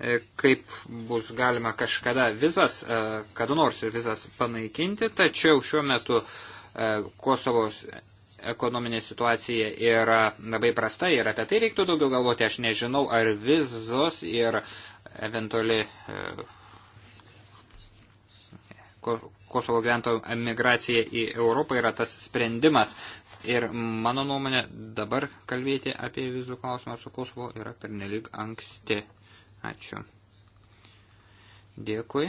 E, kaip bus galima kažkada visas, e, kada nors ir visas panaikinti, tačiau šiuo metu e, Kosovos ekonominė situacija yra labai prasta ir apie tai reiktų daugiau galvoti. Aš nežinau, ar vizos ir eventuali Kosovo gyventojų emigracija į Europą yra tas sprendimas. Ir mano nuomonė, dabar kalbėti apie vizų klausimą su Kosovo yra pernelyg anksti. Ačiū. Dėkui.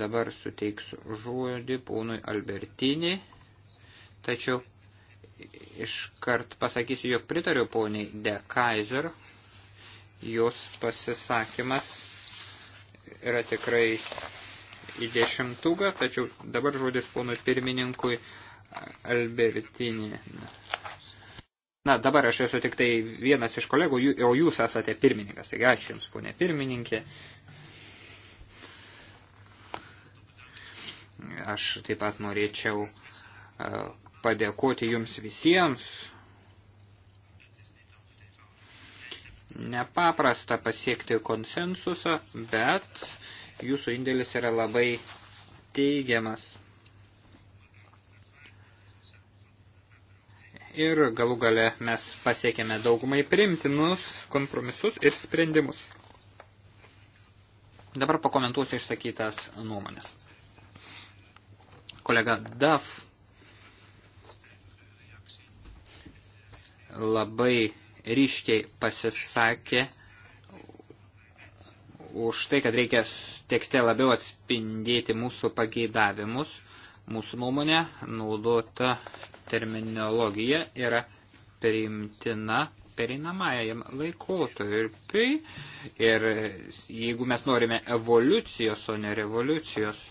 Dabar suteiksiu žodį ponui Albertinį, tačiau iškart pasakysiu, jog pritariu poniai De Kaiser. Jos pasisakymas yra tikrai į dešimtugą, tačiau dabar žodis ponui pirmininkui Albertinį. Na, dabar aš esu tik tai vienas iš kolegų, o jūs esate pirmininkas. Taigi, ačiū Jums, ponė pirmininkė. Aš taip pat norėčiau e, padėkoti Jums visiems. Nepaprasta pasiekti konsensusą, bet Jūsų indėlis yra labai teigiamas. ir galų gale mes pasiekėme daugumai priimtinus kompromisus ir sprendimus. Dabar pakomentuosiu išsakytas nuomonės. Kolega Daf labai ryškiai pasisakė už tai, kad reikia tekste labiau atspindėti mūsų pageidavimus – Mūsų nuomonė naudota terminologija yra priimtina perinamajam laikotarpiui ir jeigu mes norime evoliucijos, o ne revoliucijos,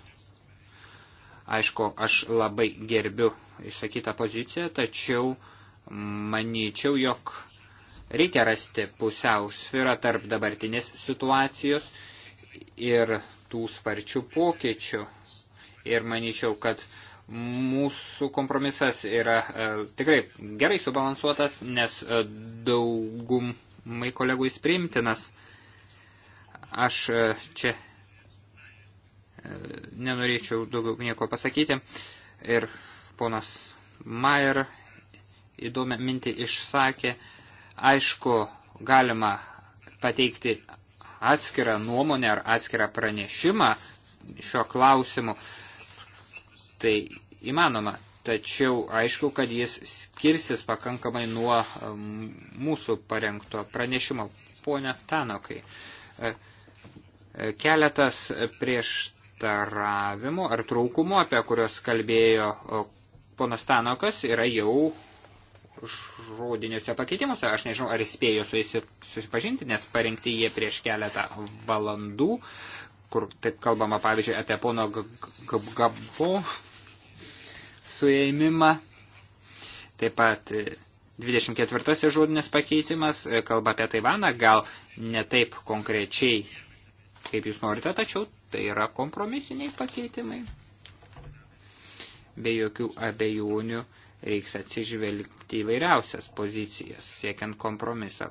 aišku, aš labai gerbiu išsakytą poziciją, tačiau manyčiau, jog reikia rasti pusiausvyrą tarp dabartinės situacijos ir tų sparčių pokyčių ir manyčiau, kad mūsų kompromisas yra e, tikrai gerai subalansuotas, nes e, daugumai kolegų jis priimtinas. Aš e, čia e, nenorėčiau daugiau nieko pasakyti. Ir ponas Maier įdomią mintį išsakė. Aišku, galima pateikti atskirą nuomonę ar atskirą pranešimą šio klausimu. E, tai įmanoma. Tačiau aišku, kad jis skirsis pakankamai nuo um, mūsų parengto pranešimo. Pone Tanokai, e, e, keletas prieštaravimų ar trūkumų, apie kuriuos kalbėjo ponas Tanokas, yra jau žodiniuose pakeitimuose. Aš nežinau, ar spėjo su jais susipažinti, nes parengti jie prieš keletą valandų, kur taip kalbama, pavyzdžiui, apie pono Gabo suėmimą. Taip pat 24 žodinis pakeitimas e, kalba apie Taivaną, gal ne taip konkrečiai, kaip jūs norite, tačiau tai yra kompromisiniai pakeitimai. Be jokių abejonių reiks atsižvelgti įvairiausias pozicijas, siekiant kompromisą.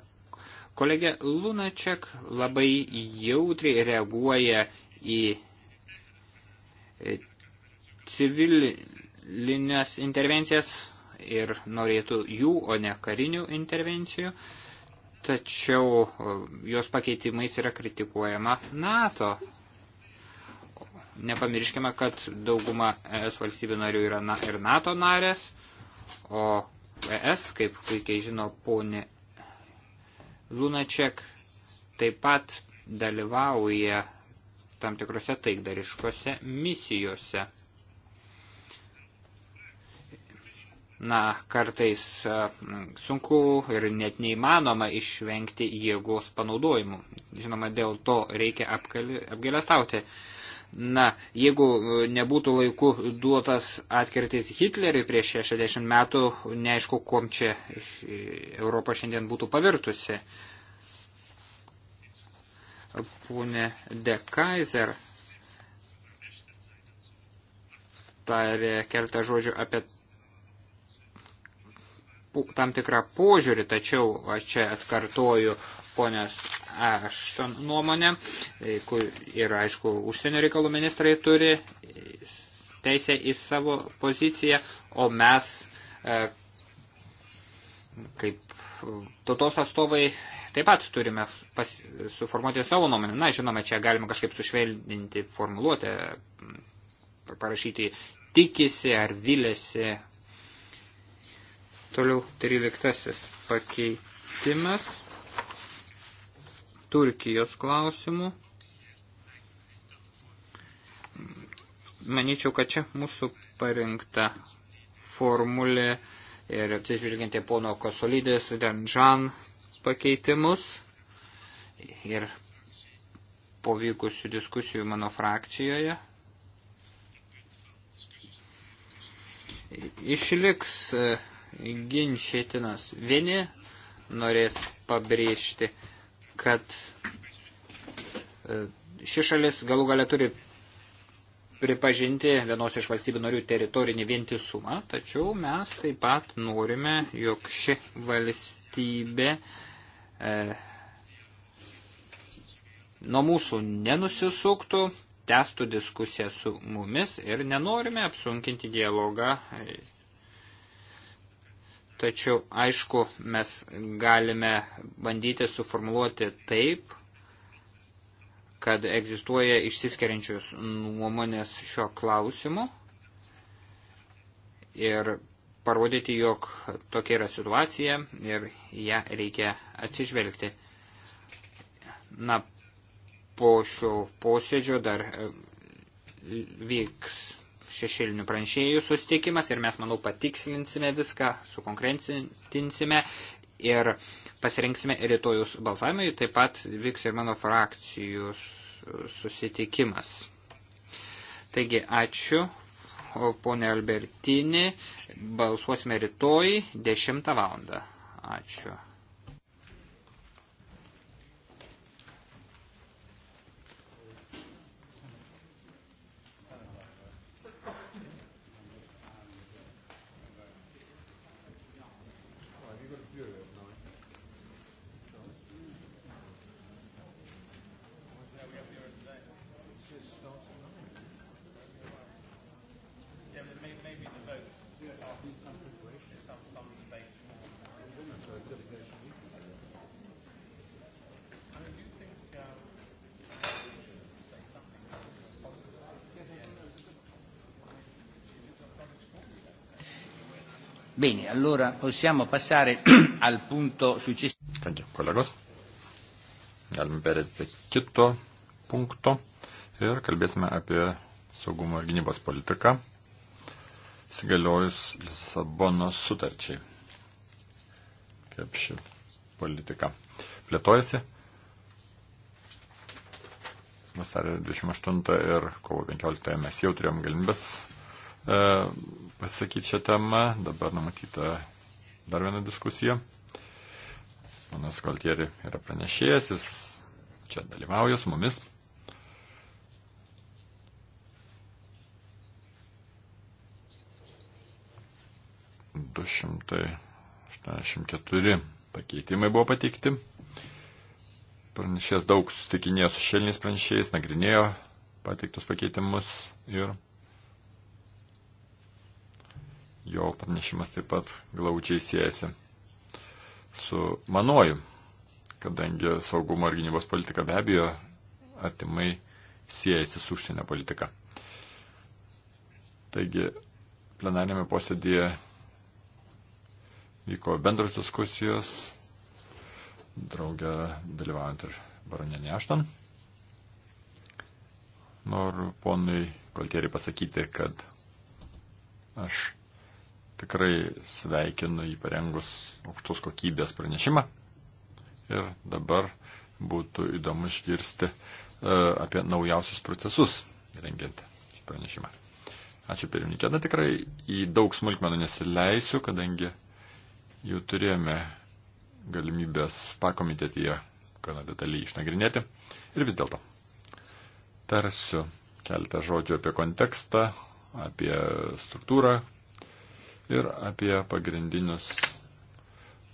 Kolegė Lunaček labai jautriai reaguoja į e, civili, civilinės intervencijas ir norėtų jų, o ne karinių intervencijų, tačiau jos pakeitimais yra kritikuojama NATO. Nepamirškime, kad dauguma ES valstybių narių yra na, ir NATO narės, o ES, kaip puikiai žino ponė Lunaček, taip pat dalyvauja tam tikrose taikdariškose misijose. na, kartais sunku ir net neįmanoma išvengti jėgos panaudojimų. Žinoma, dėl to reikia apgailestauti. Na, jeigu e, nebūtų laiku duotas atkirtis Hitleriui prieš 60 metų, neaišku, kom čia e, Europa šiandien būtų pavirtusi. Pune de Kaiser tarė keltą žodžių apie tam tikrą požiūrį, tačiau aš čia atkartoju ponios Ašton nuomonę, e, kur ir aišku, užsienio reikalų ministrai turi teisę į savo poziciją, o mes e, kaip tautos atstovai taip pat turime pas, suformuoti savo nuomonę. Na, žinoma, čia galima kažkaip sušvelninti formuluotę, parašyti tikisi ar vilėsi Toliau 13 pakeitimas Turkijos klausimų. Manyčiau, kad čia mūsų parinkta formulė ir atsižvelgiant į pono Kosolidės Danžan pakeitimus ir po vykusių diskusijų mano frakcijoje. Išliks ginčytinas. Vieni norės pabrėžti, kad e, ši šalis galų galę turi pripažinti vienos iš valstybių narių teritorinį vientisumą, tačiau mes taip pat norime, jog ši valstybė e, nuo mūsų nenusisuktų, testų diskusiją su mumis ir nenorime apsunkinti dialogą tačiau aišku mes galime bandyti suformuoluoti taip, kad egzistuoja išsiskiriančios nuomonės šio klausimu ir parodyti, jog tokia yra situacija ir ją reikia atsižvelgti. Na, po šio posėdžio dar vyks šešėlinių pranešėjų sustikimas ir mes, manau, patikslinsime viską, sukonkrentinsime ir pasirinksime rytojus balsavimui, taip pat vyks ir mano frakcijų susitikimas. Taigi, ačiū, ponė Albertini, balsuosime rytoj 10 valandą. Ačiū. Bene, allora possiamo passare al punto successivo. Kągi, kolegos, galime perėti prie kito punkto ir kalbėsime apie saugumo ir gynybos politiką, įsigaliojus Lisabonos sutarčiai. Kaip ši politika plėtojasi. Vasario 28 ir kovo 15 mes jau turėjom galimybės e, pasakyti šią temą. Dabar numatyta dar viena diskusija. Manas Koltieri yra pranešėjas, jis čia dalyvauja su mumis. Du šimtai 84 pakeitimai buvo pateikti. Pranešės daug susitikinėjo su šelniais pranešėjais, nagrinėjo pateiktus pakeitimus ir jo pranešimas taip pat glaučiai siejasi su manoju, kadangi saugumo ir gynybos politika be abejo artimai siejasi su užsienio politika. Taigi, plenarinėme posėdėje vyko bendros diskusijos, draugę dalyvaujant ir baronienį Aštan. Noriu ponui Kolterį pasakyti, kad aš tikrai sveikinu jį parengus aukštos kokybės pranešimą. Ir dabar būtų įdomu išgirsti e, apie naujausius procesus rengiant šį pranešimą. Ačiū pirmininkė. Na tikrai į daug smulkmenų nesileisiu, kadangi jau turėjome galimybės pakomitėtyje gana detaliai išnagrinėti. Ir vis dėlto tarsiu keletą žodžių apie kontekstą, apie struktūrą, ir apie pagrindinius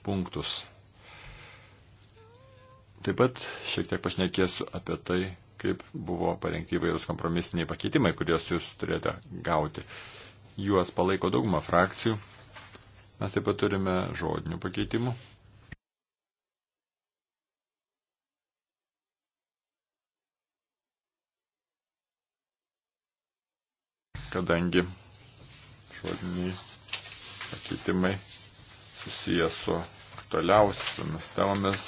punktus. Taip pat šiek tiek pašnekėsiu apie tai, kaip buvo parengti įvairūs kompromisiniai pakeitimai, kuriuos jūs turėjote gauti. Juos palaiko dauguma frakcijų. Mes taip pat turime žodinių pakeitimų. Kadangi žodiniai pakeitimai susijęs su toliausiamis temomis,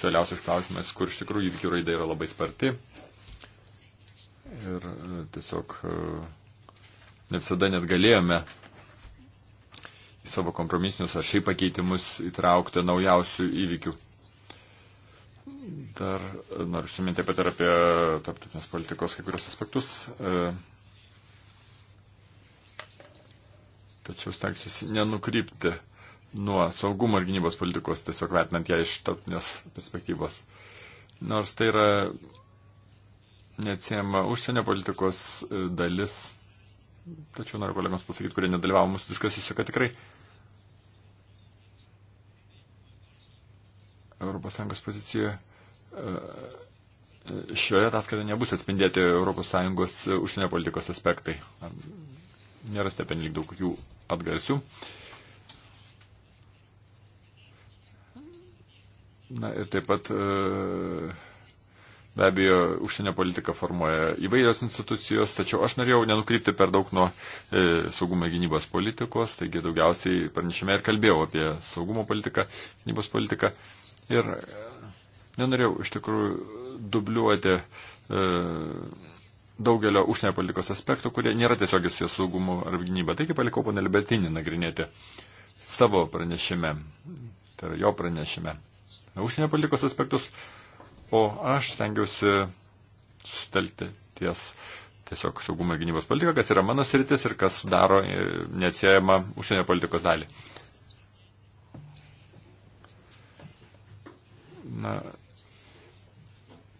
toliausiais klausimais, kur iš tikrųjų įvykių raida yra labai sparti. Ir e, tiesiog e, ne visada net galėjome į savo kompromisinius ar šiaip pakeitimus įtraukti naujausių įvykių. Dar e, noriu užsiminti taip pat ir apie tarptautinės politikos kai kurios aspektus. E, tačiau stengsiuosi nenukrypti nuo saugumo ir gynybos politikos, tiesiog vertinant ją iš tarptinės perspektyvos. Nors tai yra neatsiema užsienio politikos e, dalis, tačiau noriu kolegams pasakyti, kurie nedalyvavo mūsų diskusijose, kad tikrai ES pozicijoje e, e, šioje ataskaitoje nebus atspindėti ES užsienio politikos aspektai nerasite penelik daug kokių atgarsių. Na ir taip pat e, be abejo užsienio politiką formuoja įvairios institucijos, tačiau aš norėjau nenukrypti per daug nuo e, saugumo gynybos politikos, taigi daugiausiai pranešime ir kalbėjau apie saugumo politiką, gynybos politiką. Ir e, nenorėjau iš tikrųjų dubliuoti e, daugelio užsienio politikos aspektų, kurie nėra tiesiogiai susijęs saugumu ar gynyba. Taigi palikau ponelį Betinį nagrinėti savo pranešime, tai yra jo pranešime, užsienio politikos aspektus, o aš stengiausi sustelkti ties tiesiog saugumo ir gynybos politika, kas yra mano sritis ir kas sudaro e, neatsiejama užsienio politikos dalį. Na,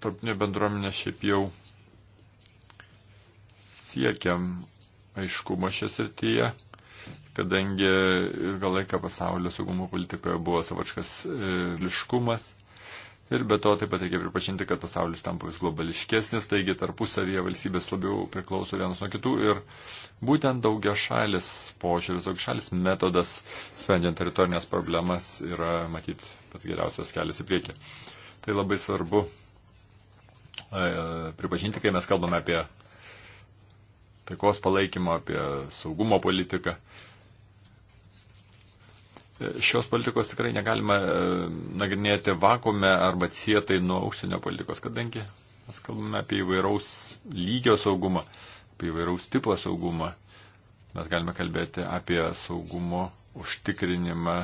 tarptinė bendruomenė šiaip jau siekiam aiškumo šią srityje, kadangi ilgą laiką pasaulio saugumo politikoje buvo savačkas e, liškumas. Ir be to taip pat reikia pripažinti, kad pasaulis tampa vis globališkesnis, taigi tarpusavyje valstybės labiau priklauso vienas nuo kitų ir būtent daugia šalis požiūris, daugia šalis metodas sprendžiant teritorinės problemas yra, matyt, pats geriausias kelias į priekį. Tai labai svarbu e, pripažinti, kai mes kalbame apie taikos palaikymą, apie saugumo politiką. E, šios politikos tikrai negalima e, nagrinėti vakume arba sietai nuo užsienio politikos, kadangi mes kalbame apie įvairaus lygio saugumą, apie įvairaus tipo saugumą. Mes galime kalbėti apie saugumo užtikrinimą,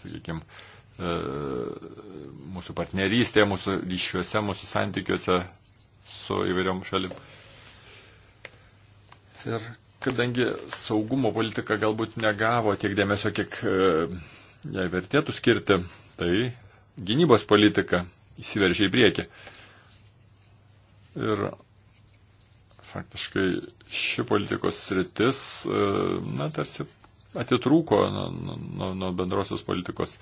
sakykime, mūsų partnerystėje, mūsų ryšiuose, mūsų santykiuose su įvairiom šalim. Ir kadangi saugumo politika galbūt negavo tiek dėmesio, kiek e, jai vertėtų skirti, tai gynybos politika įsiveržė į priekį. Ir faktiškai ši politikos sritis, e, na, tarsi atitrūko nuo, nuo, nuo bendrosios politikos.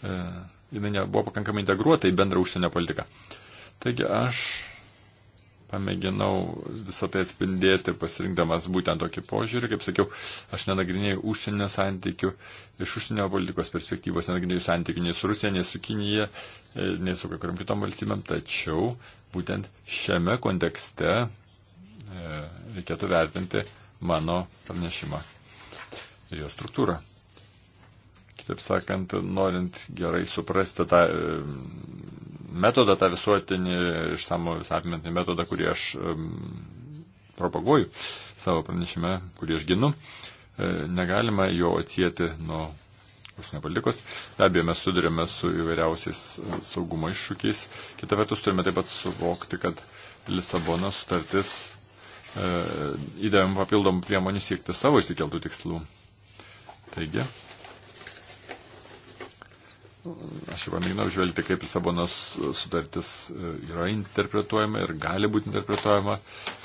E, Jis nebuvo pakankamai integruota į bendrą užsienio politiką. Taigi aš pamėginau visą tai atspindėti, pasirinkdamas būtent tokį požiūrį. Kaip sakiau, aš nenagrinėjau užsienio santykių, iš užsienio politikos perspektyvos nenagrinėjau santykių nei su Rusija, nei su Kinija, e, nei su kai kuriam kitom valstybėm, tačiau būtent šiame kontekste e, reikėtų vertinti mano pranešimą ir jo struktūrą taip sakant, norint gerai suprasti tą e, metodą, tą visuotinį, išsamų visą apimantį metodą, kurį aš propaguoju savo pranešime, kurį aš ginu, e, negalima jo atsijėti nuo užsienio politikos. Be abejo, mes sudarėme su įvairiausiais e, saugumo iššūkiais. Kita vertus, turime taip pat suvokti, kad Lisabono sutartis e, įdavėm papildomų priemonių siekti savo įsikeltų tikslų. Taigi, aš jau pamėginau žvelgti, kaip Lisabonos sutartis e, yra interpretuojama ir gali būti interpretuojama,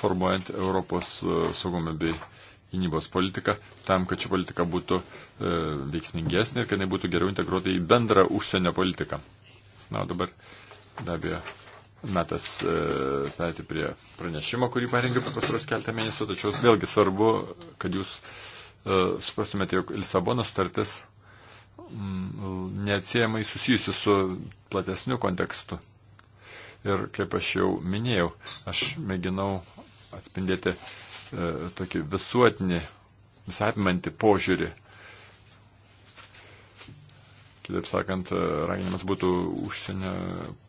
formuojant Europos e, saugumą bei gynybos politiką, tam, kad ši politika būtų e, veiksmingesnė ir kad jinai būtų geriau integruota į bendrą užsienio politiką. Na, o dabar be abejo metas e, perėti prie pranešimo, kurį parengiau per pasaros keltą mėnesių, tačiau vėlgi svarbu, kad jūs e, suprastumėte, jog Lisabono sutartis Mm, neatsiemai susijusi su platesniu kontekstu. Ir kaip aš jau minėjau, aš mėginau atspindėti e, tokį visuotinį, visapimantį požiūrį. Kitaip sakant, e, raginimas būtų užsienio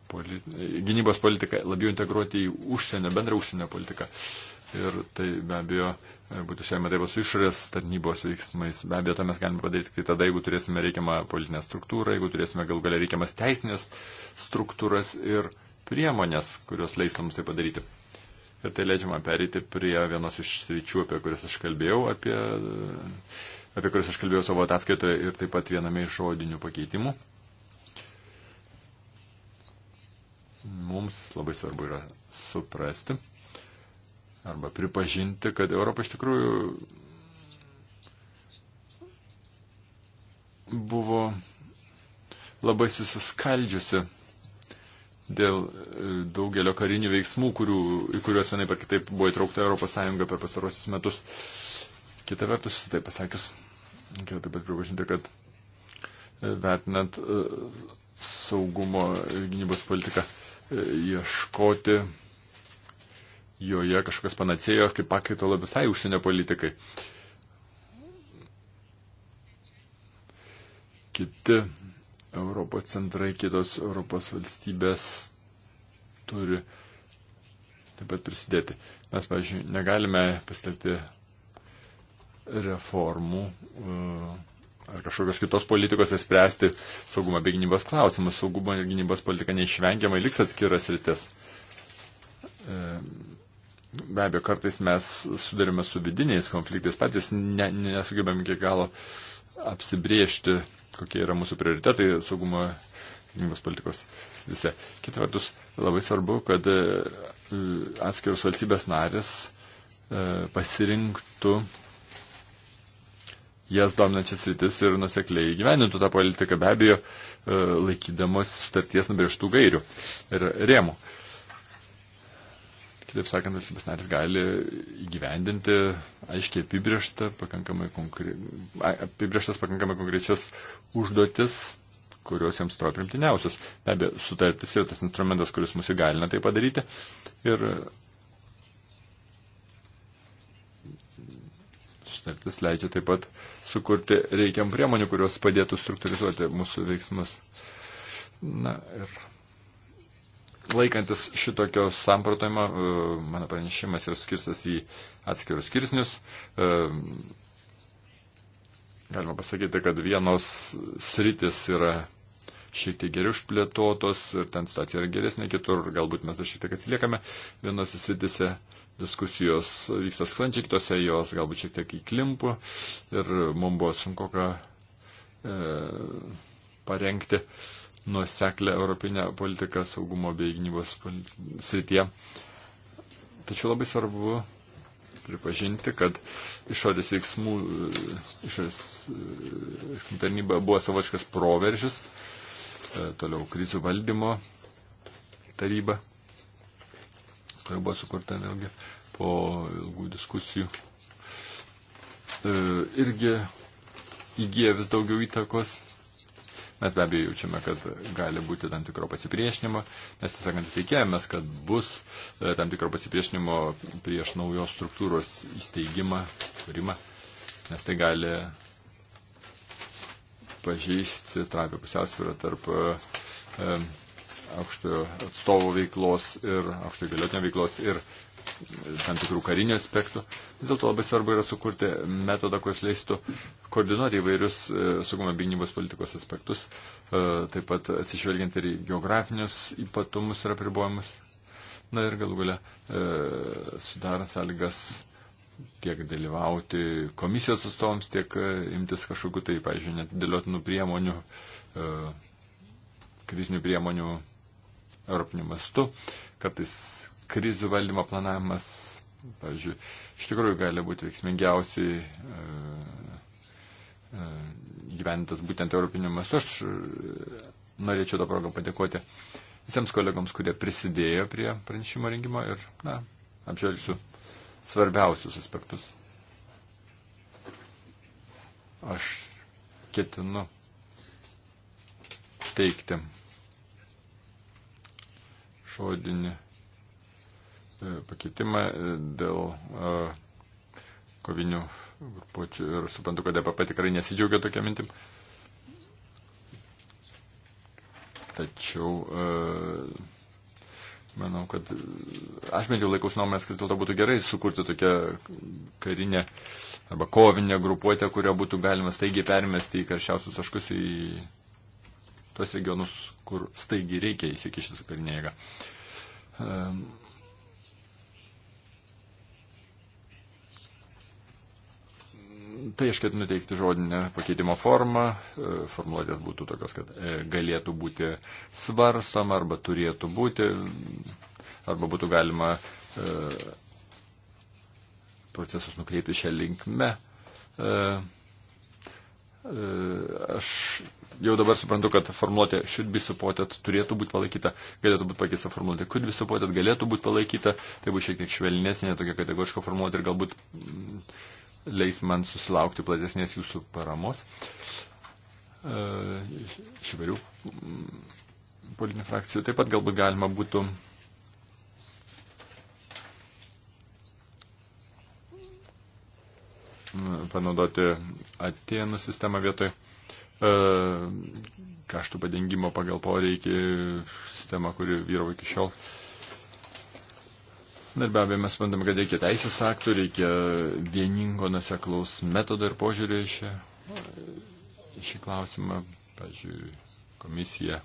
politi gynybos politiką labiau integruoti į užsienio, bendrą užsienio politiką. Ir tai be abejo E, būtų šiame taip su išorės tarnybos veiksmais. Be abejo, tą mes galime padaryti tik tada, jeigu turėsime reikiamą politinę struktūrą, jeigu turėsime gal galia reikiamas teisinės struktūras ir priemonės, kurios leis mums tai padaryti. Ir tai leidžia man perėti prie vienos iš sričių, apie kurias aš kalbėjau, apie, apie kurias aš kalbėjau savo ataskaitoje ir taip pat viename iš žodinių pakeitimų. Mums labai svarbu yra suprasti, arba pripažinti, kad Europa iš tikrųjų buvo labai susiskaldžiusi dėl e, daugelio karinių veiksmų, kurių, į kuriuos vienaip ar kitaip buvo įtraukta ES per pastarosius metus. Kita vertus, tai pasakius, reikia taip pat pripažinti, kad e, vertinant e, saugumo gynybos politiką, ieškoti joje kažkas panacėjo kaip pakaitalo visai užsienio politikai. Kiti Europos centrai, kitos Europos valstybės turi taip pat prisidėti. Mes, pavyzdžiui, negalime pasitelkti reformų uh, ar kažkokios kitos politikos ir spręsti saugumo bei gynybos klausimus. Saugumo ir gynybos politika neišvengiamai liks atskiras rytis. Uh, Be abejo, kartais mes sudarime su vidiniais konfliktais, patys ne, nesugebėm iki galo apsibriežti, kokie yra mūsų prioritetai saugumo gynybos politikos visi. Kita vertus, labai svarbu, kad e, atskiros valstybės narės e, pasirinktų jas dominančias rytis ir nusekliai gyvenintų tą politiką, be abejo, e, laikydamas sutarties nubrėžtų gairių ir rėmų. Uh, Kitaip sakant, valstybės narės gali įgyvendinti aiškiai apibriežtą, pakankamai konkre... apibriežtas pakankamai konkrečias užduotis, kurios jiems atrodo primtiniausios. Be abejo, sutartis yra tas instrumentas, kuris mus įgalina tai padaryti. Ir sutartis leidžia taip pat sukurti reikiam priemonių, kurios padėtų struktūrizuoti mūsų veiksmus. Na ir Laikantis šitokio samprotojimo, e, mano pranešimas yra skirstas į atskirus skirsnius. E, galima pasakyti, kad vienos sritis yra šiek tiek geriau išplėtotos ir ten situacija yra geresnė, kitur galbūt mes dar šiek tiek atsiliekame. Vienose sritise diskusijos vyksta sklandžiai, kitose jos galbūt šiek tiek įklimpu ir mums buvo sunku ką e, parengti. E, nuoseklę europinę politiką saugumo bei gynybos srityje. Tačiau labai svarbu pripažinti, kad išorės veiksmų, e, išorės e, veiksmų tarnyba buvo savočkas proveržis, e, toliau krizių valdymo taryba, kuri buvo sukurta vėlgi po ilgų diskusijų, irgi įgyja vis daugiau įtakos Mes be abejo jaučiame, kad gali būti tam tikro pasipriešinimo. Mes tiesąkant tikėjomės, kad bus e, tam tikro pasipriešinimo prieš naujos struktūros įsteigimą, kūrimą, nes tai gali pažeisti tą apie pusiausvyrą tarp e, e, aukštojo atstovo veiklos ir aukštojo galiotinio veiklos ir tam tikrų karinių aspektų. Vis dėlto labai svarbu yra sukurti metodą, kuris leistų koordinuoti įvairius e, saugumo gynybos politikos aspektus, e, taip pat atsižvelgiant ir į geografinius ypatumus ir apribojimus. Na ir galų gale e, sudarant sąlygas tiek dalyvauti komisijos atstovams, tiek imtis kažkokiu tai, pažiūrėjau, net dėliotinų priemonių, krizinių priemonių europiniu mastu. Kartais krizių valdymo planavimas, pavyzdžiui, iš tikrųjų gali būti veiksmingiausiai e, e, gyventas būtent europiniu mastu. Aš e, norėčiau tą progą padėkoti visiems kolegoms, kurie prisidėjo prie pranešimo rengimo ir, na, apžvelgsiu svarbiausius aspektus. Aš ketinu teikti žodinį E, pakeitimą e, dėl e, kovinių grupuočių ir suprantu, kad EPP tikrai nesidžiaugia tokia mintim. Tačiau manau, kad aš bent jau laikaus nuomonės, kad dėl to būtų gerai sukurti tokią karinę arba kovinę grupuotę, kurią būtų galima staigiai permesti į karščiausius taškus į tuos regionus, kur staigiai reikia įsikišti su karinė jėga. tai aš ketinu teikti žodinę pakeitimo formą. E, formuluotės būtų tokios, kad e, galėtų būti svarstama arba turėtų būti, arba būtų galima e, procesus nukreipti šią linkmę. Aš jau dabar suprantu, kad formuluotė should be supported turėtų būti palaikyta, galėtų būti pakeista formuluotė could be supported, galėtų būti palaikyta, tai bus šiek tiek švelnesnė tokia kategoriška formuluotė ir galbūt mm, leis man susilaukti platesnės jūsų paramos e, iš įvairių mm, politinių frakcijų. Taip pat galbūt galima būtų mm, panaudoti atėnų sistemą vietoj e, kaštų padengimo pagal poreikį sistemą, kuri vyravo iki šiol. Uh, Na ir be abejo, mes bandome, kad reikia teisės aktų, reikia vieningo nuseklaus metodo ir požiūrio į šį, šį klausimą. Pavyzdžiui, komisija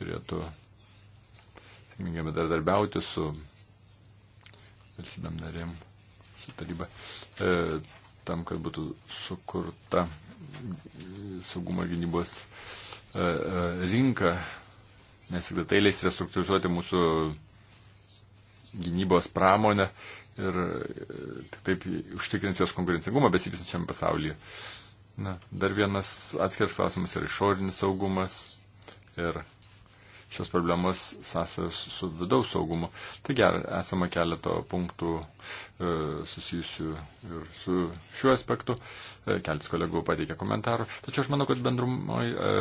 turėtų sėkmingai bendradarbiauti su valstybėm narėm, su taryba, e, tam, kad būtų sukurta saugumo ir gynybos e, e, rinka, nes tik tai leis restruktūrizuoti mūsų gynybos pramonę ir e, tik taip užtikrins jos konkurencingumą besivysančiam pasaulyje. Na, dar vienas atskiras klausimas yra išorinis saugumas ir šios problemos sąsajos su vidaus saugumu. Taigi esama keleto punktų e, susijusių ir su šiuo aspektu. E, keletas kolegų pateikė komentarų. Tačiau aš manau, kad bendrumoje e,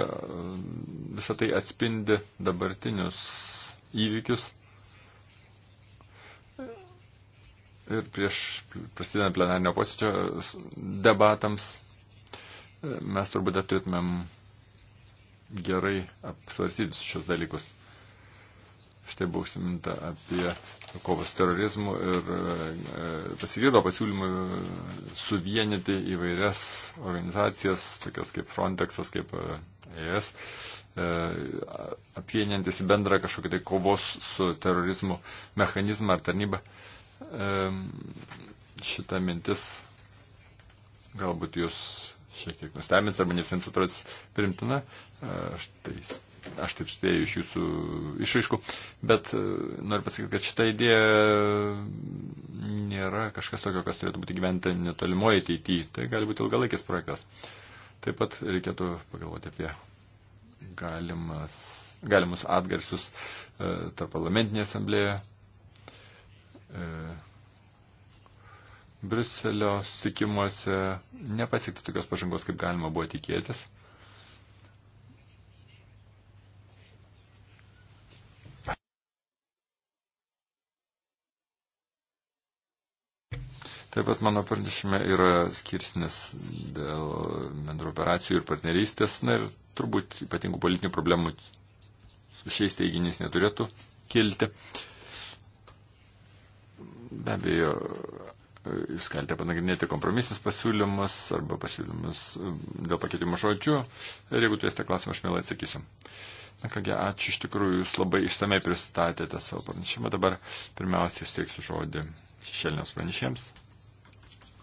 visą tai atspindi dabartinius įvykius ir prieš prasidedant plenarnio posėdžio debatams e, mes turbūt dar turėtumėm gerai apsvarsyti šios dalykus. Štai buvo užsiminta apie kovos terorizmų ir e, pasigirdo pasiūlymų suvienyti įvairias organizacijas, tokias kaip Frontexas, kaip ES, e, e, e apienintis į bendrą kažkokį tai kovos su terorizmu mechanizmą ar tarnybą. E, šita mintis galbūt jūs šiek tiek nustebins arba ne visiems atrodys primtina. E, aš, tai, aš taip spėjau iš jūsų išaiškų, bet e, noriu pasakyti, kad šita idėja nėra kažkas tokio, kas turėtų būti gyventa netolimoje ateityje. Tai gali būti ilgalaikis projektas. Taip pat reikėtų pagalvoti apie galimas, galimus atgarsius e, tarp parlamentinėje asamblėje. E, Briuselio sutikimuose nepasiekti tokios pažangos, kaip galima buvo tikėtis. Taip pat mano pranešime yra skirsnis dėl bendro operacijų ir partnerystės, na ir turbūt ypatingų politinių problemų šiais teiginiais neturėtų kilti. Uh, Be abejo, jūs galite panagrinėti kompromisinius pasiūlymus arba pasiūlymus e, dėl pakeitimų žodžių. Ir jeigu turėsite klausimą, aš mielai atsakysiu. Na kągi, ačiū iš tikrųjų, jūs labai išsamei pristatėte savo pranešimą. Dabar pirmiausiai steiksiu žodį šešėliniams pranešėjams.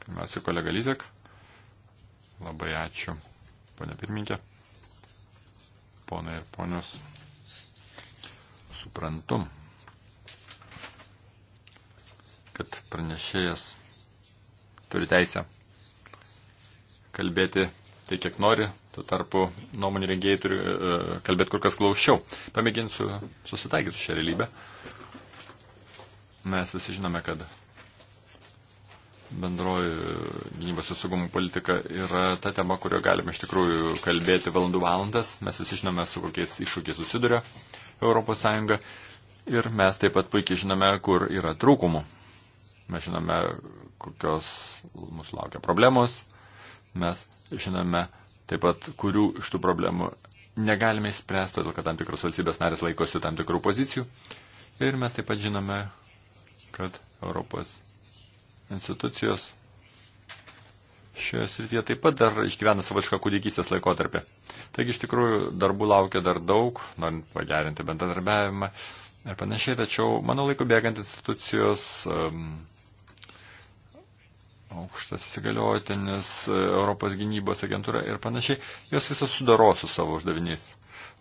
Pirmiausia, kolega Lizek. Labai ačiū, ponė pirmininkė. Ponai ir ponios, suprantum, kad pranešėjas turi teisę kalbėti tai, kiek nori, tuo tarpu nuomonių rengėjai turi e, kalbėti kur kas glaušiau. Pamėginsiu susitaikyti su šią realybę. Mes visi žinome, kad bendroji gynybos ir saugumo politika yra ta tema, kurio galime iš tikrųjų kalbėti valandų valandas. Mes visi žinome, su kokiais iššūkiais susiduria ES ir mes taip pat puikiai žinome, kur yra trūkumų. Mes žinome, kokios mūsų laukia problemos. Mes žinome taip pat, kurių iš tų problemų negalime išspręsti, todėl kad tam tikros valstybės narės laikosi tam tikrų pozicijų. Ir mes taip pat žinome, kad Europos institucijos šioje srityje taip pat dar išgyvena savačką kūdikystės laikotarpį. Taigi iš tikrųjų darbų laukia dar daug, norint pagerinti bendradarbiavimą ir panašiai, tačiau mano laiko bėgant institucijos um, aukštas įsigaliotinis, e, Europos gynybos agentūra ir panašiai, jos visos sudaro su savo uždaviniais.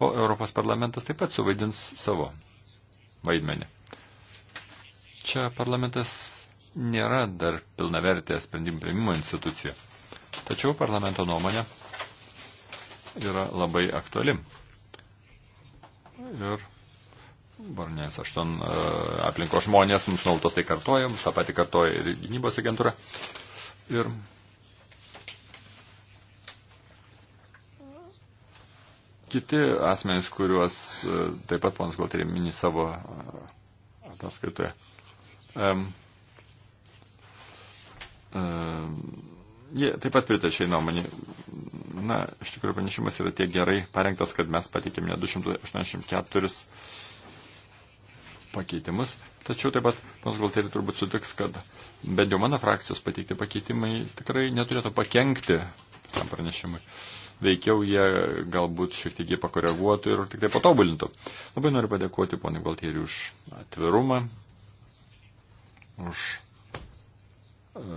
O Europos parlamentas taip pat suvaidins savo vaidmenį. Čia parlamentas nėra dar pilnavertė sprendimų prieimimo institucija. Tačiau parlamento nuomonė yra labai aktuali. Ir Barnės, aš ten aplinko žmonės mums nuolatos tai kartoja, mums tą patį kartoja ir gynybos agentūra ir kiti asmenys, kuriuos e, taip pat ponas Gauterė mini savo e, ataskaitoje. Um, um, jie taip pat pritarė šiai nuomonį. Na, iš tikrųjų, pranešimas yra tiek gerai parengtas, kad mes pateikėme 284 pakeitimus Tačiau taip pat nors Galtieri turbūt sutiks, kad bent jau mano frakcijos pateikti pakeitimai tikrai neturėtų pakengti tam pranešimui. Veikiau jie galbūt šiek tiek jį pakoreguotų ir tik tai patobulintų. Labai noriu padėkoti ponui Galtieriui už atvirumą, už e,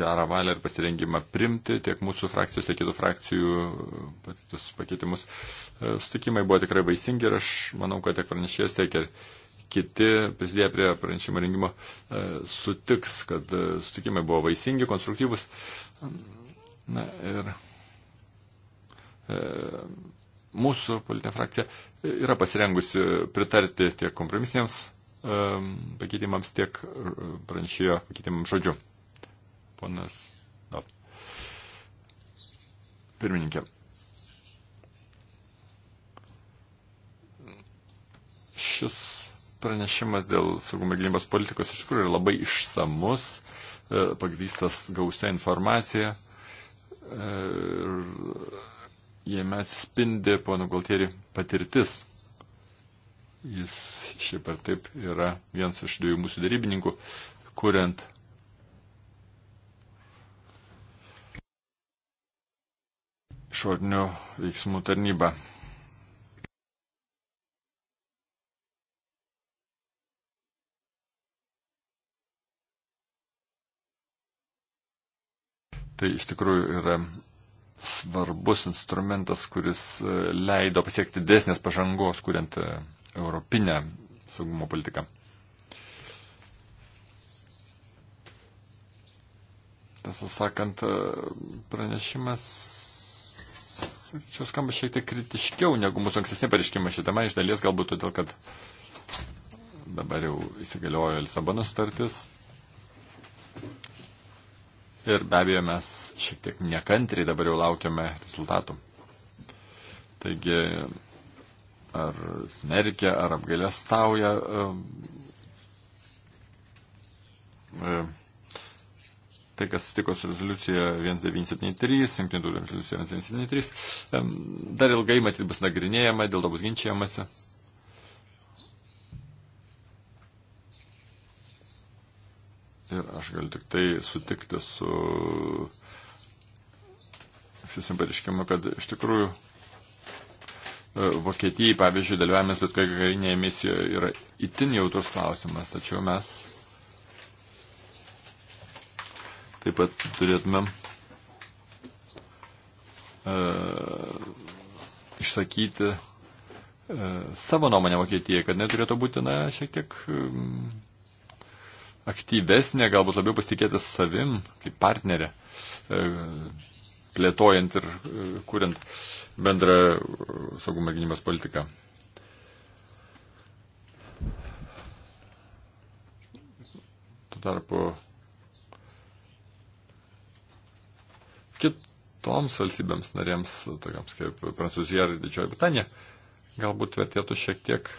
gerą valią ir pasirengimą primti tiek mūsų frakcijos, tiek kitų frakcijų e, patytus pakeitimus. E, sutikimai buvo tikrai vaisingi ir aš manau, kad tiek pranešėjas, tiek ir kiti prisidėję prie pranešimo rengimo e, sutiks, kad e, sutikimai buvo vaisingi, konstruktyvus. Na ir e, mūsų politinė frakcija yra pasirengusi pritarti tiek kompromisiniams e, pakeitimams, tiek e, pranešėjo pakeitimams žodžiu. Ponas. No. Pirmininkė. Šis pranešimas dėl saugumo gynybos politikos iš tikrųjų yra labai išsamus, e, pagrystas gausia informacija. E, ir jame atspindi pono Galtieri patirtis. Jis šiaip ar taip yra vienas iš dviejų mūsų darybininkų, kuriant išorinio veiksmų tarnybą. Tai iš tikrųjų yra svarbus instrumentas, kuris e, leido pasiekti dėsnės pažangos, kuriant e, europinę saugumo politiką. Tiesą sakant, e, pranešimas, sakyčiau, skamba šiek tiek kritiškiau negu mūsų ankstesnė pareiškima šitame, iš dalies galbūt todėl, kad dabar jau įsigaliojo Lisabono sutartis ir be abejo mes šiek tiek nekantriai dabar jau laukiame rezultatų. Taigi, ar smerkia, ar apgailę stauja. E, e, tai, kas stiko su rezoliucija 1973, Junktinių tautų rezoliucija 1973, e, dar ilgai matyt bus nagrinėjama, dėl to bus ginčiamasi. Ir aš galiu tik tai sutikti su šis pareiškimu, kad iš tikrųjų e, Vokietijai, pavyzdžiui, dalyvavimas bet kokioje karinėje misijoje yra itin jautrus klausimas, tačiau mes taip pat turėtumėm uh, išsakyti uh, savo nuomonę Vokietijai, kad neturėtų būti, na, šiek tiek um, aktyvesnė, galbūt labiau pasitikėti savim kaip partnerė, e, plėtojant ir e, kuriant bendrą saugumo gynybos politiką. Tuo tarpu kitoms valstybėms narėms, tokiams kaip Prancūzija ir Didžioji Britanija, galbūt vertėtų šiek tiek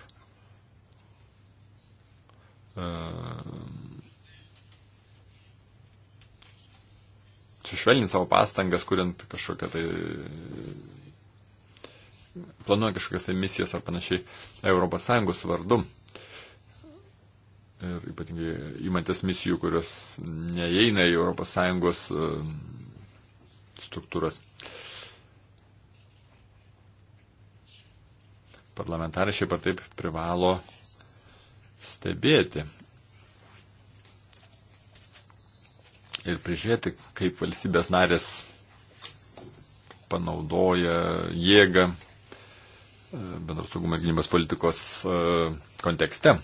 uh, sušvelninti savo pastangas, kuriant kažkokią tai planuoja kažkokias tai misijas ar panašiai ES vardu. Ir ypatingai įmantis misijų, kurios neįeina į ES e, struktūras. Parlamentarai šiaip ar taip privalo stebėti ir prižiūrėti, kaip valstybės narės panaudoja jėgą e, bendros saugumo ir gynybos politikos e, kontekste.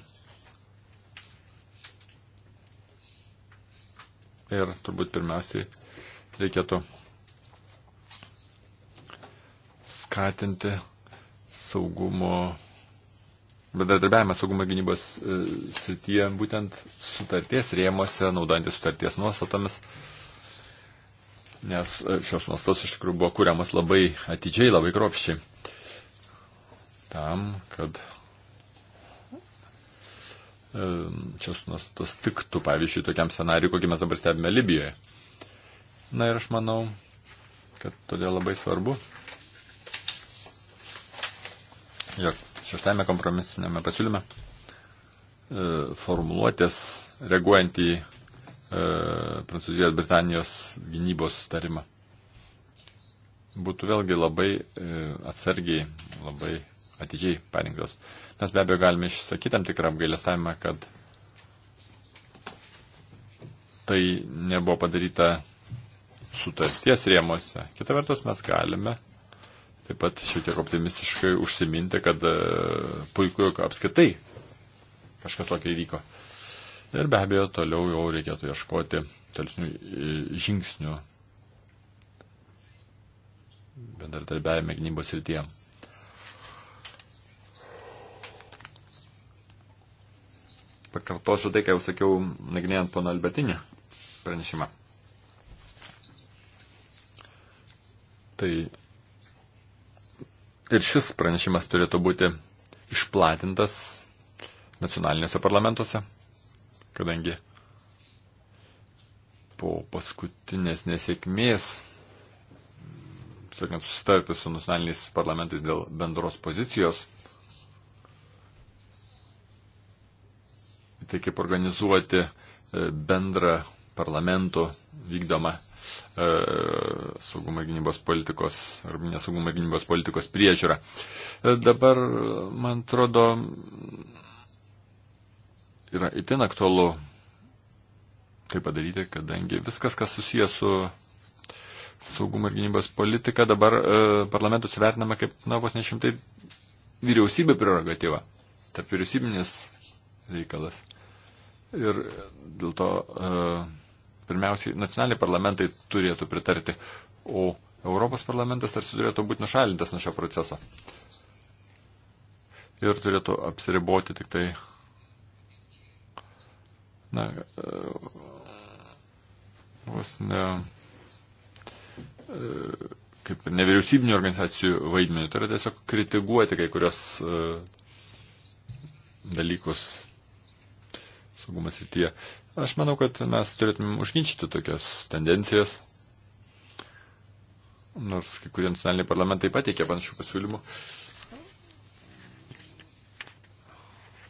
Ir turbūt pirmiausiai reikėtų skatinti saugumo bendradarbiavimą saugumo gynybos e, srityje būtent sutarties rėmose, naudantis sutarties nuostatomis, nes e, šios nuostatos iš tikrųjų buvo kuriamas labai atidžiai, labai kropščiai. Tam, kad e, šios nuostatos tiktų, pavyzdžiui, tokiam scenariui, kokį mes dabar stebime Libijoje. Na ir aš manau, kad todėl labai svarbu, jog šeštame kompromisinėme pasiūlyme e, formuluotės reaguojant į e, Prancūzijos Britanijos gynybos sutarimą. Būtų vėlgi labai e, atsargiai, labai atidžiai parinktos. Mes be abejo galime išsakyti tam tikrą apgailestavimą, kad tai nebuvo padaryta sutarties rėmose. Kita vertus, mes galime taip pat šiek tiek optimistiškai užsiminti, kad e, puiku, jog apskritai kažkas tokio įvyko. Ir be abejo, toliau jau reikėtų ieškoti tolesnių e, žingsnių bendradarbiavime gynybos rytyje. Pakartosiu tai, ką jau sakiau, nagrinėjant pono Albertinį pranešimą. Tai Ir šis pranešimas turėtų būti išplatintas nacionaliniuose parlamentuose, kadangi po paskutinės nesėkmės, sakant, susitarti su nacionaliniais parlamentais dėl bendros pozicijos, tai kaip organizuoti e, bendrą parlamentų vykdomą e, saugumo gynybos politikos ar nesaugumo gynybos politikos priežiūrą. E, dabar, man atrodo, yra itin aktualu tai padaryti, kadangi viskas, kas susijęs su saugumo ir gynybos politika, dabar e, parlamentus vertinama kaip, na, vos nešimtai vyriausybė prerogatyva, tarp vyriausybinis reikalas. Ir dėl to e, pirmiausiai nacionaliniai parlamentai turėtų pritarti, o Europos parlamentas tarsi turėtų būti nušalintas nuo šio proceso. Ir turėtų apsiriboti tik tai. Na, e, vos ne. E, kaip nevyriausybinio organizacijų vaidmenį. Tai yra tiesiog kritikuoti kai kurios e, dalykus saugumas ir tie. Aš manau, kad mes turėtume užginčyti tokias tendencijas, nors kai kurie nacionaliniai parlamentai pateikė panašių pasiūlymų,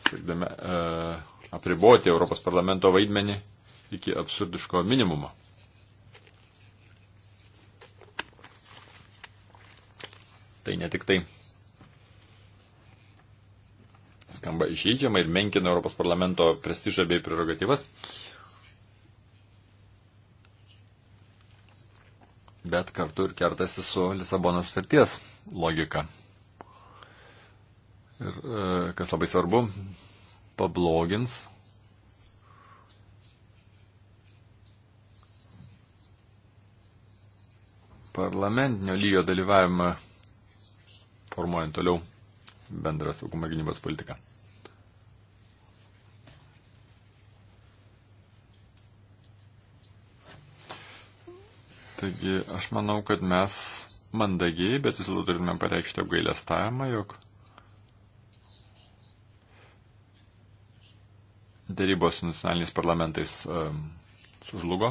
siekdami e, apriboti Europos parlamento vaidmenį iki absurdiško minimumo. Tai ne tik tai skamba išeidžiama ir menkina Europos parlamento prestižą bei prerogatyvas. bet kartu ir kertasi su Lisabonos sutarties logika. Ir e, kas labai svarbu, pablogins parlamentinio lygio dalyvavimą formuojant toliau bendrą saugumo gynybos politiką. Taigi aš manau, kad mes mandagiai, bet vis dėlto turime pareikšti apgailestavimą, jog dėrybos su nacionaliniais parlamentais um, sužlugo.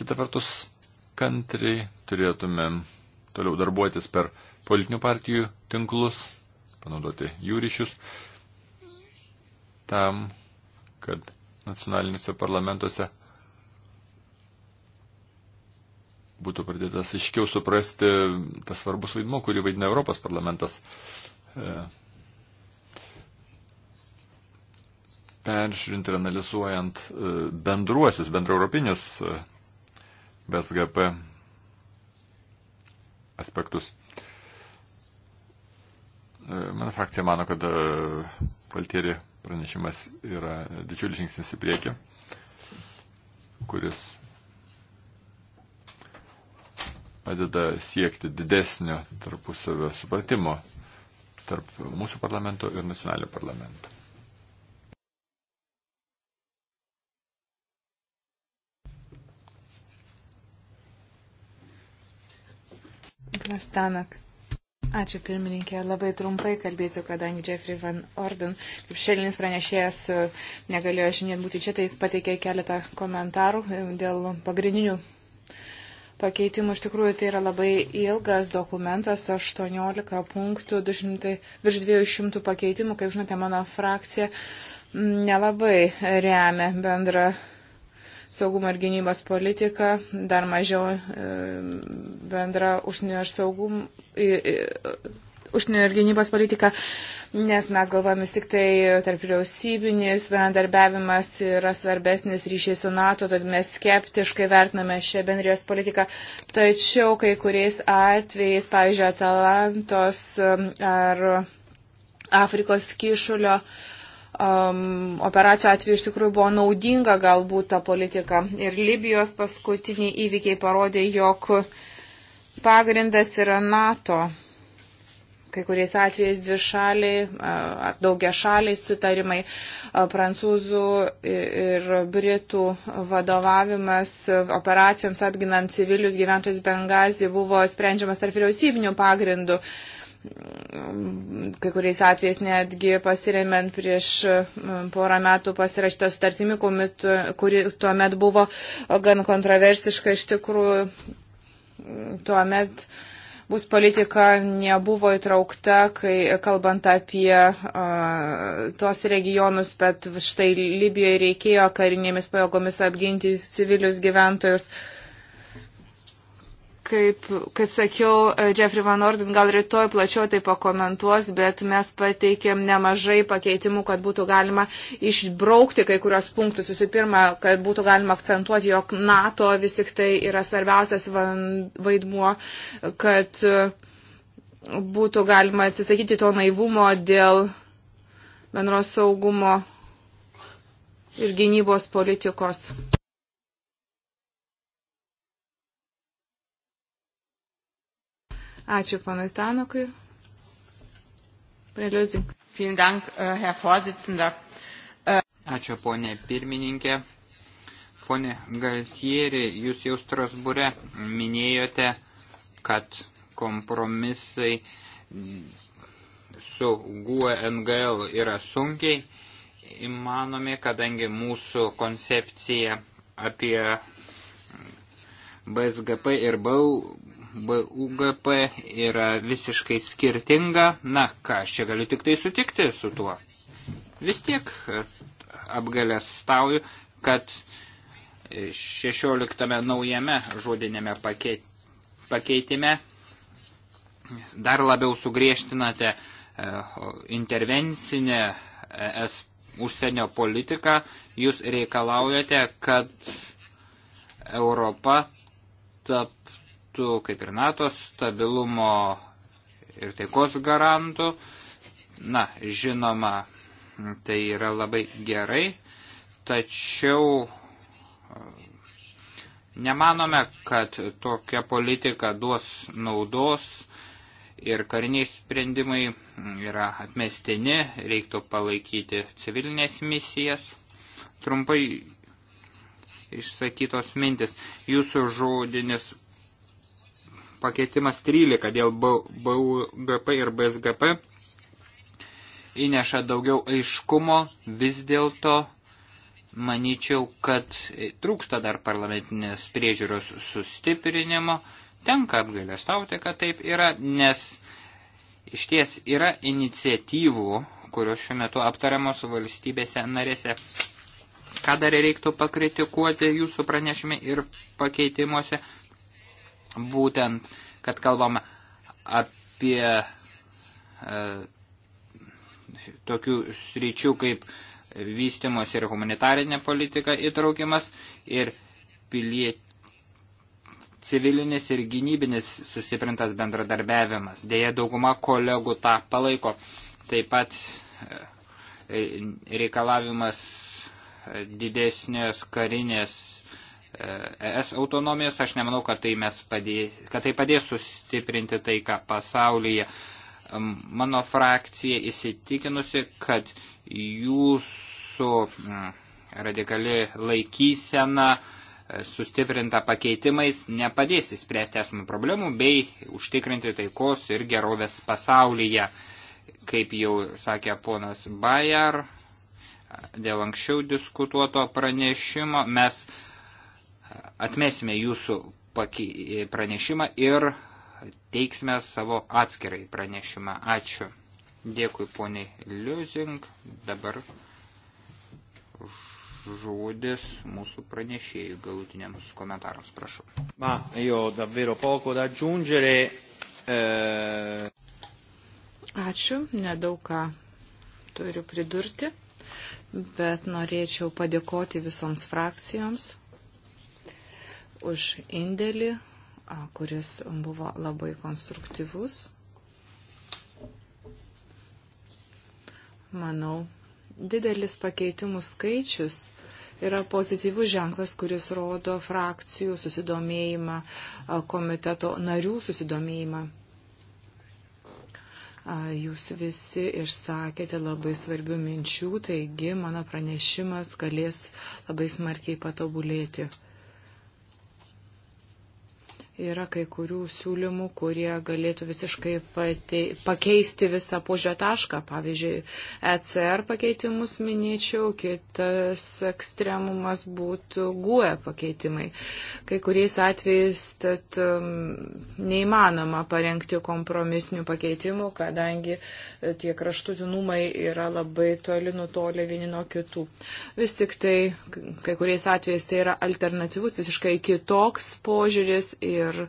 Kita vertus, kantriai turėtumėm toliau darbuotis per politinių partijų tinklus, panaudoti jų ryšius, tam, kad nacionaliniuose parlamentuose būtų pradėtas iškiau suprasti tas svarbus vaidmo, kurį vaidina Europos parlamentas. E, peržiūrint ir analizuojant e, bendruosius, bendraeuropinius e, BSGP aspektus. Mano frakcija mano, kad Valtieri pranešimas yra didžiulis žingsnis į priekį, kuris padeda siekti didesnio tarpusavio supratimo tarp mūsų parlamento ir nacionalinio parlamento. Glastanak. Ačiū pirmininkė, labai trumpai kalbėsiu, kadangi Jeffrey Van Orden, kaip šelinis pranešėjas, negalėjo šiandien būti čia, tai jis pateikė keletą komentarų dėl pagrindinių pakeitimų. Iš tikrųjų, tai yra labai ilgas dokumentas, 18 punktų, 200, virš 200 pakeitimų, kaip žinote, mano frakcija nelabai remia bendrą saugumo ir gynybos politika, dar mažiau e, bendra užsienio ir saugumo. Užsienio ir gynybos politika, nes mes galvojame tik tai tarp vyriausybinis bendarbiavimas yra svarbesnis ryšiai su NATO, tad mes skeptiškai vertiname šią bendrijos politiką. Tačiau kai kuriais atvejais, pavyzdžiui, Atalantos e, ar Afrikos kišulio uh, um, operacijų atveju iš tikrųjų buvo naudinga galbūt ta politika. Ir Libijos paskutiniai įvykiai parodė, jog pagrindas yra NATO. Kai kuriais atvejais dvi šaliai ar daugia šaliai sutarimai, prancūzų ir britų vadovavimas operacijoms apginant civilius gyventojus Bengazį buvo sprendžiamas tarp vyriausybinių pagrindų. Uh, kai kuriais atvejais netgi pasiremiant prieš porą metų pasirašytą sutartimį, kuri tuo met buvo gan kontroversiška iš tikrųjų. Tuo met bus politika nebuvo įtraukta, kai kalbant apie uh, tos regionus, bet štai Libijoje reikėjo karinėmis pajėgomis apginti civilius gyventojus. Uh, Kaip, kaip sakiau, e, Jeffrey Van Orden gal rytoj plačiau tai pakomentuos, bet mes pateikėm nemažai pakeitimų, kad būtų galima išbraukti kai kurios punktus. Visų pirma, kad būtų galima akcentuoti, jog NATO vis tik tai yra svarbiausias vaidmuo, kad e, būtų galima atsisakyti to naivumo dėl bendros saugumo ir gynybos politikos. Ačiū panui Tanukui. Preliuzink. Vielen Dank, äh, Herr Vorsitzender. Äh, Ačiū ponė pirmininkė. Pone Galtieri, jūs jau Strasbūre minėjote, kad kompromisai su GUNGL e yra sunkiai įmanomi, kadangi mūsų koncepcija apie BSGP ir BAU BUGP yra visiškai skirtinga, na, ką aš čia galiu tik tai sutikti su tuo. Vis tiek e, apgalėstauju, kad 16 naujame žodinėme pakeitime dar labiau sugriežtinate e, intervencinę e, ES užsienio politiką, jūs reikalaujate, kad Europa taptų būtų, kaip ir NATO, stabilumo ir taikos garantų. Na, žinoma, tai yra labai gerai, tačiau e, nemanome, kad tokia politika duos naudos ir kariniai sprendimai yra atmestini, reiktų palaikyti civilinės misijas. Trumpai išsakytos mintis. Jūsų žodinis pakeitimas 13 dėl BUGP ir BSGP įneša daugiau aiškumo, vis dėlto manyčiau, kad trūksta dar parlamentinės priežiūros sustiprinimo, tenka apgailestauti, kad taip yra, nes iš ties yra iniciatyvų, kurios šiuo metu aptariamos valstybėse narėse. Ką dar reiktų pakritikuoti jūsų pranešime ir pakeitimuose, būtent, kad kalbam apie e, tokių sričių kaip vystimos ir humanitarinė politika įtraukimas ir pilie, civilinis ir gynybinis sustiprintas bendradarbiavimas. Deja, dauguma kolegų tą palaiko. Taip pat e, reikalavimas didesnės karinės E, ES autonomijos, aš nemanau, kad tai, mes padė, kad tai padės sustiprinti tai, ką pasaulyje. Mano frakcija įsitikinusi, kad jūsų radikali laikysena e, sustiprinta pakeitimais nepadės įspręsti esamų problemų bei užtikrinti taikos ir gerovės pasaulyje. Kaip jau sakė ponas Bayer, dėl anksčiau diskutuoto pranešimo mes uh, atmesime jūsų pranešimą ir teiksime savo atskirai pranešimą. Ačiū. Dėkui poniai Liuzing. Dabar žodis mūsų pranešėjų galutiniams komentarams, prašau. Ma, jo davvero poco da aggiungere. E... Ačiū, nedaug ką turiu pridurti, bet norėčiau padėkoti visoms frakcijoms už indėlį, kuris buvo labai konstruktyvus. Manau, didelis pakeitimų skaičius yra pozityvus ženklas, kuris rodo frakcijų susidomėjimą, komiteto narių susidomėjimą. Jūs visi išsakėte labai svarbių minčių, taigi mano pranešimas galės labai smarkiai patobulėti. Yra kai kurių siūlymų, kurie galėtų visiškai patei, pakeisti visą požiūrio tašką. Pavyzdžiui, ECR pakeitimus minėčiau, kitas ekstremumas būtų GUE pakeitimai. Kai kuriais atvejais tad, um, neįmanoma parengti kompromisinių pakeitimų, kadangi e, tie kraštutinumai yra labai toli nutolę vieni nuo kitų. Vis tik tai, kai kuriais atvejais tai yra alternatyvus, visiškai kitoks požiūris. Ir Ir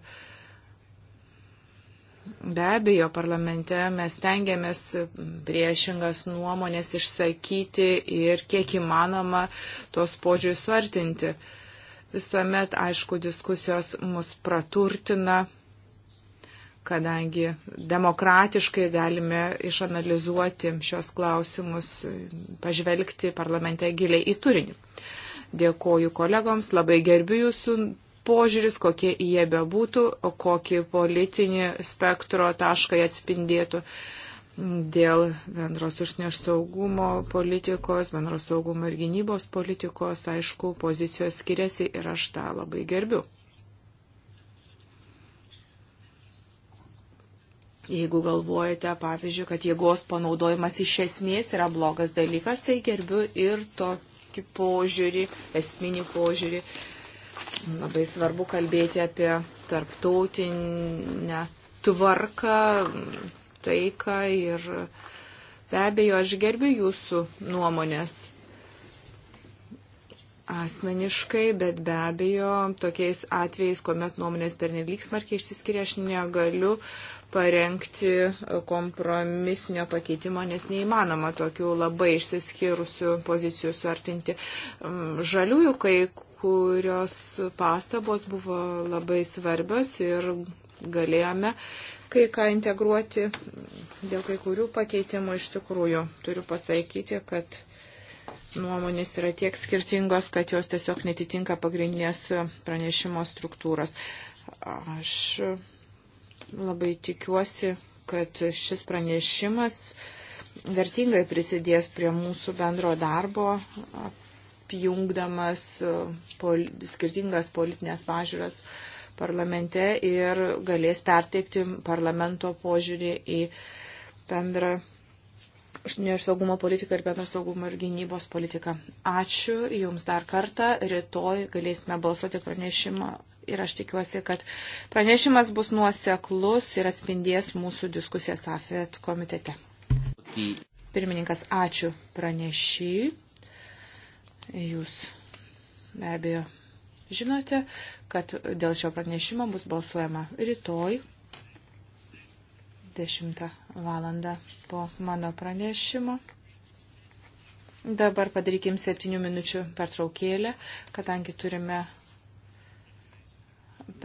be abejo, parlamente mes tengiamės priešingas nuomonės išsakyti ir kiek įmanoma tos požiūrius suartinti. Visuomet, aišku, diskusijos mus praturtina kadangi demokratiškai galime išanalizuoti šios klausimus, pažvelgti parlamente giliai į turinį. Dėkoju kolegoms, labai gerbiu jūsų požiūris, kokie jie bebūtų, kokį politinį spektro tašką atspindėtų dėl bendros užsienio saugumo politikos, bendros saugumo ir gynybos politikos, aišku, pozicijos skiriasi ir aš tą labai gerbiu. Jeigu galvojate, pavyzdžiui, kad jėgos panaudojimas iš esmės yra blogas dalykas, tai gerbiu ir tokį požiūrį, esminį požiūrį. Uh, Labai svarbu kalbėti apie tarptautinę tvarką, taiką ir be abejo aš gerbiu jūsų nuomonės asmeniškai, bet be abejo tokiais atvejais, kuomet nuomonės pernelyg smarkiai išsiskiria, aš negaliu parengti kompromisinio pakeitimo, nes neįmanoma tokių labai išsiskyrusių pozicijų suartinti. Žaliųjų kai kurios pastabos buvo labai svarbios ir galėjome kai ką integruoti dėl kai kurių pakeitimų iš tikrųjų. Turiu pasakyti, kad nuomonės yra tiek skirtingos, kad jos tiesiog netitinka pagrindinės pranešimo struktūros. Aš labai tikiuosi, kad šis pranešimas vertingai prisidės prie mūsų bendro darbo, apjungdamas e, pol, skirtingas politinės pažiūras parlamente ir galės perteikti parlamento požiūrį į bendrą užsienio saugumo politiką ir bendrą saugumo ir gynybos politiką. Ačiū Jums dar kartą. Rytoj galėsime balsuoti pranešimą. Ir aš tikiuosi, kad pranešimas bus nuoseklus ir atspindės mūsų diskusijas AFET komitete. Pirmininkas, ačiū pranešy. Jūs be abejo žinote, kad dėl šio pranešimo bus balsuojama rytoj 10 valandą po mano pranešimo. Dabar padarykim 7 minučių pertraukėlę, kadangi turime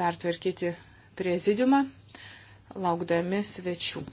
pertvarkyti prezidiumą, laukdami svečių.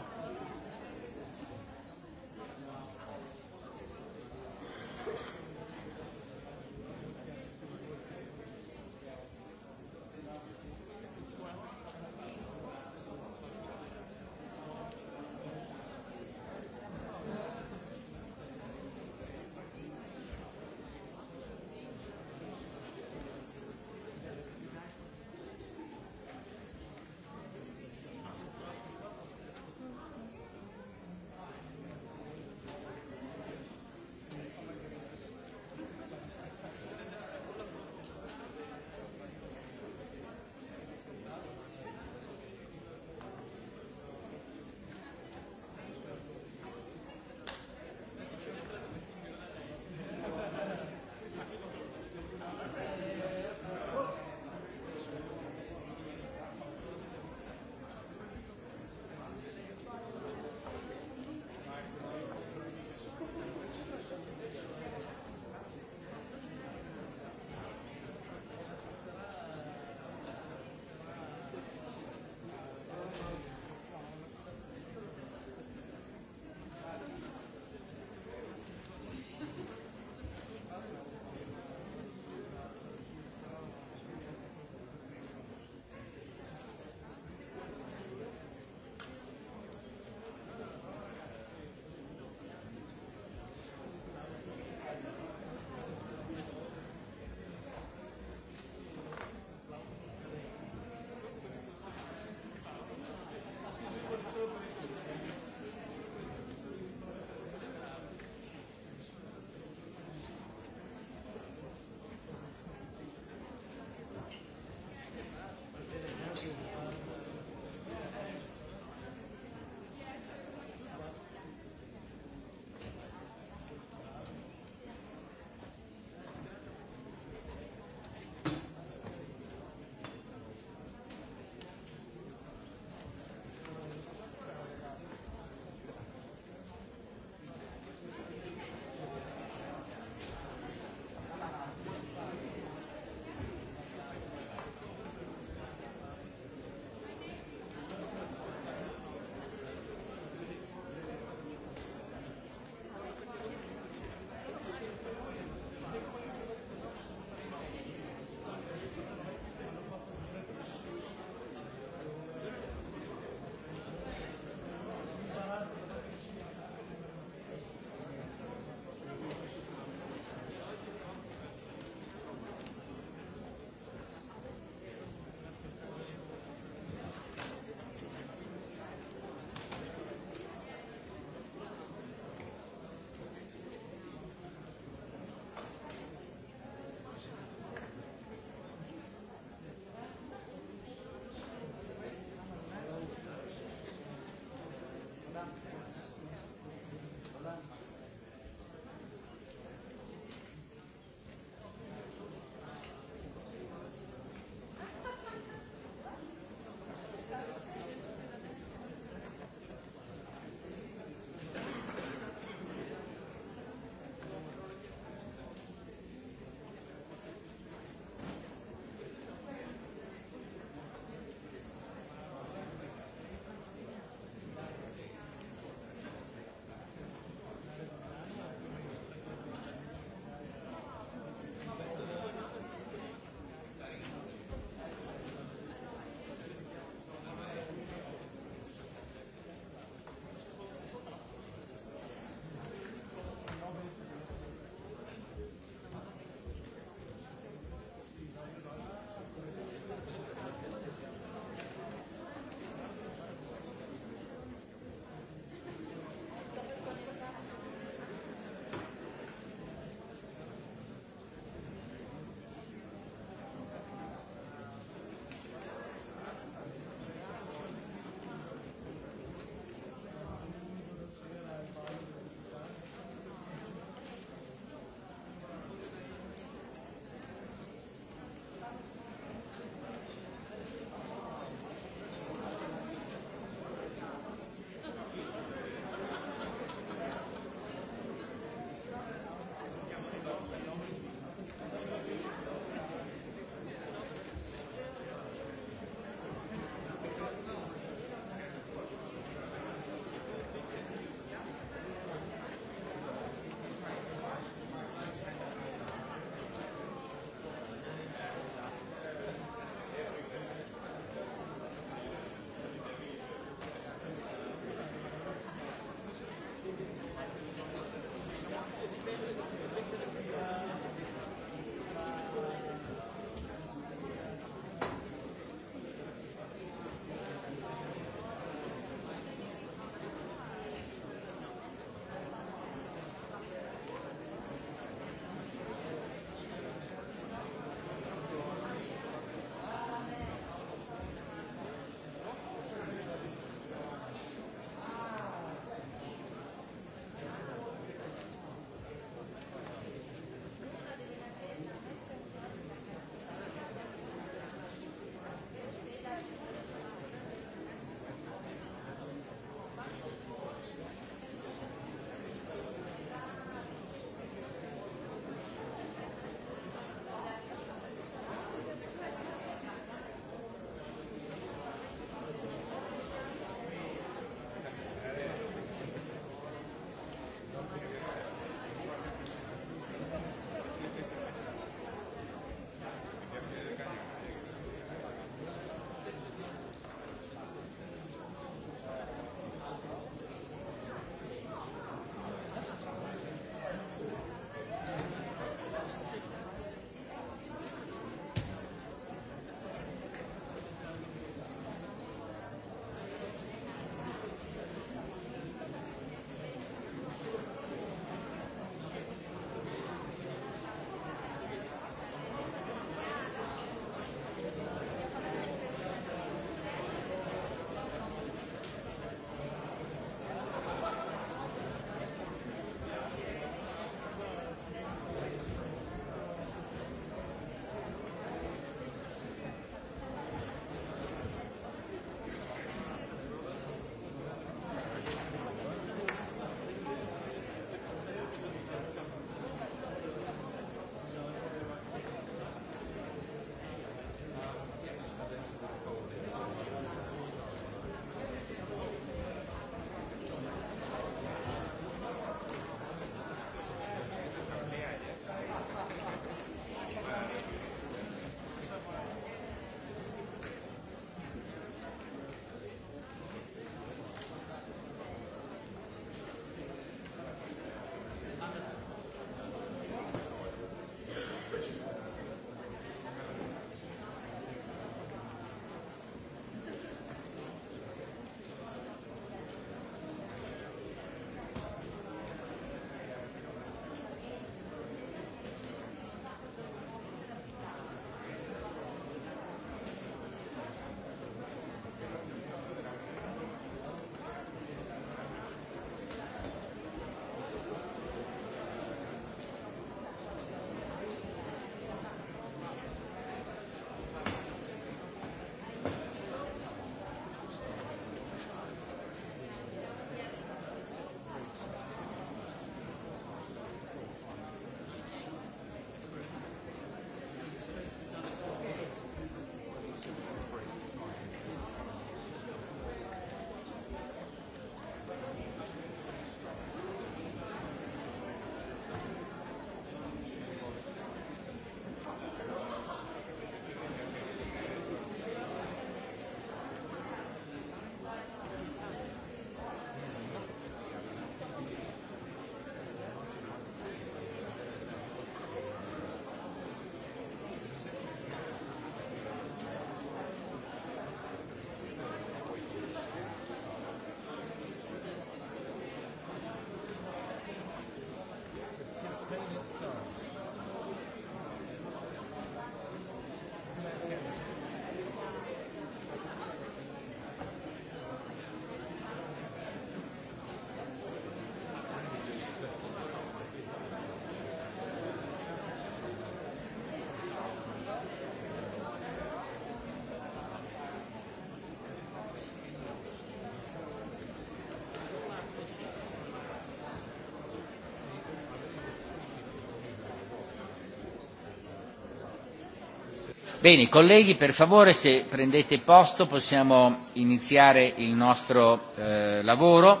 Bene, colleghi, per favore, se prendete posto possiamo iniziare il nostro eh, lavoro.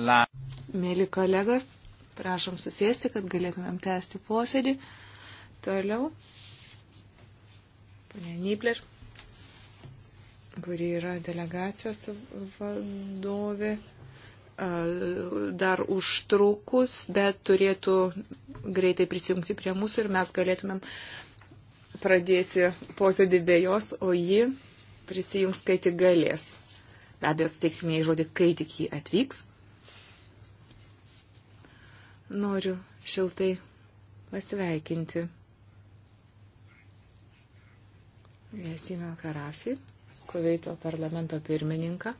La... Mėly kolegos, prašom susėsti, kad galėtumėm tęsti posėdį. Toliau, ponė Nibler, kuri yra delegacijos vadovė dar užtrukus, bet turėtų greitai prisijungti prie mūsų ir mes galėtumėm uh, pradėti posėdį be jos, o ji prisijungs, kai tik galės. Be abejo, suteiksime į žodį, kai tik ji atvyks. Noriu šiltai pasveikinti Jasimę Karafi, Kuveito parlamento pirmininką.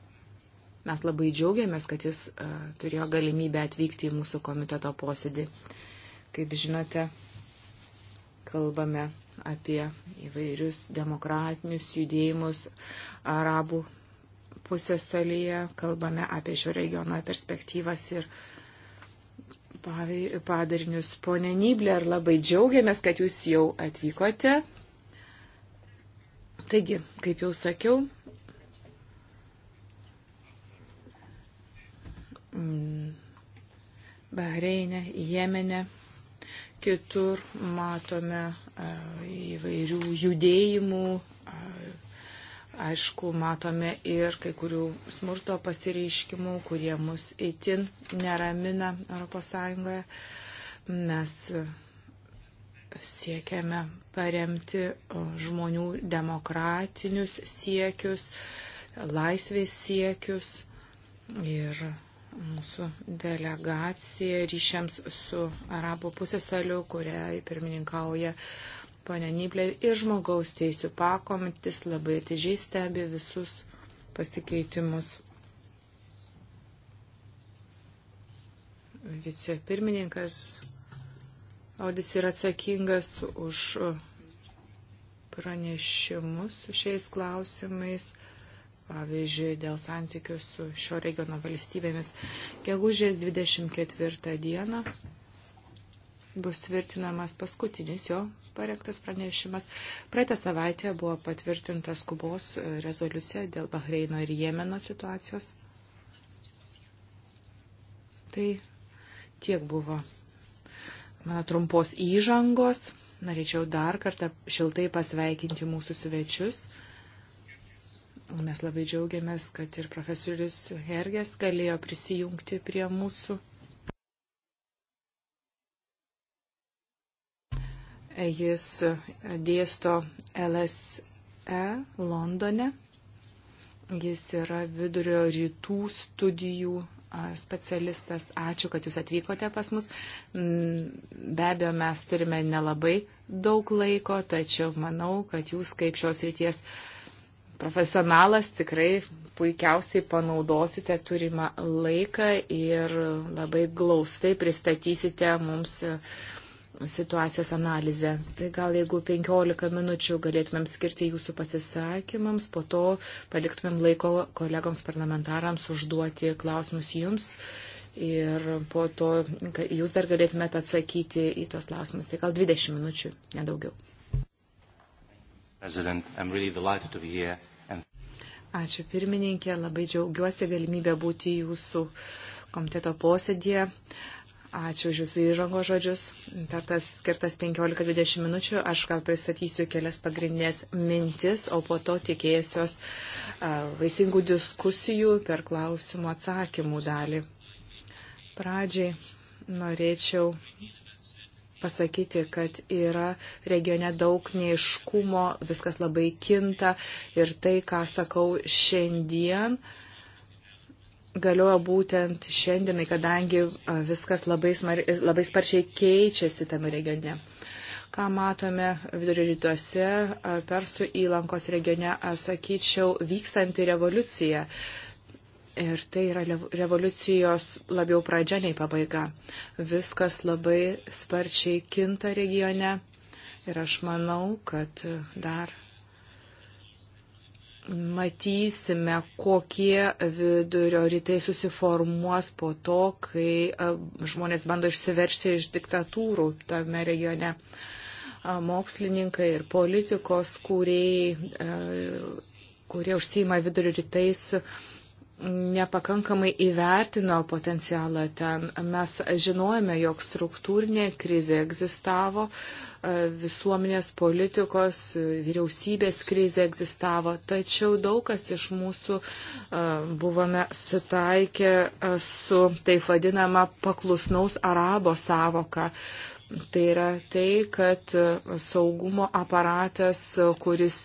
Mes labai džiaugiamės, kad jis uh, turėjo galimybę atvykti į mūsų komiteto posėdį. Kaip žinote, kalbame apie įvairius demokratinius judėjimus arabų pusėsalyje, kalbame apie šio regiono perspektyvas ir padarinius. Pone Nybler, labai džiaugiamės, kad jūs jau atvykote. Taigi, kaip jau sakiau, mm, Bahreinė, Jemenė kitur matome e, įvairių judėjimų, e, aišku, matome ir kai kurių smurto pasireiškimų, kurie mus itin neramina ES. Mes e, siekiame paremti žmonių demokratinius siekius, laisvės siekius ir mūsų delegacija ryšiams su Arabų pusėsaliu, kuriai pirmininkauja ponia Niblė ir žmogaus teisų pakomitis labai atidžiai stebi visus pasikeitimus. Vicepirmininkas Audis yra atsakingas už pranešimus šiais klausimais pavyzdžiui, dėl santykių su šio regiono valstybėmis. Gegužės 24 dieną bus tvirtinamas paskutinis jo parektas pranešimas. Praeitą savaitę buvo patvirtintas Kubos e, rezoliucija dėl Bahreino ir Jemeno situacijos. Tai tiek buvo mano trumpos įžangos. Norėčiau dar kartą šiltai pasveikinti mūsų svečius. Mes labai džiaugiamės, kad ir profesorius Herges galėjo prisijungti prie mūsų. Jis dėsto LSE Londone. Jis yra vidurio rytų studijų specialistas. Ačiū, kad jūs atvykote pas mus. Mm, be abejo, mes turime nelabai daug laiko, tačiau manau, kad jūs kaip šios ryties uh, profesionalas tikrai puikiausiai panaudosite turimą laiką ir labai glaustai pristatysite mums e, situacijos analizę. Tai gal jeigu 15 minučių galėtumėm skirti jūsų pasisakymams, po to paliktumėm laiko kolegoms parlamentarams užduoti klausimus jums ir po to jūs dar galėtumėte atsakyti į tuos klausimus. Tai gal 20 minučių, nedaugiau. President, I'm really delighted to be here. Ačiū pirmininkė, labai džiaugiuosi galimybę būti jūsų komiteto posėdėje. Ačiū už Jūsų įžango žodžius. Per tas skirtas 15-20 minučių aš gal pristatysiu kelias pagrindinės mintis, o po to tikėjusios vaisingų diskusijų per klausimų atsakymų dalį. Pradžiai norėčiau pasakyti, kad yra regione daug neiškumo, viskas labai kinta ir tai, ką sakau šiandien, galioja būtent šiandienai, kadangi viskas labai, smar, labai sparčiai keičiasi tame regione. Ką matome vidurio rytuose, Persų įlankos regione, sakyčiau, vykstanti revoliucija. Ir tai yra revoliucijos labiau pradžia nei pabaiga. Viskas labai sparčiai kinta regione ir aš manau, kad dar matysime, kokie vidurio rytai susiformuos po to, kai žmonės bando išsiveršti iš diktatūrų tame regione. Mokslininkai ir politikos kūrėjai, kurie užsima vidurio rytais, nepakankamai įvertino potencialą ten. Mes žinojame, jog struktūrinė krizė egzistavo, e, visuomenės politikos, e, vyriausybės krizė egzistavo, tačiau daug kas iš mūsų e, buvome sutaikę su taip vadinama paklusnaus arabo savoka. Tai yra tai, kad saugumo aparatas, kuris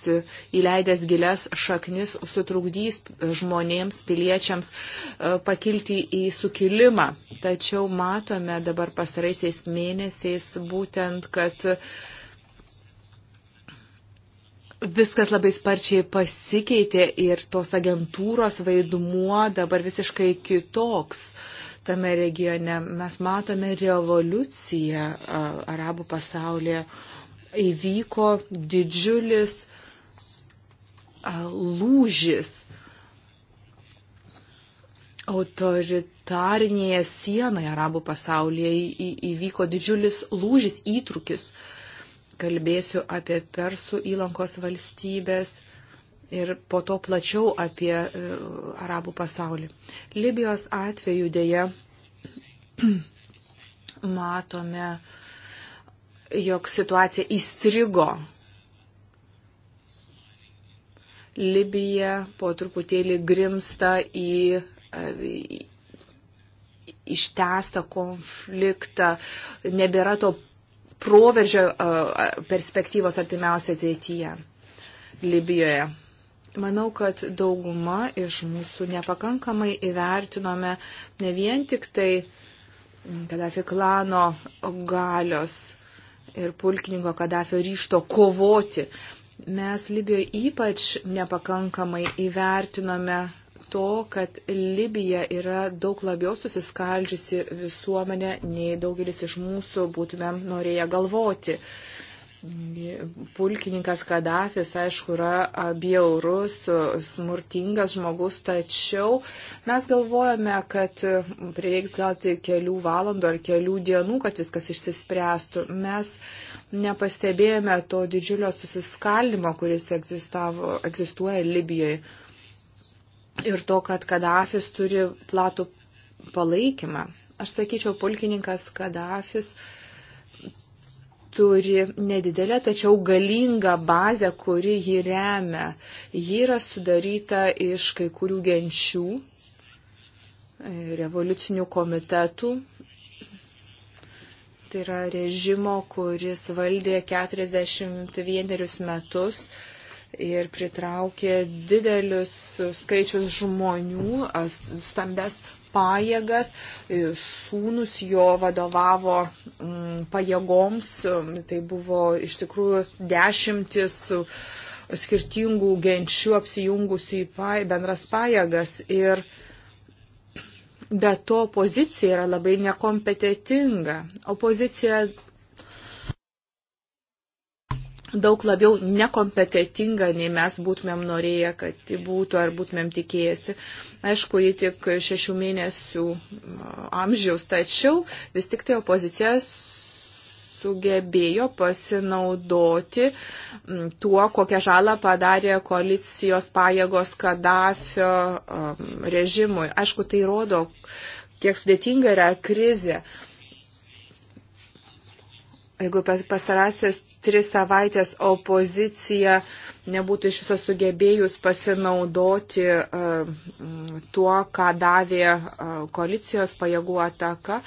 įleidęs gilias šaknis, sutrukdys žmonėms, piliečiams e, pakilti į sukilimą. Tačiau matome dabar pasaraisiais mėnesiais būtent, kad viskas labai sparčiai pasikeitė ir tos agentūros vaidmuo dabar visiškai kitoks. Uh, tame regione. Mes matome revoliuciją arabų pasaulyje. Įvyko didžiulis lūžis autoritarinėje sienoje arabų pasaulyje į, įvyko didžiulis lūžis, įtrukis. Kalbėsiu apie Persų įlankos valstybės ir po to plačiau apie e, arabų pasaulį. Libijos atveju dėja matome, jog situacija įstrigo. Libija po truputėlį grimsta į e, ištęstą konfliktą, nebėra to proveržio e, perspektyvos artimiausio ateityje Libijoje. Manau, kad dauguma iš mūsų nepakankamai įvertinome ne vien tik tai Kadafi klano galios ir pulkininko Kadafio ryšto kovoti. Mes Libijoje ypač nepakankamai įvertinome to, kad Libija yra daug labiau susiskaldžiusi visuomenė, nei daugelis iš mūsų būtumėm norėję galvoti. Uh, Pulkininkas Kadafis, aišku, yra bjaurus, smurtingas žmogus, tačiau mes galvojame, kad prireiks gal tik kelių valandų ar kelių dienų, kad viskas išsispręstų. Mes nepastebėjome to didžiulio susiskaldimo, kuris egzistuoja Libijoje. Ir to, kad Kadafis turi platų palaikymą. Aš sakyčiau, pulkininkas Kadafis. Uh, turi nedidelę, tačiau galingą bazę, kuri jį remia. Ji yra sudaryta iš kai kurių genčių, e, revoliucinių komitetų. Tai yra režimo, kuris valdė 41 metus ir pritraukė didelius skaičius žmonių, stambes pajėgas, e, sūnus jo vadovavo mm, pajėgoms, e, tai buvo iš tikrųjų dešimtis e, skirtingų genčių apsijungusių į bendras pajėgas. Ir Be to opozicija yra labai nekompetitinga. Opozicija daug labiau nekompetitinga, nei mes būtumėm norėję, kad būtų ar būtumėm tikėjęsi. Aišku, ji tik šešių mėnesių amžiaus, tačiau vis tik tai opozicija sugebėjo pasinaudoti tuo, kokią žalą padarė koalicijos pajėgos Kadafio režimui. Aišku, tai rodo, kiek sudėtinga yra krizė jeigu pastarąsias tris savaitės opozicija nebūtų iš viso sugebėjus pasinaudoti uh, tuo, ką davė uh, koalicijos pajėgų ataka,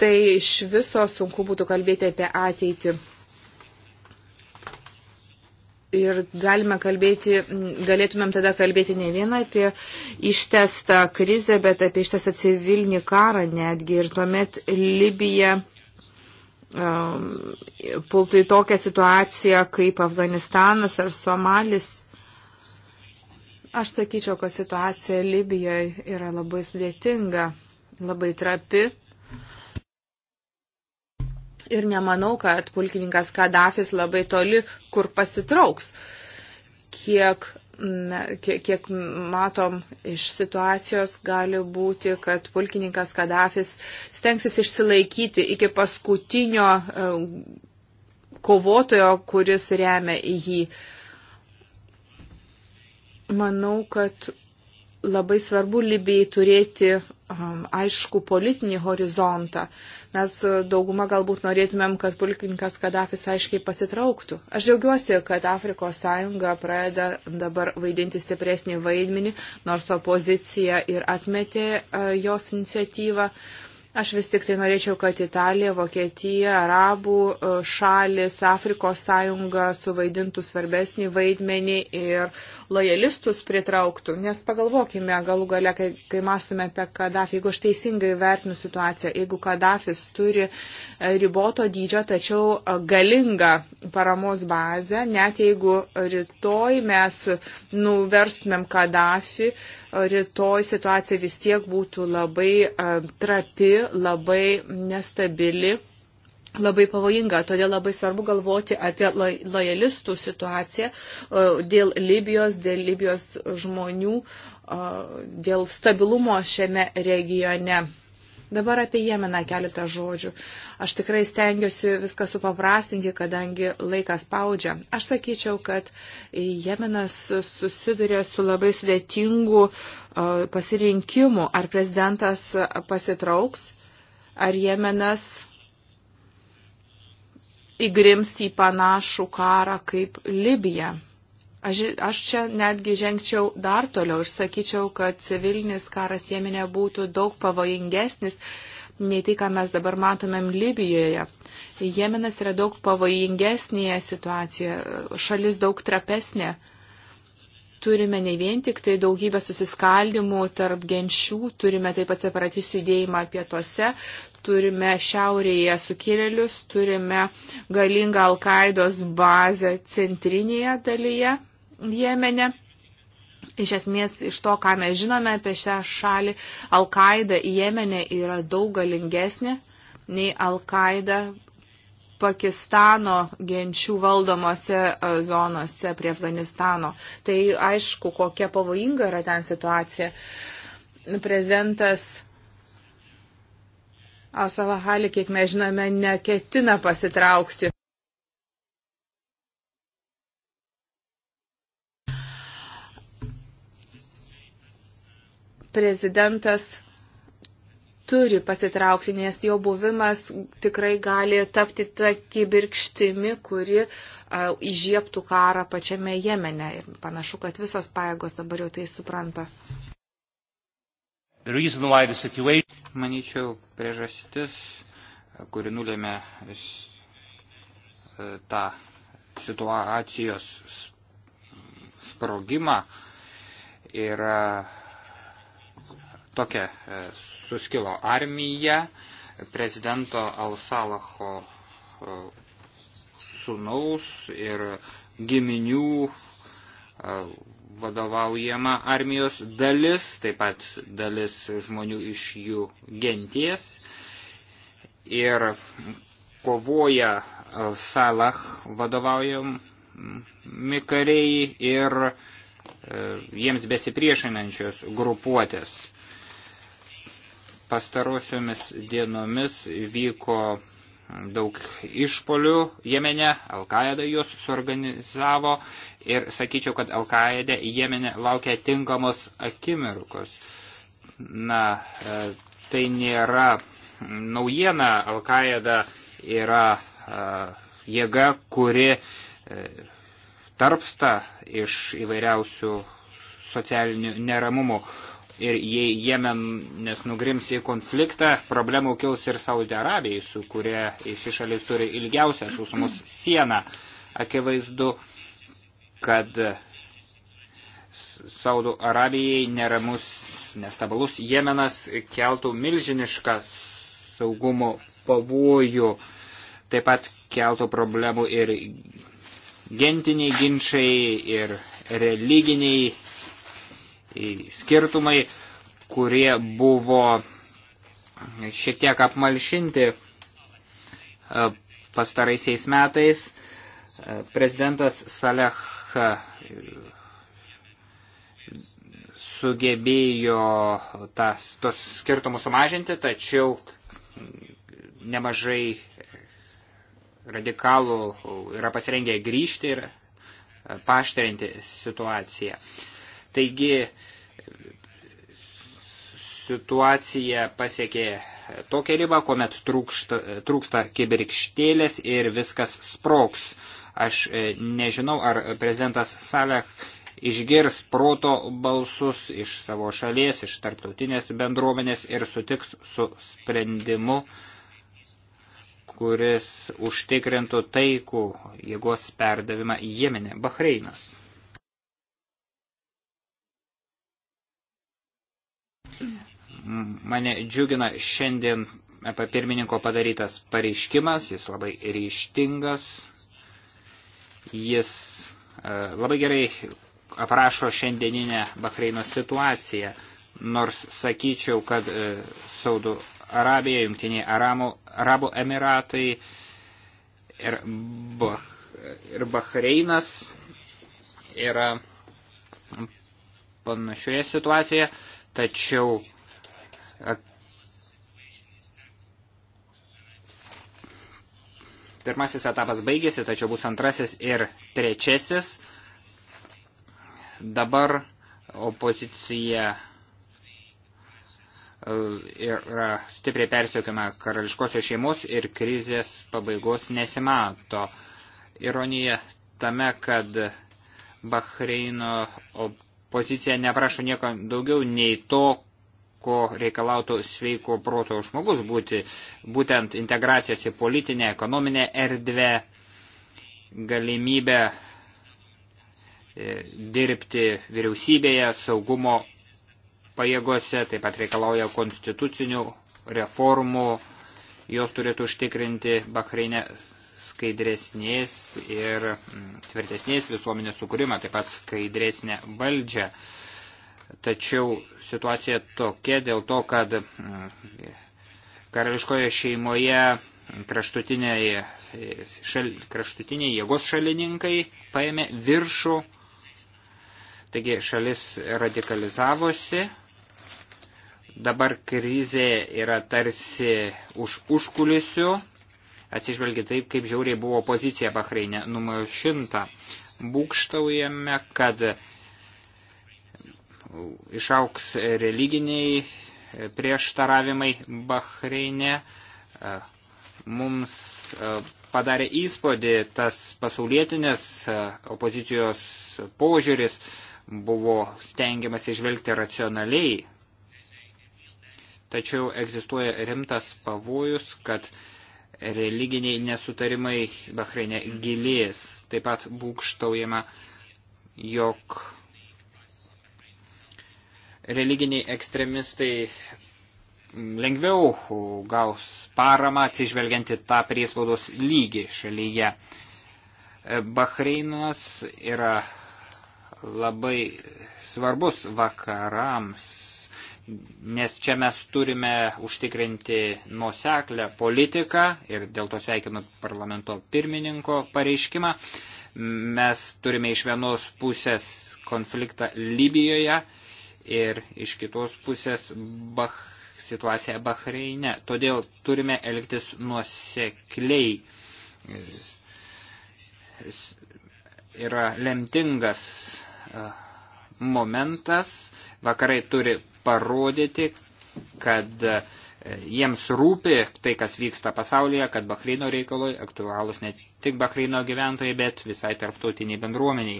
tai iš viso sunku būtų kalbėti apie ateitį. Ir galime kalbėti, galėtumėm tada kalbėti ne vieną apie ištestą krizę, bet apie ištestą civilinį karą netgi. Ir tuomet Libija Um, pultų į tokią situaciją kaip Afganistanas ar Somalis. Aš sakyčiau, kad situacija Libijoje yra labai sudėtinga, labai trapi. Ir nemanau, kad pulkininkas Kadafis labai toli kur pasitrauks. Kiek kiek, kiek matom iš situacijos, gali būti, kad pulkininkas Kadafis stengsis išsilaikyti iki paskutinio e, kovotojo, kuris remia į jį. Manau, kad labai svarbu Libijai turėti Um, aišku politinį horizontą. Mes uh, dauguma galbūt norėtumėm, kad pulkininkas Kadafis aiškiai pasitrauktų. Aš džiaugiuosi, kad Afrikos sąjunga pradeda dabar vaidinti stipresnį vaidmenį, nors opozicija ir atmetė uh, jos iniciatyvą. Uh, Aš vis tik tai norėčiau, kad Italija, Vokietija, Arabų e, šalis, Afrikos sąjunga suvaidintų svarbesnį vaidmenį ir lojalistus pritrauktų. Nes pagalvokime, galų gale, kai, kai mąstume apie Kadafį, jeigu aš teisingai vertinu situaciją, jeigu Kadafis turi e, riboto dydžio, tačiau e, galingą paramos bazę, net jeigu rytoj mes nuverstumėm Kadafį, uh, rytoj situacija vis tiek būtų labai trapi, labai nestabili labai pavojinga, todėl labai svarbu galvoti apie lojalistų situaciją dėl Libijos, dėl Libijos žmonių, dėl stabilumo šiame regione. Dabar apie Jemeną keletą žodžių. Aš tikrai stengiuosi viską supaprastinti, kadangi laikas spaudžia. Aš sakyčiau, kad Jemenas susiduria su labai sudėtingu pasirinkimu, ar prezidentas pasitrauks, ar Jemenas įgrims į panašų karą kaip Libija. Aš, aš čia netgi žengčiau dar toliau ir sakyčiau, kad civilinis karas Jemenė būtų daug pavojingesnis nei tai, ką mes dabar matomėm Libijoje. Jemenas yra daug pavojingesnėje situacijoje, šalis daug trapesnė. Turime ne vien tik tai daugybę susiskaldimų tarp genčių, turime taip pat separatistų judėjimą pietuose, turime šiaurėje sukilėlius, turime galingą Alkaidos bazę centrinėje dalyje, Jemene. Iš esmės, iš to, ką mes žinome apie šią šalį, Al-Qaida į Jemenę yra daug galingesnė nei Al-Qaida Pakistano genčių valdomose e, zonose prie Afganistano. Tai aišku, kokia pavojinga yra ten situacija. Prezidentas Asavahali, kiek mes žinome, neketina pasitraukti. prezidentas turi pasitraukti, nes jo buvimas tikrai gali tapti tą kibirkštimi, kuri uh, įžiebtų karą pačiame Jemene. Ir panašu, kad visos pajėgos dabar jau tai supranta. Situation... Manyčiau, priežastis, kuri nulėmė e, tą situacijos sprogimą, yra uh, tokia e, suskilo armija, prezidento Alsalacho e, sunaus ir giminių e, vadovaujama armijos dalis, taip pat dalis žmonių iš jų genties. Ir kovoja Salah vadovaujami kariai ir jiems besipriešinančios grupuotės. Pastarosiomis dienomis vyko daug išpolių Jemene, Al-Qaeda juos suorganizavo ir sakyčiau, kad Al-Qaeda Jemene laukia tinkamos akimirkos. Na, e, tai nėra naujiena, Al-Qaeda yra e, jėga, kuri e, tarpsta iš įvairiausių socialinių neramumų. Ir jei Jemenas nugrims į konfliktą, problemų kils ir Saudė Arabijai, su kuria ši šalis turi ilgiausią sausumos sieną. Akivaizdu, kad Saudų Arabijai neramus, nestabilus Jemenas keltų milžinišką saugumo pavojų, taip pat keltų problemų ir gentiniai ginčiai, ir religiniai skirtumai, kurie buvo šiek tiek apmalšinti e, pastaraisiais metais. E, prezidentas Saleh e, sugebėjo tas, tos skirtumus sumažinti, tačiau nemažai radikalų yra pasirengę grįžti ir paštrinti situaciją. Taigi situacija pasiekė tokią ribą, kuomet trūksta, trūksta kibirkštėlės ir viskas sproks. Aš e, nežinau, ar prezidentas Saleh išgirs proto balsus iš savo šalies, iš tarptautinės bendruomenės ir sutiks su sprendimu, kuris užtikrintų taikų jėgos perdavimą į Jemenę, Bahreinas. Mane džiugina šiandien apie pirmininko padarytas pareiškimas, jis labai ryštingas, jis e, labai gerai aprašo šiandieninę Bahreino situaciją, nors sakyčiau, kad e, Saudo Arabija, Junktiniai Aramų, Arabų Emiratai ir, bah, ir Bahreinas yra panašioje situacijoje tačiau pirmasis etapas baigėsi, tačiau bus antrasis ir trečiasis. Dabar opozicija yra stipriai persiekiama karališkosios šeimos ir krizės pabaigos nesimato. Ironija tame, kad Bahreino op pozicija neprašo nieko daugiau nei to, ko reikalautų sveiko proto žmogus būti, būtent integracijos į politinę, ekonominę erdvę, galimybę e, dirbti vyriausybėje, saugumo pajėgose, taip pat reikalauja konstitucinių reformų, jos turėtų užtikrinti Bahreinė skaidresnės ir mm, tvirtesnės visuomenės sukūrimą, taip pat skaidresnę valdžią. Tačiau situacija tokia dėl to, kad mm, karališkoje šeimoje kraštutiniai, šal, kraštutiniai jėgos šalininkai paėmė viršų, taigi šalis radikalizavosi dabar krizė yra tarsi už užkulisių, atsižvelgia taip, kaip žiauriai buvo pozicija Bahreinė numalšinta. Būkštaujame, kad išauks religiniai prieštaravimai Bahreinė. Mums e, padarė įspūdį tas pasaulietinės e, opozicijos požiūris buvo stengiamas išvelgti racionaliai. Tačiau egzistuoja rimtas pavojus, kad uh, religiniai nesutarimai Bahreine gilės. Taip pat būkštaujama, jog religiniai ekstremistai lengviau gaus paramą atsižvelgianti tą priespaudos lygį šalyje. Bahreinas yra labai svarbus vakarams nes čia mes turime užtikrinti nuoseklę politiką ir dėl to sveikinu parlamento pirmininko pareiškimą. Mes turime iš vienos pusės konfliktą Libijoje ir iš kitos pusės Bah situaciją Bahreine. Todėl turime elgtis nuosekliai. Yra lemtingas e, momentas Vakarai turi parodyti, kad e, jiems rūpi tai, kas vyksta pasaulyje, kad Bahreino reikalui aktualūs ne tik Bahreino gyventojai, bet visai tarptautiniai bendruomeniai.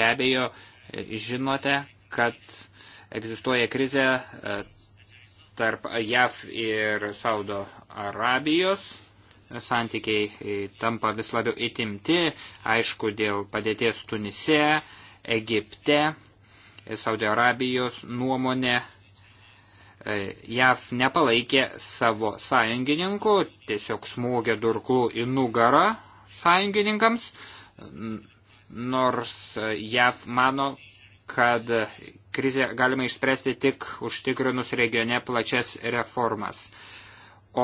Be abejo, e, žinote, kad egzistuoja krizė e, tarp JAV ir Saudo Arabijos. Santykiai tampa vis labiau įtimti, aišku, dėl padėties Tunise, Egipte Saudio Arabijos nuomonė e, JAV nepalaikė savo sąjungininkų, tiesiog smogė durklų į nugarą sąjungininkams, nors JAV mano, kad krizę galima išspręsti tik užtikrinus regione plačias reformas.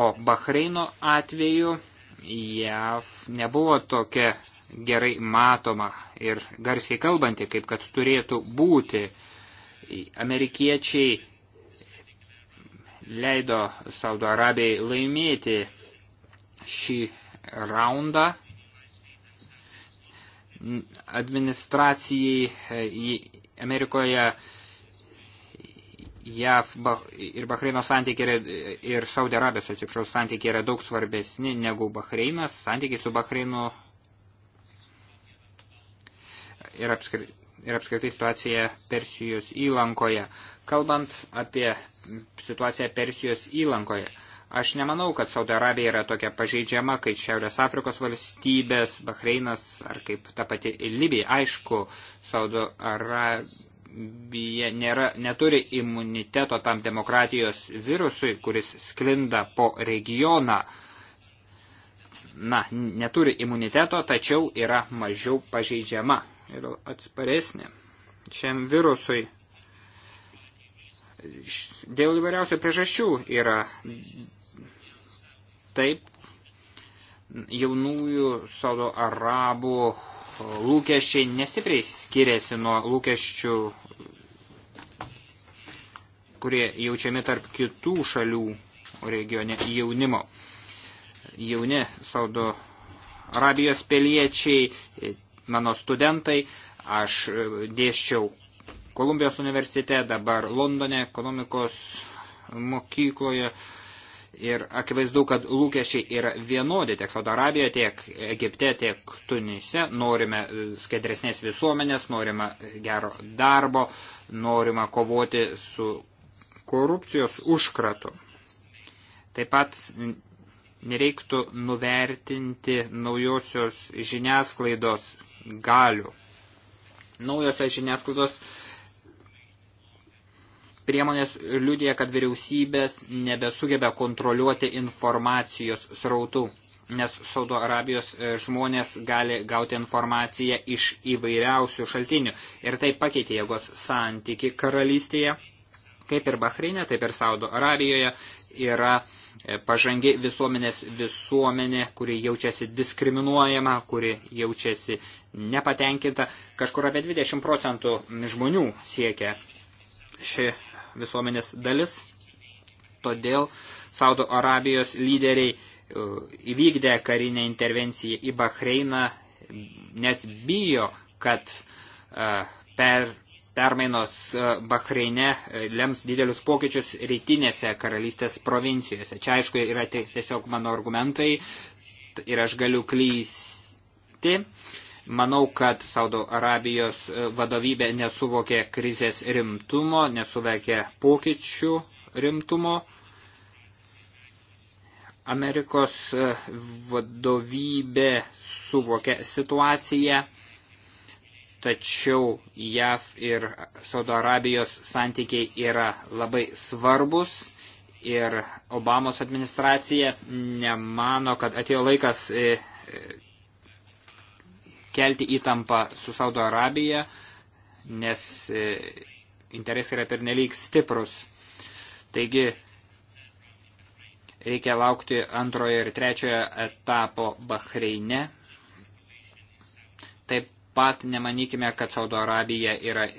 O Bahreino atveju JAV nebuvo tokia gerai matoma ir garsiai kalbanti, kaip kad turėtų būti. Amerikiečiai leido Saudo Arabijai laimėti šį raundą. Administracijai e, Amerikoje JAV ir Bahreino santykiai yra, ir Saudė Arabijos, atsiprašau, santykiai yra daug svarbesni negu Bahreinas. Santykiai su Bahreinu ir, apskri, ir apskritai situacija Persijos įlankoje. Kalbant apie situaciją Persijos įlankoje, aš nemanau, kad Saudo Arabija yra tokia pažeidžiama, kaip Šiaurės Afrikos valstybės, Bahreinas ar kaip ta pati Libija. Aišku, Saudo Arabija nėra, neturi imuniteto tam demokratijos virusui, kuris sklinda po regioną na, neturi imuniteto, tačiau yra mažiau pažeidžiama yra atsparesnė šiam virusui. Dėl įvairiausių priežasčių yra taip jaunųjų sado arabų lūkesčiai nestipriai skiriasi nuo lūkesčių, kurie jaučiami tarp kitų šalių regione jaunimo. Jauni Saudo Arabijos piliečiai mano studentai, aš e, dėščiau Kolumbijos universitete, dabar Londone ekonomikos mokykloje. Ir akivaizdu, kad lūkesčiai yra vienodi tiek Saudo Arabijoje, tiek Egipte, tiek Tunise. Norime e, skaidresnės visuomenės, norime gero darbo, norime kovoti su korupcijos užkratu. Taip pat nereiktų nuvertinti naujosios žiniasklaidos galių. Naujosios žiniasklaidos priemonės liudija, kad vyriausybės nebesugeba kontroliuoti informacijos srautų, nes Saudo Arabijos e, žmonės gali gauti informaciją iš įvairiausių šaltinių. Ir tai pakeitė jėgos santyki karalystėje, kaip ir Bahreinė, taip ir Saudo Arabijoje yra e, pažangi visuomenės visuomenė, kuri jaučiasi diskriminuojama, kuri jaučiasi nepatenkinta, kažkur apie 20 procentų žmonių siekia ši visuomenės dalis, todėl Saudo Arabijos lyderiai uh, įvykdė karinę intervenciją į Bahreiną, nes bijo, kad uh, per permainos uh, Bahreine lems didelius pokyčius rytinėse karalystės provincijose. Čia aišku yra tiesiog mano argumentai ir aš galiu klysti. Manau, kad Saudo Arabijos e, vadovybė nesuvokė krizės rimtumo, nesuvokė pokyčių rimtumo. Amerikos e, vadovybė suvokė situaciją, tačiau JAV ir Saudo Arabijos santykiai yra labai svarbus ir Obamos administracija nemano, kad atėjo laikas e, kelti įtampą su Saudo Arabija, nes e, interesai yra pernelyg stiprus. Taigi reikia laukti antrojo ir trečiojo etapo Bahreine. Taip pat nemanykime, kad Saudo Arabija yra e,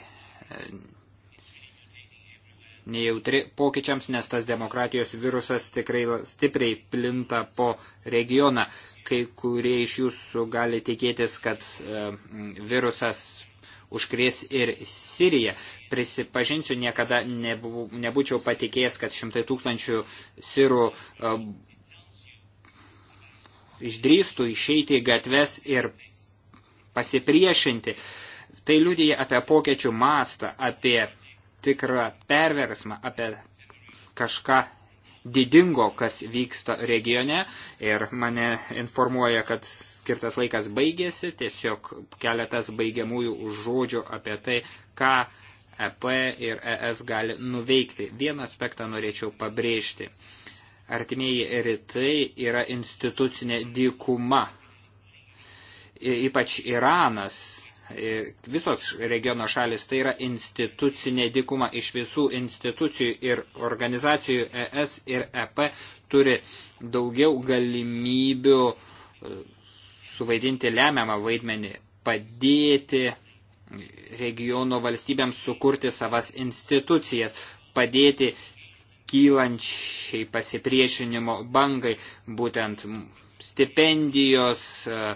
nejautri pokyčiams, nes tas demokratijos virusas tikrai stipriai plinta po regioną. Kai kurie iš jūsų gali tikėtis, kad e, virusas užkrės ir Siriją. Prisipažinsiu, niekada nebu, nebūčiau patikėjęs, kad šimtai tūkstančių sirų e, išdrįstų išeiti į gatves ir pasipriešinti. Tai liūdėja apie pokėčių mastą, apie tikrą perversmą, apie kažką didingo, kas vyksta regione ir mane informuoja, kad skirtas laikas baigėsi, tiesiog keletas baigiamųjų žodžių apie tai, ką EP ir ES gali nuveikti. Vieną aspektą norėčiau pabrėžti. Artimieji rytai yra institucinė dykuma. Ypač Iranas E, visos regiono šalis tai yra institucinė dikuma iš visų institucijų ir organizacijų ES ir EP turi daugiau galimybių e, suvaidinti lemiamą vaidmenį, padėti regiono valstybėms sukurti savas institucijas, padėti kylančiai pasipriešinimo bangai, būtent stipendijos, uh,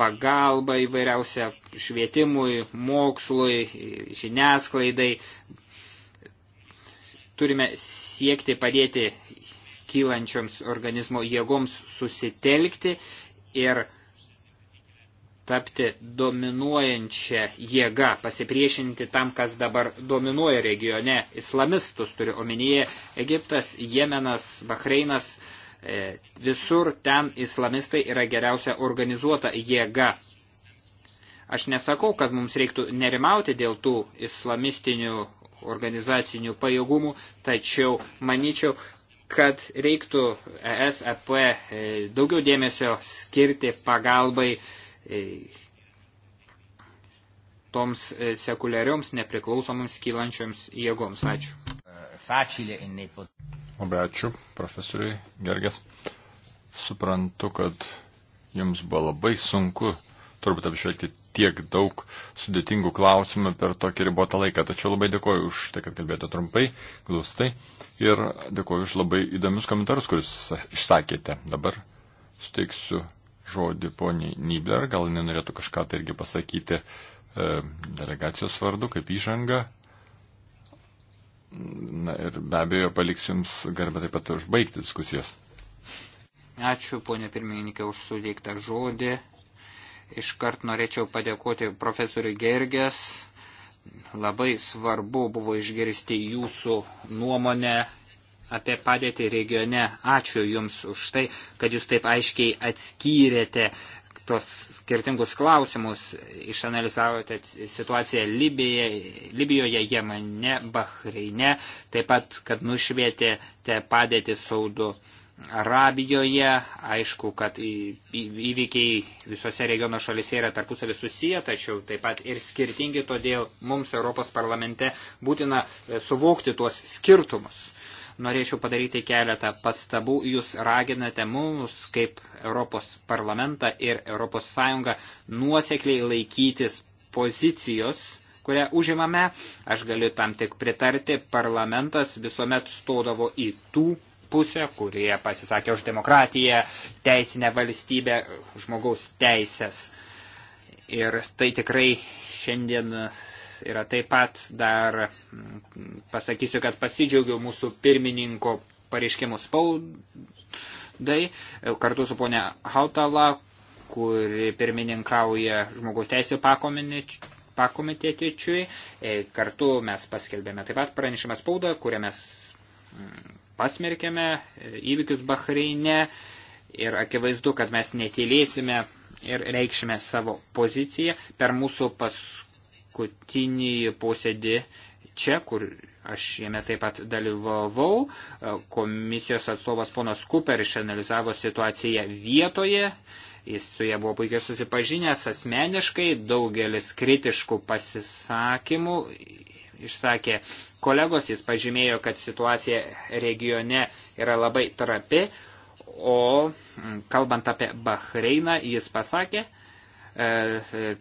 pagalbą įvairiausią švietimui, mokslui, žiniasklaidai. Turime siekti padėti kylančioms organizmo jėgoms susitelkti ir tapti dominuojančią jėgą, pasipriešinti tam, kas dabar dominuoja regione. Islamistus turiu omenyje Egiptas, Jemenas, Bahreinas, E, visur ten islamistai yra geriausia organizuota jėga. Aš nesakau, kad mums reiktų nerimauti dėl tų islamistinių organizacinių pajėgumų, tačiau manyčiau, kad reiktų ESAP e e, daugiau dėmesio skirti pagalbai toms sekuliarioms nepriklausomoms kylančioms jėgoms. Ačiū. Labai ačiū profesoriui Gerges. Suprantu, kad jums buvo labai sunku turbūt apžvelgti tiek daug sudėtingų klausimų per tokį ribotą laiką. Tačiau labai dėkoju už tai, kad kalbėjote trumpai, glaustai ir dėkoju už labai įdomius komentarus, kuris išsakėte. Dabar suteiksiu žodį poniai Nibler, gal nenorėtų kažką tai irgi pasakyti e, delegacijos vardu, kaip įžanga Na ir be abejo paliksiu Jums garbę taip pat užbaigti diskusijas. Ačiū, ponė pirmininkė, už sudėktą žodį. Iškart norėčiau padėkoti profesoriui Gergės. Labai svarbu buvo išgirsti jūsų nuomonę apie padėtį regione. Ačiū Jums už tai, kad Jūs taip aiškiai atskyrėte tos skirtingus klausimus, išanalizavote situaciją Libijoje, Libijoje Jemane, Bahreine, taip pat, kad nušvietėte padėtį Saudo Arabijoje, aišku, kad įvykiai visose regiono šalise yra tarpusavį susiję, tačiau taip pat ir skirtingi, todėl mums Europos parlamente būtina e, suvokti tuos skirtumus norėčiau padaryti keletą pastabų. Jūs raginate mums kaip Europos parlamentą ir Europos Sąjungą nuosekliai laikytis pozicijos, kurią užimame. Aš galiu tam tik pritarti. Parlamentas visuomet stodavo į tų pusę, kurie pasisakė už demokratiją, teisinę valstybę, žmogaus teisės. Ir tai tikrai šiandien yra taip pat dar mm, pasakysiu, kad pasidžiaugiau mūsų pirmininko pareiškimų spaudai e, kartu su ponia Hautala, kuri pirmininkauja žmogaus teisų pakomitėtičiui. E, kartu mes paskelbėme taip pat pranešimą spaudą, kurią mes mm, pasmerkėme e, įvykius Bahreine ir akivaizdu, kad mes netylėsime ir reikšime savo poziciją per mūsų paskutinį paskutinį posėdį čia, kur aš jame taip pat dalyvavau, komisijos atstovas ponas Kuper išanalizavo situaciją vietoje, jis su jie buvo puikiai susipažinęs asmeniškai, daugelis kritiškų pasisakymų išsakė kolegos, jis pažymėjo, kad situacija regione yra labai trapi, o kalbant apie Bahreiną, jis pasakė, e, e,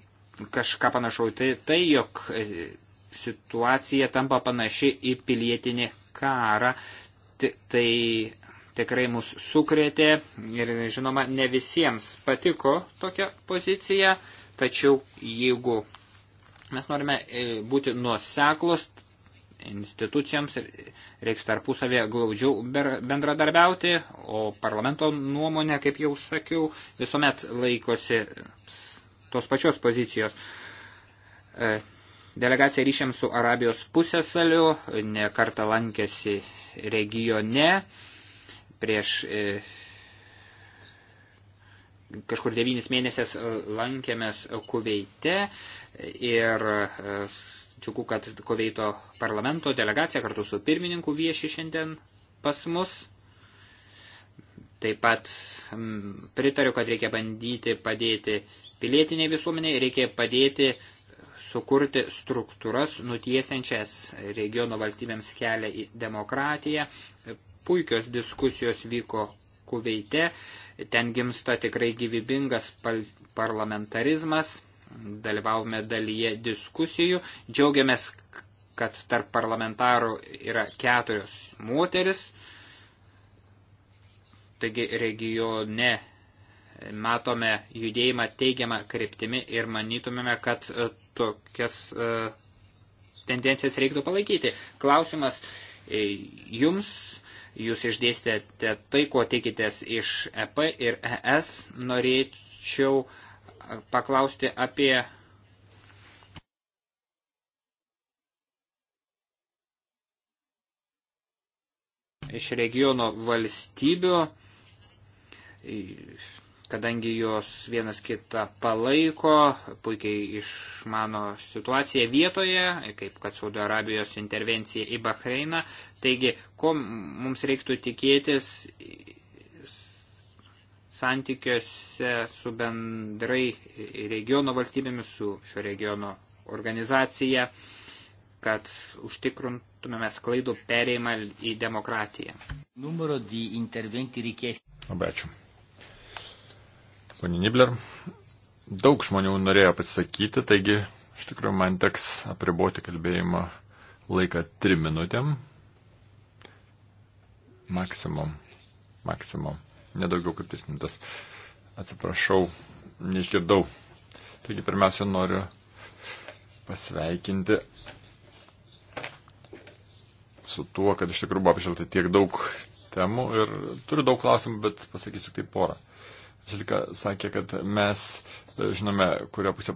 kažką panašau. Tai, tai jog e, situacija tampa panaši į pilietinį karą, tai tikrai mus sukrėtė ir žinoma, ne visiems patiko tokia pozicija, tačiau jeigu mes norime e, būti nuoseklus, institucijoms reiks tarpusavėje glaudžiau bendradarbiauti, o parlamento nuomonė, kaip jau sakiau, visuomet laikosi tos pačios pozicijos. E, delegacija ryšiams su Arabijos pusėsaliu nekartą lankėsi regione prieš e, kažkur devynis mėnesės e, lankėmės Kuveite ir džiugu, kad Kuveito parlamento delegacija kartu su pirmininku vieši šiandien pas mus. Taip pat pritariu, kad reikia bandyti padėti Pilietiniai visuomeniai reikia padėti sukurti struktūras nutiesiančias regiono valstybėms kelią į demokratiją. Puikios diskusijos vyko kuveite, ten gimsta tikrai gyvybingas parlamentarizmas, dalyvavome dalyje diskusijų, džiaugiamės, kad tarp parlamentarų yra keturios moteris, taigi regione matome judėjimą teigiamą kryptimi ir manytumėme, kad e, tokias e, tendencijas reiktų palaikyti. Klausimas e, jums, jūs išdėstėte tai, ko tikitės iš EP ir ES, norėčiau paklausti apie iš regiono valstybių kadangi jos vienas kitą palaiko, puikiai išmano situaciją vietoje, kaip kad Saudo Arabijos intervencija į Bahreiną. Taigi, ko mums reiktų tikėtis santykiuose su bendrai regiono valstybėmis, su šio regiono organizacija, kad užtikrintumėme sklaidų perėjimą į demokratiją. Labai ačiū ponė Nibler. Daug žmonių norėjo pasisakyti, taigi iš tikrųjų man teks apriboti kalbėjimo laiką trim minutėm. Maksimum. Maksimum. Nedaugiau kaip tris minutės. Atsiprašau, neišgirdau. Taigi pirmiausia noriu pasveikinti su tuo, kad iš tikrųjų buvo apžvelgta tiek daug temų ir turiu daug klausimų, bet pasakysiu kaip porą. Žilika sakė, kad mes e, žinome, kurią pusę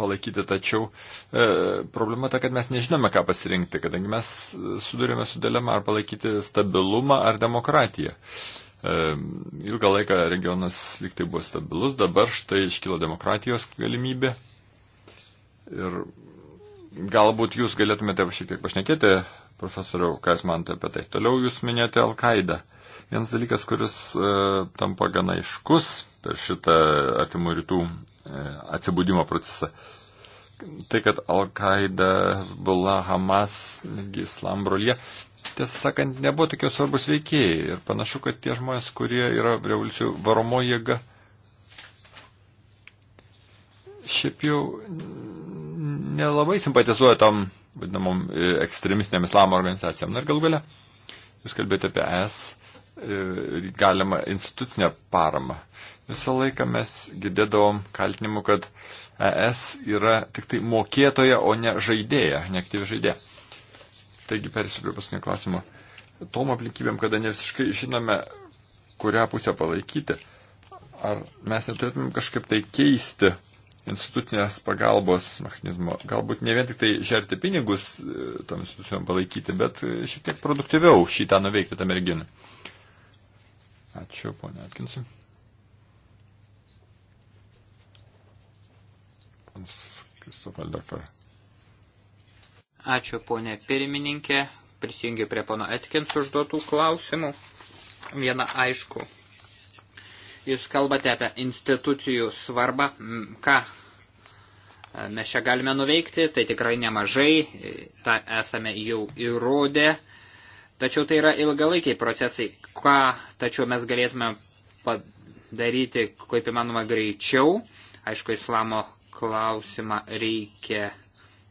palaikyti, tačiau e, problema ta, kad mes nežinome, ką pasirinkti, kadangi mes sudurėme su dilema ar palaikyti stabilumą ar demokratiją. E, ilgą laiką regionas liktai buvo stabilus, dabar štai iškilo demokratijos galimybė. Ir galbūt jūs galėtumėte šiek tiek pašnekėti, profesoriau, ką jūs manote apie tai. Toliau jūs minėjote Al-Qaidą. E, Vienas dalykas, kuris e, tampa gana iškus per šitą artimų rytų e, atsibūdimo procesą. Tai, kad Al-Qaeda, Hezbollah, Hamas, Islam brolyje, tiesą sakant, nebuvo tokie svarbus veikėjai. Ir panašu, kad tie žmonės, kurie yra revoliucijų varomo jėga, šiaip jau nelabai simpatizuoja tam vadinamom e, ekstremistiniam islamo organizacijom. Na ir gal galia, jūs kalbėjote apie ES E, galima institucinę paramą. Visą laiką mes girdėdavom kaltinimu, kad ES yra tik tai mokėtoja, o ne žaidėja, neaktyvi žaidėja. Taigi persiu prie paskutinio klausimo. Tom aplinkybėm, kada ne visiškai žinome, kurią pusę palaikyti, ar mes neturėtumėm kažkaip tai keisti institucinės pagalbos mechanizmo. Galbūt ne vien tik tai žerti pinigus e, tom institucijom palaikyti, bet e, šiek tiek produktyviau šitą nuveikti tą merginą. Ačiū, ponia Atkinsiu. Pons Kristofaldefer. Ačiū, ponė pirmininkė. Prisijungiu prie pono Atkins užduotų klausimų. Viena aišku. Jūs kalbate apie institucijų svarbą. Ką mes čia galime nuveikti, tai tikrai nemažai, tą esame jau įrodę. Tačiau tai yra ilgalaikiai procesai, ką tačiau mes galėtume padaryti kaip įmanoma greičiau. Aišku, islamo klausimą reikia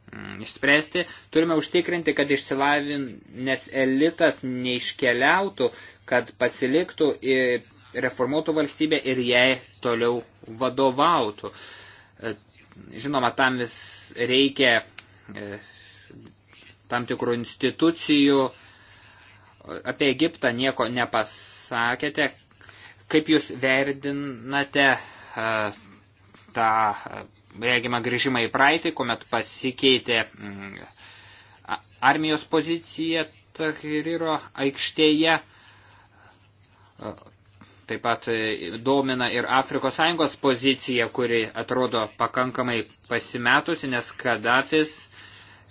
mm, išspręsti. Turime užtikrinti, kad išsilavinęs elitas neiškeliautų, kad pasiliktų ir reformuotų valstybę ir jai toliau vadovautų. E, žinoma, tam vis reikia e, tam tikrų institucijų, apie Egiptą nieko nepasakėte. Kaip jūs verdinate e, tą e, regimą grįžimą į praeitį, kuomet pasikeitė mm, armijos pozicija Tahiriro aikštėje? E, taip pat domina ir Afrikos Sąjungos pozicija, kuri atrodo pakankamai pasimetusi, nes Kadafis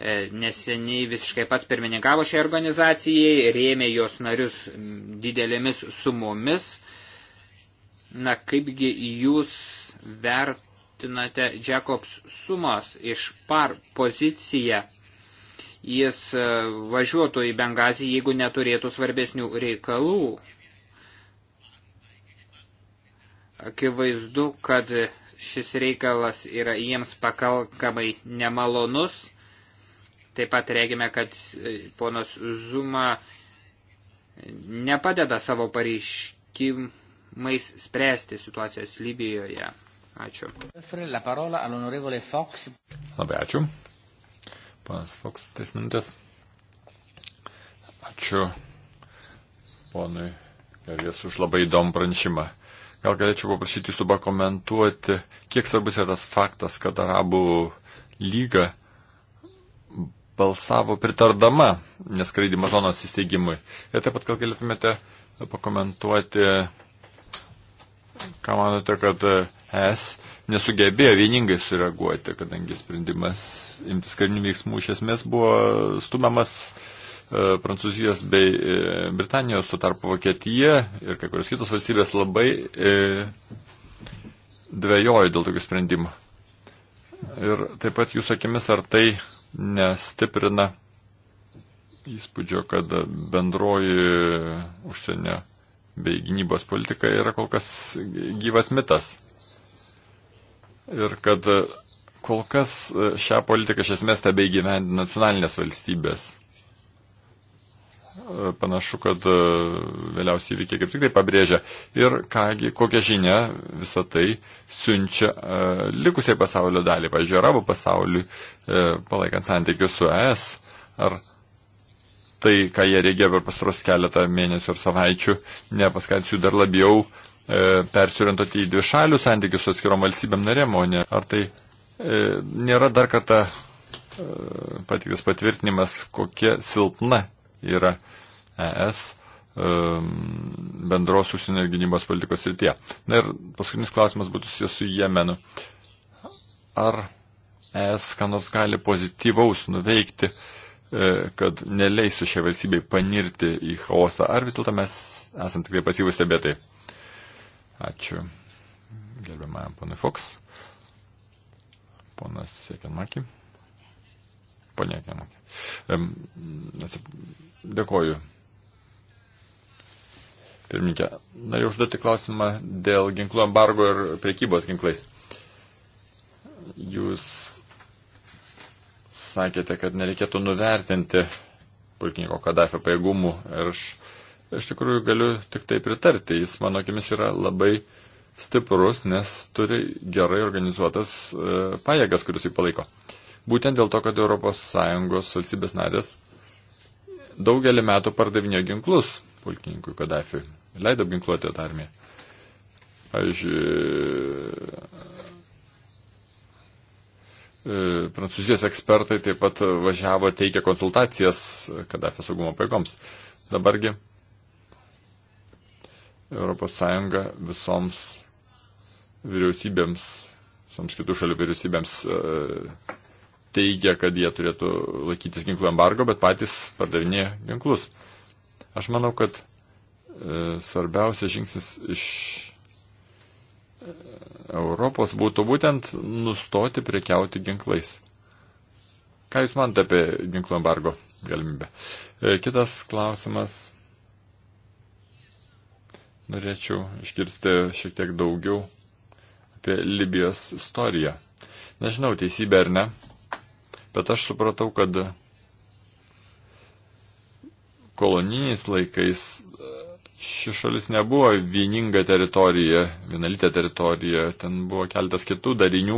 E, neseniai visiškai pats pirmininkavo šiai organizacijai, rėmė jos narius didelėmis sumomis. Na, kaipgi jūs vertinate Jacobs sumos iš par poziciją? Jis e, važiuotų į Bengazį, jeigu neturėtų svarbesnių reikalų. Akivaizdu, kad šis reikalas yra jiems pakankamai nemalonus Taip pat regime, kad e, ponas Zuma nepadeda savo pareiškimais spręsti situacijos Libijoje. Ačiū. Labai ačiū. Panas Fox, tais minutės. Ačiū ponui Gavės už labai įdomų pranešimą. Gal galėčiau paprašyti jūsų pakomentuoti, kiek svarbus yra tas faktas, kad Arabų lyga balsavo pritardama neskraidimo zonos įsteigimui. Ir taip pat gal galėtumėte pakomentuoti, ką manote, kad es nesugebėjo vieningai sureaguoti, kadangi sprendimas imtis karinių veiksmų iš esmės buvo stumiamas e, Prancūzijos bei e, Britanijos, tuo tarpu Vokietija ir kai kurios kitos valstybės labai e, dvėjojo dėl tokių sprendimų. Ir taip pat jūsų akimis, ar tai nestiprina įspūdžio, kad bendroji užsienio bei gynybos politika yra kol kas gyvas mitas. Ir kad kol kas šią politiką iš esmės tebe įgyvendina nacionalinės valstybės. E, panašu, kad e, vėliausiai įvykiai kaip tik tai pabrėžia. Ir kągi, kokią žinę visą tai siunčia uh, likusiai pasaulio daliai, pažiūrėjau, arabų pasauliui, uh, palaikant santykius su ES, ar tai, ką jie reikia per pastaros keletą mėnesių ar savaičių, nepaskatins jų dar labiau uh, persiorientuoti į dvišalių santykius su atskirom valstybėm narėm, o ne ar tai nėra dar kartą patiktas patvirtinimas, kokia silpna yra ES bendros užsienio ir gynybos politikos srityje. Na ir paskutinis klausimas būtų susijęs su Jemenu. Ar ES ką nors gali pozityvaus nuveikti, e, kad neleisų šiai valstybei panirti į chaosą, ar vis dėlto mes esam tikrai pasyvus stebėtai? Ačiū gerbiamajam ponui Fox. Ponas Siekianmaki. Ponė Siekianmaki. Um, Dėkoju. Pirminkė, noriu užduoti klausimą dėl ginklų embargo ir priekybos ginklais. Jūs sakėte, kad nereikėtų nuvertinti pulkininko Kadafio pajėgumų ir aš iš tikrųjų galiu tik tai pritarti. Jis, mano akimis, yra labai stiprus, nes turi gerai organizuotas e, pajėgas, kuris jį palaiko. Būtent dėl to, kad ES valstybės narės daugelį metų pardavinėjo ginklus pulkininkui Kadafiui. Leido apginkluoti tą armiją. Pavyzdžiui, e, prancūzijos ekspertai taip pat važiavo teikia konsultacijas Kadafio saugumo paėgoms. Dabargi ES visoms vyriausybėms, visoms kitų šalių vyriausybėms e, teigia, kad jie turėtų laikytis ginklų embargo, bet patys pardavinėja ginklus. Aš manau, kad e, svarbiausias žingsnis iš e, Europos būtų būtent nustoti prekiauti ginklais. Ką Jūs manate apie ginklų embargo galimybę? E, kitas klausimas. Norėčiau išgirsti šiek tiek daugiau apie Libijos istoriją. Nežinau, teisybė ar ne, Bet aš supratau, kad koloniniais laikais e, ši šalis nebuvo vieninga teritorija, vienalytė teritorija, ten buvo keltas kitų darinių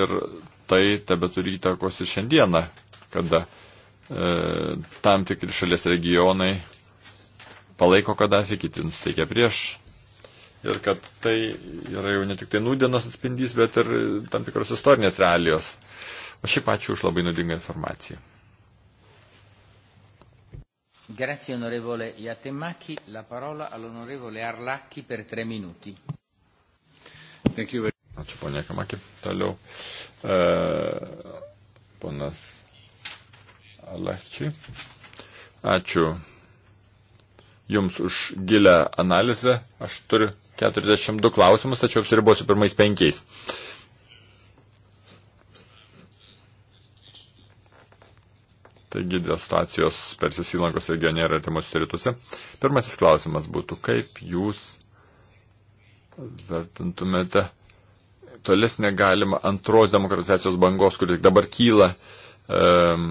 ir tai tebe turi įtakos ir šiandieną, kada e, tam tikri šalies regionai palaiko Kadafį, kiti nusteikia prieš. Ir kad tai yra jau ne tik tai nūdienos atspindys, bet ir tam tikros istorinės realijos. O šiaip ačiū už labai naudingą informaciją. Grazie onorevole Iatemaki. La parola all'onorevole Arlacchi per tre minuti. Thank you. Ačiū ponia Kamaki. Toliau. Uh, ponas Arlacchi. Ačiū Jums už gilę analizę. Aš turiu 42 klausimus, tačiau apsiribosiu pirmais penkiais. Uh, Taigi dėl situacijos Persijos įlankos regione ir artimuose rytuose. Pirmasis klausimas būtų, kaip jūs vertintumėte tolesnė galima antros demokratizacijos bangos, kuri dabar kyla um,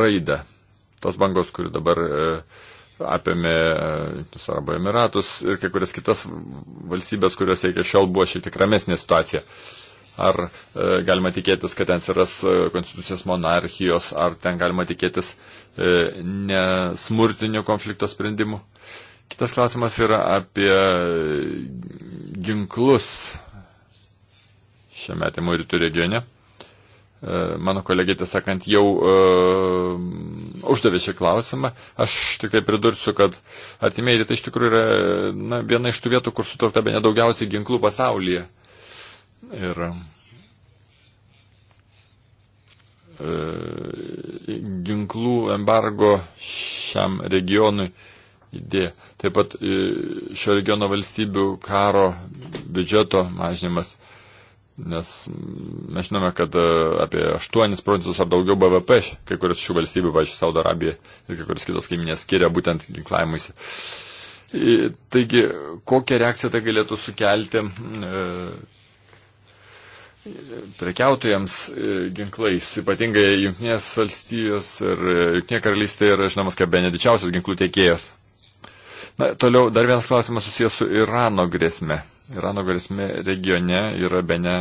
raidą. Tos bangos, kuri dabar uh, apėmė Junktus uh, Arabų Emiratus ir kai kurias kitas valstybės, kuriuose iki šiol buvo šiek tiek ramesnė situacija. Uh, ar e, galima tikėtis, kad ten atsiras e, konstitucijos monarchijos, ar ten galima tikėtis e, nesmurtinių konflikto sprendimų. Kitas klausimas yra apie e, ginklus šiame atimo rytų regione. E, mano kolegė, tiesąkant, jau uh, uždavė šį klausimą. Aš tik tai pridursiu, kad artimieji rytai iš tikrųjų yra na, viena iš tų vietų, kur sutarta be nedaugiausiai ginklų pasaulyje. Uh, Ir e, ginklų embargo šiam regionui idėja. Taip pat e, šio regiono valstybių karo biudžeto mažinimas, nes mes žinome, kad e, apie 8 procentus ar daugiau BVP kai kurios šių valstybių, važiuoju, Saudo Arabija ir kai kurios kitos kaiminės skiria būtent ginklavimuisi. Taigi, kokią reakciją tai galėtų sukelti e, prekiautojams e, ginklais, ypatingai Junktinės valstijos ir e, Junktinė karalystė yra žinomas kaip be nedidžiausias ginklų tiekėjas. Na, toliau dar vienas klausimas susijęs su Irano grėsme. Irano grėsme regione yra be ne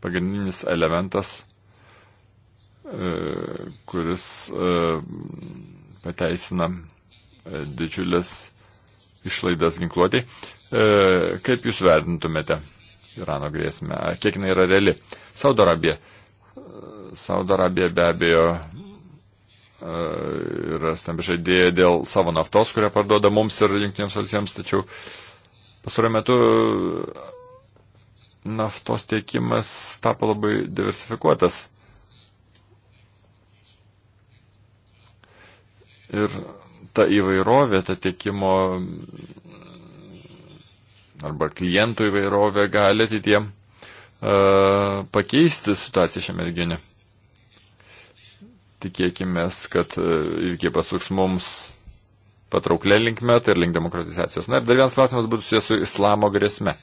pagrindinis elementas, e, kuris pateisina didžiulės išlaidas ginkluotį. Kaip jūs vertintumėte? Irano grėsmę, kiek jinai yra reali. Saudo Arabija. Saudo Arabija be abejo e, yra stambi žaidėja dėl savo naftos, kurią parduoda mums ir jungtinėms valstybėms, tačiau pasarojame metu naftos tiekimas tapo labai diversifikuotas. Ir ta įvairovė, ta tiekimo arba klientų įvairovė gali ateitie e, pakeisti situaciją šiame regione. Tikėkime, kad įvykiai e, pasuks mums patrauklė linkme, tai ir link demokratizacijos. Na ir dar vienas klausimas būtų susijęs su islamo grėsme.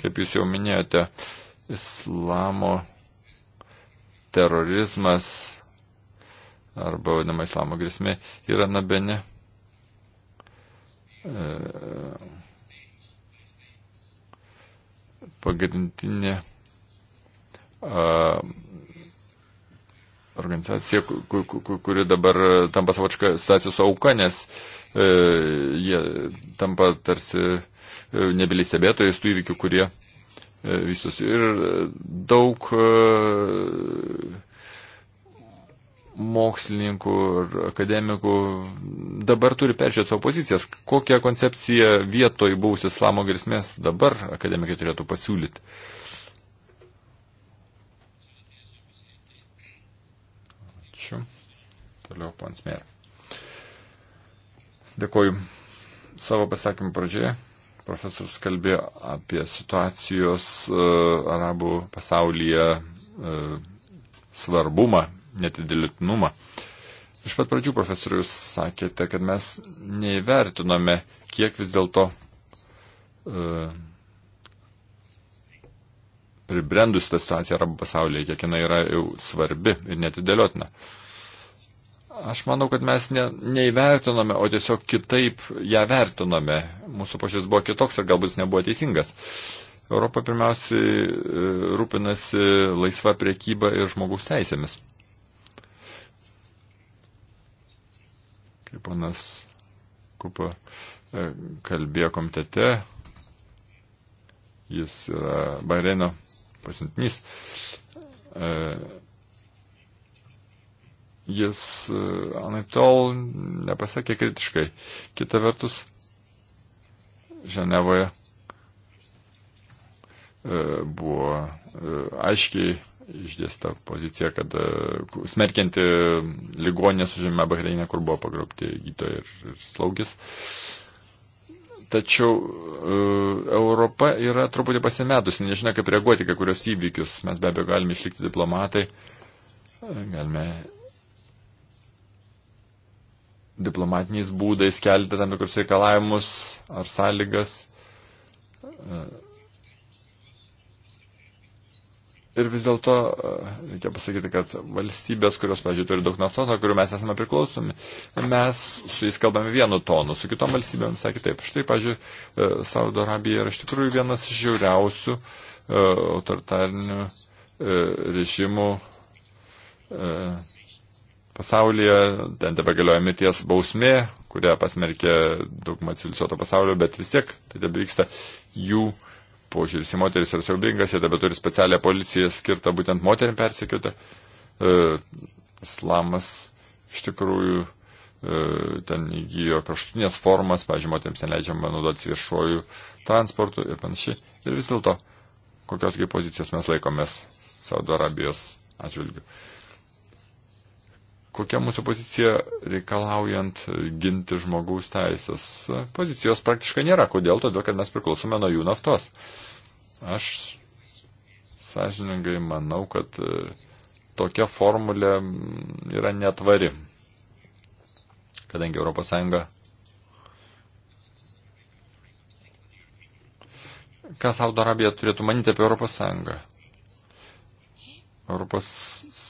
Kaip jūs jau minėjote, islamo terorizmas arba vadinama islamo grėsmė yra nabene. E, pagrindinė a, organizacija, kuri, kuri dabar tampa savočka situacijos auka, nes e, jie tampa tarsi e, nebeliai stebėtojais tų įvykių, kurie e, visus. Ir daug e, mokslininkų ir akademikų dabar turi peržiūrėti savo pozicijas. Kokią koncepciją vietoj buvusios islamo grėsmės dabar akademikai turėtų pasiūlyti? Ačiū. Toliau pans Mėr. Dėkoju. Savo pasakymą pradžioje profesorius kalbėjo apie situacijos uh, arabų pasaulyje uh, svarbumą netidėlėtinumą. Iš pat pradžių profesorius sakėte, kad mes neįvertinome, kiek vis dėlto e, pribrendus tą situaciją arabų pasaulyje, kiek jinai yra jau svarbi ir netidėliotina. Aš manau, kad mes ne, neįvertinome, o tiesiog kitaip ją vertinome. Mūsų požiūris buvo kitoks ir galbūt jis nebuvo teisingas. Europa pirmiausiai e, rūpinasi laisva priekyba ir žmogaus teisėmis. kai ponas Kupa e, kalbėjo komitete, jis yra Baireno pasiuntinys. E, jis e, anaip tol nepasakė kritiškai. Kita vertus, Ženevoje buvo aiškiai išdėsta pozicija, kad e, smerkianti ligoninės užėmė Bahreinę, kur buvo pagrobti gydytojai ir, ir slaugis. Tačiau e, Europa yra truputį pasimetusi, nežinia, kaip reaguoti kai kurios įvykius. Mes be abejo galime išlikti diplomatai, galime diplomatiniais būdais kelti tam tikrus reikalavimus ar sąlygas e, Ir vis dėlto e, reikia pasakyti, kad valstybės, kurios, pažiūrėjau, turi daug naftos, nuo kurių mes esame priklausomi, mes su jais kalbame vienu tonu, su kitom valstybėm sakė taip. Štai, pažiūrėjau, e, Saudo Arabija yra iš tikrųjų vienas žiauriausių e, autoritarnių režimų pasaulyje. Ten tebe galioja mirties bausmė, kurią pasmerkė daugumą civilizuoto pasaulio, bet vis tiek tai tebe vyksta jų uh, požiūris į moteris yra siaubingas, jie dabar turi specialią policiją skirtą būtent moterim persekioti. E, islamas iš tikrųjų e, ten įgyjo kraštutinės formas, pažiūrėjau, moteriams neleidžiama naudotis viešuoju transportu ir panašiai. Ir vis dėlto, kokiosgi pozicijos mes laikomės Saudo Arabijos atžvilgiu. Uh, kokia mūsų pozicija reikalaujant ginti žmogaus teisės. Pozicijos praktiškai nėra. Kodėl? Todėl, kad mes priklausome nuo jų naftos. Aš sąžiningai manau, kad e, tokia formulė mm, yra netvari, kadangi ES Ką Saudo Arabija turėtų manyti apie ES? ES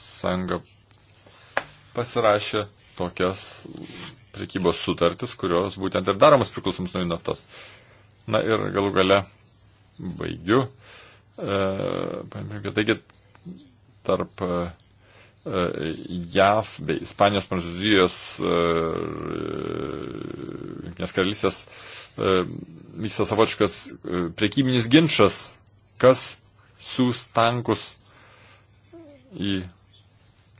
pasirašė tokias prekybos sutartis, kurios būtent ir daromas priklausomus nuo naftos. Na ir galų gale baigiu. E, taigi tarp e, e, JAV bei Ispanijos, Prancūzijos, e, e, Junktinės karalystės vyksta savočiukas prekybinis ginčas, kas siūs tankus į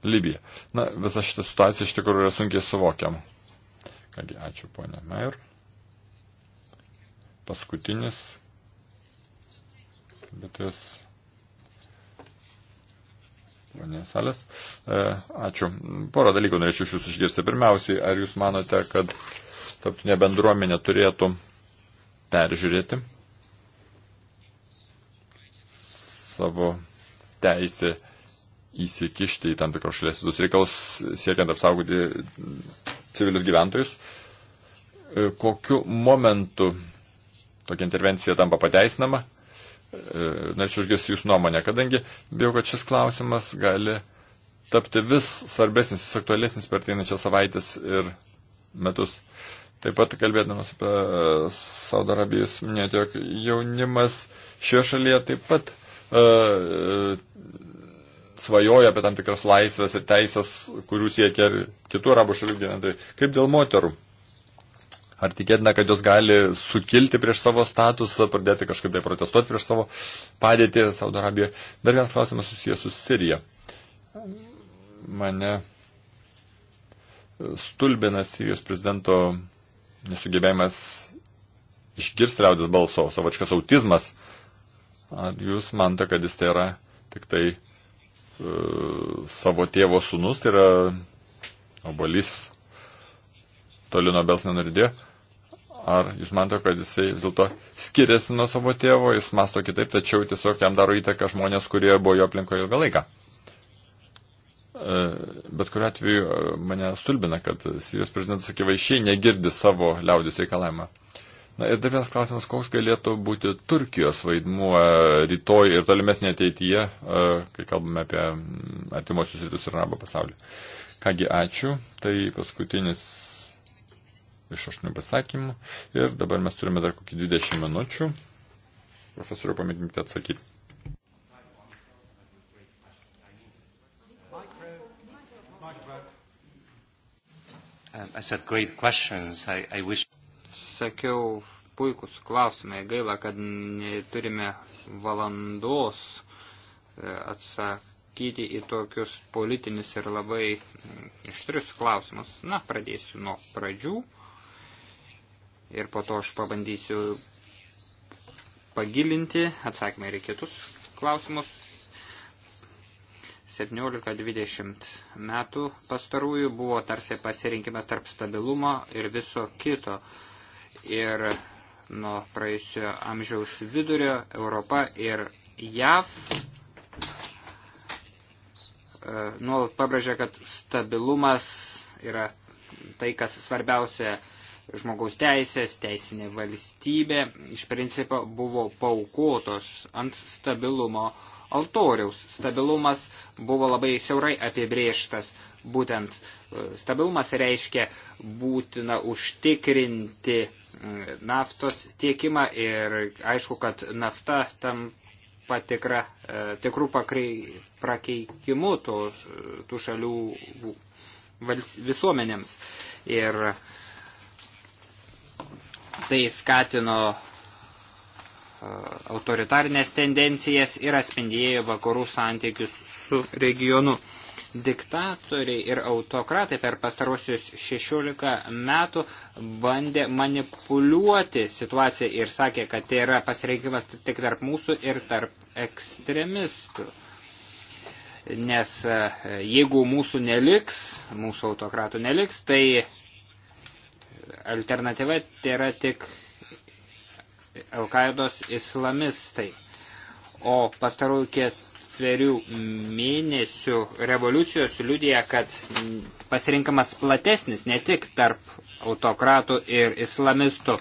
Libiją. Na, visa šitą situaciją iš tikrųjų yra sunkiai suvokiama. Kągi, ačiū ponė Meir. Paskutinis. Bet jūs. Ponė Salės. E, ačiū. Porą dalykų norėčiau iš jūsų išgirsti. Pirmiausiai, ar jūs manote, kad taptinė bendruomenė turėtų peržiūrėti savo teisę įsikišti į tam tikros šalies visus reikalus, siekiant apsaugoti civilius gyventojus. E, kokiu momentu tokia intervencija tampa pateisinama? E, norėčiau išgirsti jūsų nuomonę, kadangi bijau, kad šis klausimas gali tapti vis svarbesnis, vis aktualesnis per ateinančią savaitės ir metus. Taip pat kalbėdamas apie e, Saudo Arabijos minėjote, jog jaunimas šioje šalyje taip pat uh, svajoja apie tam tikras laisvės ir teisės, kurių siekia ir kitų arabų šalių gyventojai. Kaip dėl moterų? Ar tikėtina, kad jos gali sukilti prieš savo statusą, pradėti kažkaip tai protestuoti prieš savo padėtį Saudo Arabijoje? Dar vienas klausimas susijęs su Sirija. Mane stulbina Sirijos prezidento nesugebėjimas išgirsti liaudės balso, savačkas autizmas. Ar jūs manote, kad jis tai yra tik tai E, savo tėvo sūnus, tai yra obalys toli nuo bels nenuridėjo. Ar jūs manote, kad jisai vis dėlto skiriasi nuo savo tėvo, jis masto kitaip, tačiau tiesiog jam daro įtaką žmonės, kurie buvo jo aplinkoje ilgą laiką. E, bet kuriu atveju e, mane stulbina, kad Sirijos prezidentas akivaizdžiai negirdi savo liaudės reikalavimą. Na ir dar vienas klausimas, koks galėtų būti Turkijos vaidmuo rytoj ir tolimesnė ateityje, e, kai kalbame apie mm, artimuosius rytus ir arabo pasaulį. Kągi, ačiū. Tai paskutinis iš aštuonių pasakymų. Ir dabar mes turime dar kokį 20 minučių. Profesoriu, pamėginkite atsakyti. Um, I said great questions. I, I wish sakiau, puikus klausimai. Gaila, kad turime valandos e, atsakyti į tokius politinius ir labai ištrius mm, klausimus. Na, pradėsiu nuo pradžių ir po to aš pabandysiu pagilinti atsakymą ir į kitus klausimus. 17-20 metų pastarųjų buvo tarsi pasirinkimas tarp stabilumo ir viso kito. Uh, ir nuo praėjusio amžiaus vidurio Europa ir JAV e, nuolat pabrėžia, kad stabilumas yra tai, kas svarbiausia žmogaus teisės, teisinė valstybė iš principo buvo paukotos ant stabilumo altoriaus. Stabilumas buvo labai siaurai apibrėžtas. Būtent e, stabilumas reiškia būtina užtikrinti e, naftos tiekimą ir aišku, kad nafta tam patikra, e, tikrų pakrai, prakeikimų tų, tų šalių visuomenėms. Ir tai skatino autoritarnės tendencijas ir atspindėjo vakarų santykius su regionu diktatoriai ir autokratai per pastarosius 16 metų bandė manipuliuoti situaciją ir sakė, kad tai yra pasireikimas tik tarp mūsų ir tarp ekstremistų. Nes e, jeigu mūsų neliks, mūsų autokratų neliks, tai alternatyva tai yra tik Alkaidos islamistai. O pastarųjų kiet ketverių mėnesių revoliucijos liudija, kad pasirinkamas platesnis ne tik tarp autokratų ir islamistų.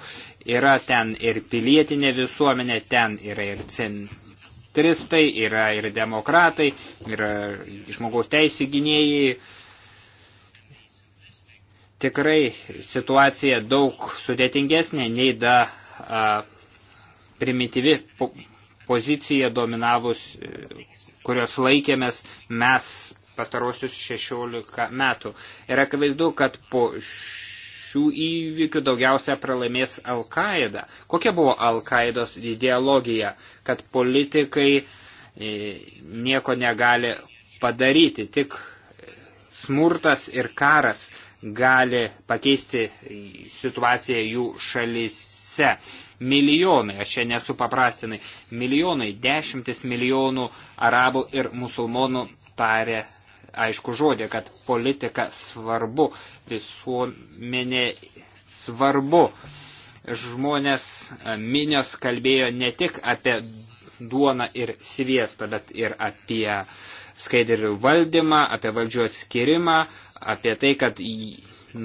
Yra ten ir pilietinė visuomenė, ten yra ir centristai, yra ir demokratai, yra žmogaus teisų gynėjai. Tikrai situacija daug sudėtingesnė nei da a, primityvi poziciją dominavus, kurios laikėmės mes pastarosius 16 metų. Ir akivaizdu, kad po šių įvykių daugiausia pralaimės Al-Qaeda. Kokia buvo Al-Qaedos ideologija, kad politikai e, nieko negali padaryti, tik smurtas ir karas gali pakeisti situaciją jų šalyse šalyse. Milijonai, aš čia nesu paprastinai, milijonai, dešimtis milijonų arabų ir musulmonų tarė aišku žodį, kad politika svarbu, visuomenė svarbu. Žmonės e, minios kalbėjo ne tik apie duoną ir sviestą, bet ir apie skaidrių valdymą, apie valdžių atskirimą, apie tai, kad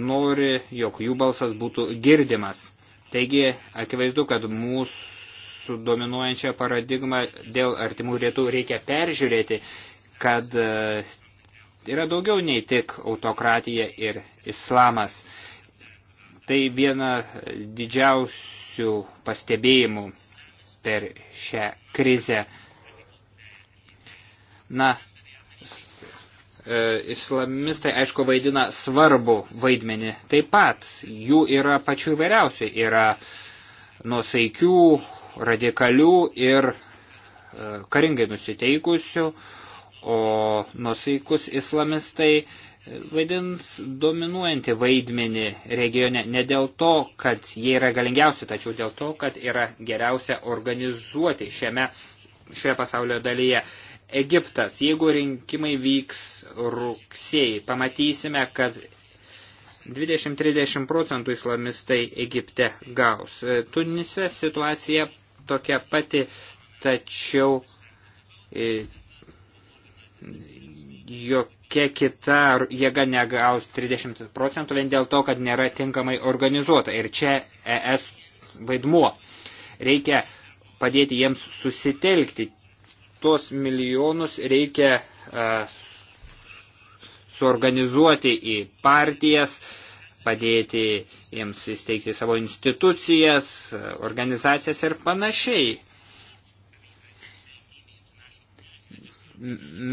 nori, jog jų balsas būtų girdimas. Taigi, akivaizdu, kad mūsų dominuojančią paradigmą dėl artimų rytų reikia peržiūrėti, kad e, yra daugiau nei tik autokratija ir islamas. Tai viena didžiausių pastebėjimų per šią krizę. Na, E, islamistai, aišku, vaidina svarbu vaidmenį taip pat. Jų yra pačių įvairiausių. Yra nusaikių, radikalių ir e, karingai nusiteikusių, o nusaikus islamistai vaidins dominuojantį vaidmenį regione ne dėl to, kad jie yra galingiausi, tačiau dėl to, kad yra geriausia organizuoti šiame, šioje pasaulio dalyje. Egiptas. Jeigu rinkimai vyks rugsėjai, pamatysime, kad 20-30 procentų islamistai Egipte gaus. E, Tunise situacija tokia pati, tačiau e, jokia kita jėga negaus 30 procentų vien dėl to, kad nėra tinkamai organizuota. Ir čia ES vaidmuo. Reikia padėti jiems susitelkti tuos milijonus reikia a, e, suorganizuoti į partijas, padėti jiems įsteigti savo institucijas, e, organizacijas ir panašiai.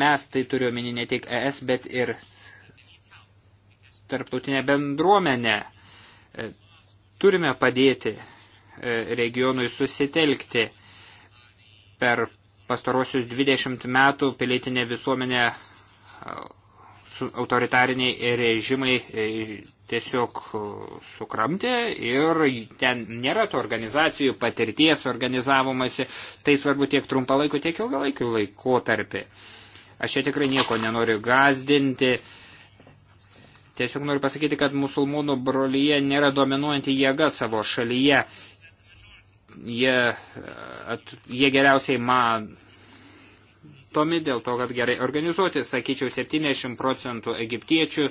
Mes tai turiu mini ne tik ES, bet ir tarptautinę bendruomenę. E, turime padėti regionui susitelkti per pastarosius 20 metų pilietinė visuomenė autoritariniai režimai e, tiesiog e, sukramtė ir ten nėra to organizacijų patirties organizavimasi, tai svarbu tiek trumpalaikiu, tiek ilgalaikiu laikotarpį. Aš čia tikrai nieko nenoriu gazdinti. Tiesiog noriu pasakyti, kad musulmonų brolyje nėra dominuojanti jėga savo šalyje jie, at, jie geriausiai matomi dėl to, kad gerai organizuoti. Sakyčiau, 70 procentų egiptiečių, e,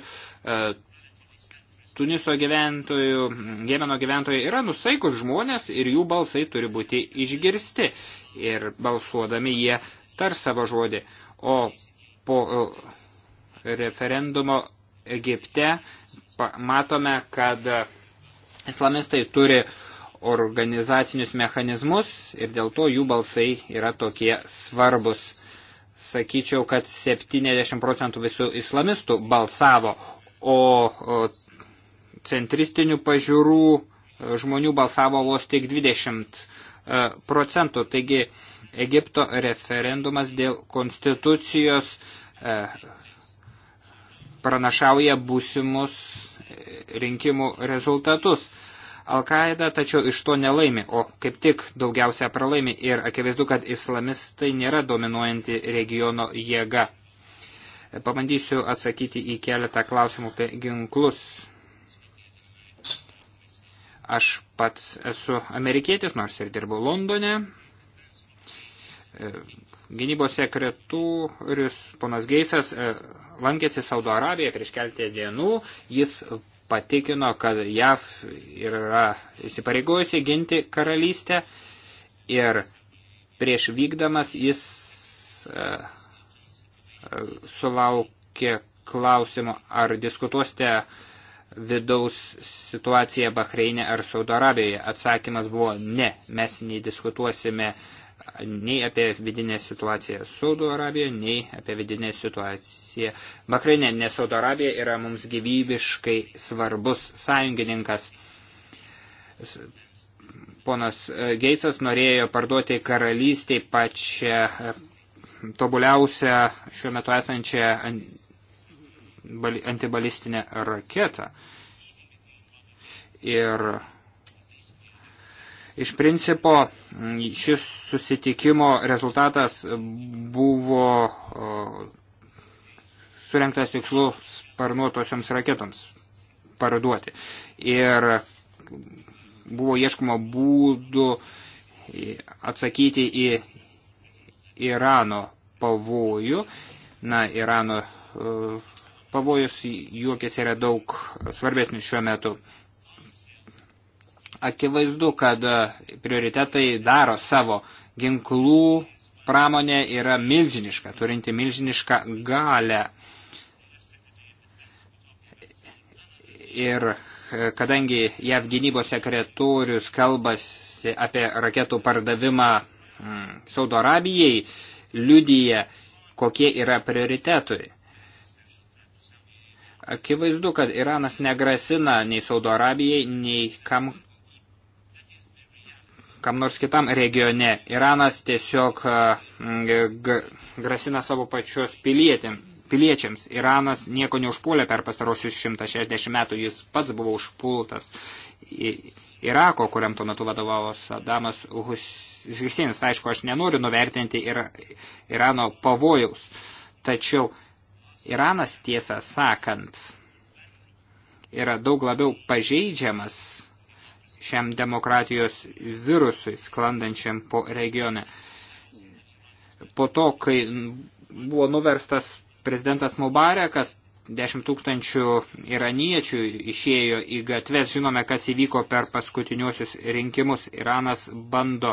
Tuniso gyventojų, Jemeno gyventojų yra nusaikus žmonės ir jų balsai turi būti išgirsti. Ir balsuodami jie tar savo žodį. O po referendumo Egipte matome, kad islamistai turi uh, organizacinius mechanizmus ir dėl to jų balsai yra tokie svarbus. Sakyčiau, kad 70 procentų visų islamistų balsavo, o centristinių pažiūrų žmonių balsavo vos tik 20 e, procentų. Taigi Egipto referendumas dėl konstitucijos e, pranašauja būsimus rinkimų rezultatus. Al-Qaeda, tačiau iš to nelaimi, o kaip tik daugiausia pralaimi ir akivaizdu, kad islamistai nėra dominuojanti regiono jėga. Pabandysiu atsakyti į keletą klausimų apie ginklus. Aš pats esu amerikietis, nors ir dirbu Londone. Gynybos sekretorius ponas Geisas e, lankėsi Saudo Arabijoje prieš keltę dienų. Jis patikino, kad JAV yra įsipareigojusi ginti karalystę ir prieš vykdamas jis e, sulaukė klausimo, ar diskutuosite vidaus situaciją Bahreinė ar Saudo Arabijoje. Atsakymas buvo ne, mes nediskutuosime uh, nei apie vidinę situaciją Saudo Arabijoje, nei apie vidinę situaciją Bakreinė, nes Saudo Arabija yra mums gyvybiškai svarbus sąjungininkas. Ponas e, Geitsas norėjo parduoti karalystį pačią e, tobuliausią šiuo metu esančią antibalistinę raketą. Ir Iš principo šis susitikimo rezultatas buvo surinktas tikslu sparnuotosioms raketoms paraduoti. Ir buvo ieškoma būdų atsakyti į Irano pavojų. Na, Irano pavojus juokės yra daug svarbesnis šiuo metu. Akivaizdu, kad prioritetai daro savo ginklų pramonė yra milžiniška, turinti milžinišką galę. Ir e, kadangi JAV gynybos sekretorius kalbasi apie raketų pardavimą mm, Saudo Arabijai, liudyje, kokie yra prioritetai. Akivaizdu, kad Iranas negrasina nei Saudo Arabijai, nei kam kam nors kitam regione. Iranas tiesiog grasina savo pačios pilietėm. Piliečiams Iranas nieko neužpuolė per pastarosius 160 metų, jis pats buvo užpultas Irako, kuriam tuo metu vadovavo Sadamas Husinis. Aišku, aš nenoriu nuvertinti ir Irano pavojaus, tačiau Iranas tiesą sakant yra daug labiau pažeidžiamas šiam demokratijos virusui sklandančiam po regione. Po to, kai buvo nuverstas prezidentas Mubarekas, 10 tūkstančių iraniečių išėjo į gatves. Žinome, kas įvyko per paskutiniuosius rinkimus. Iranas bando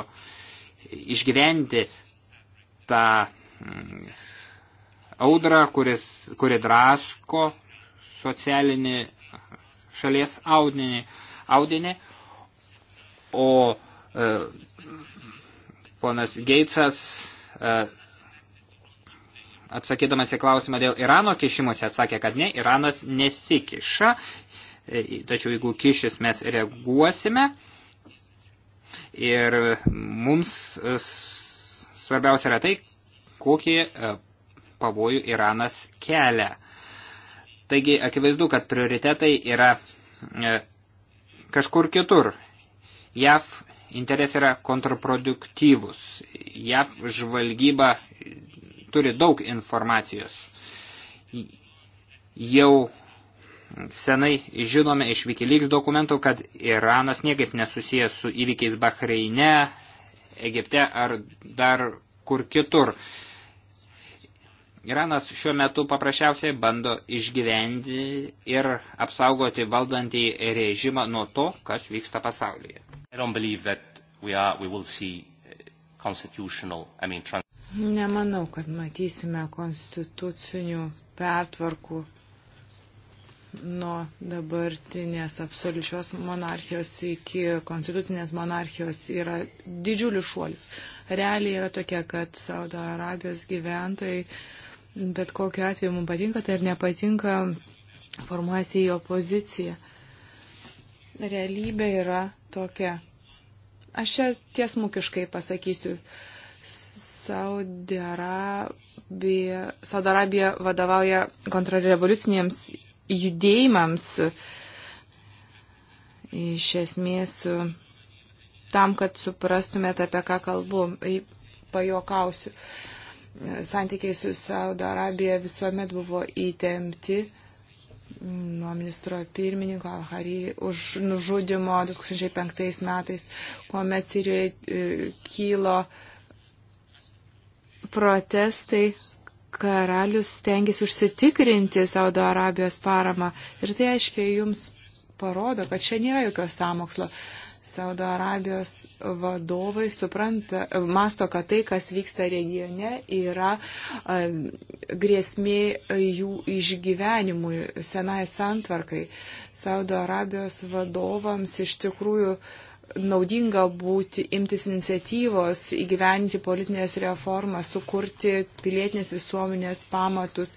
išgyventi tą mm, audrą, kuris, kuri drasko socialinį šalies audinį. audinį o e, ponas Geitsas e, atsakydamas į klausimą dėl Irano kišimuose atsakė, kad ne, Iranas nesikiša, e, tačiau jeigu kišis mes reaguosime ir mums svarbiausia yra tai, kokį e, pavojų Iranas kelia. Taigi akivaizdu, kad prioritetai yra e, kažkur kitur. JAV interesai yra kontraproduktyvus. JAV žvalgyba turi daug informacijos. Jau senai žinome iš Wikileaks dokumentų, kad Iranas niekaip nesusijęs su įvykiais Bahreine, Egipte ar dar kur kitur. Iranas šiuo metu paprasčiausiai bando išgyventi ir apsaugoti valdantį režimą nuo to, kas vyksta pasaulyje. I don't believe that we, are, we will see uh, constitutional, I mean, trans Nemanau, kad matysime konstitucinių pertvarkų nuo dabartinės absoliučios monarchijos iki konstitucinės monarchijos yra didžiulis šuolis. Realiai yra tokia, kad Saudo Arabijos gyventojai, bet kokiu atveju mums patinka tai ar nepatinka, formuojasi į opoziciją. Realybė yra tokia. Aš čia tiesmukiškai pasakysiu. Saudi Arabija, Saudi Arabija vadovauja kontrarevoliuciniams judėjimams iš esmės tam, kad suprastumėte, apie ką kalbu, pajokausiu. Santykiai su Saudo Arabija visuomet buvo įtemti nuo ministro pirmininko Al-Hari už nužudimo 2005 metais, kuomet Sirijoje e, kylo protestai, karalius stengiasi užsitikrinti Saudo Arabijos paramą. Ir tai aiškiai jums parodo, kad čia nėra jokios samokslo. Uh, Saudo Arabijos vadovai supranta, masto, kad tai, kas vyksta regione, yra grėsmė jų išgyvenimui, senai santvarkai. Saudo Arabijos vadovams iš tikrųjų naudinga būti imtis iniciatyvos, įgyventi politinės reformas, sukurti pilietinės visuomenės pamatus,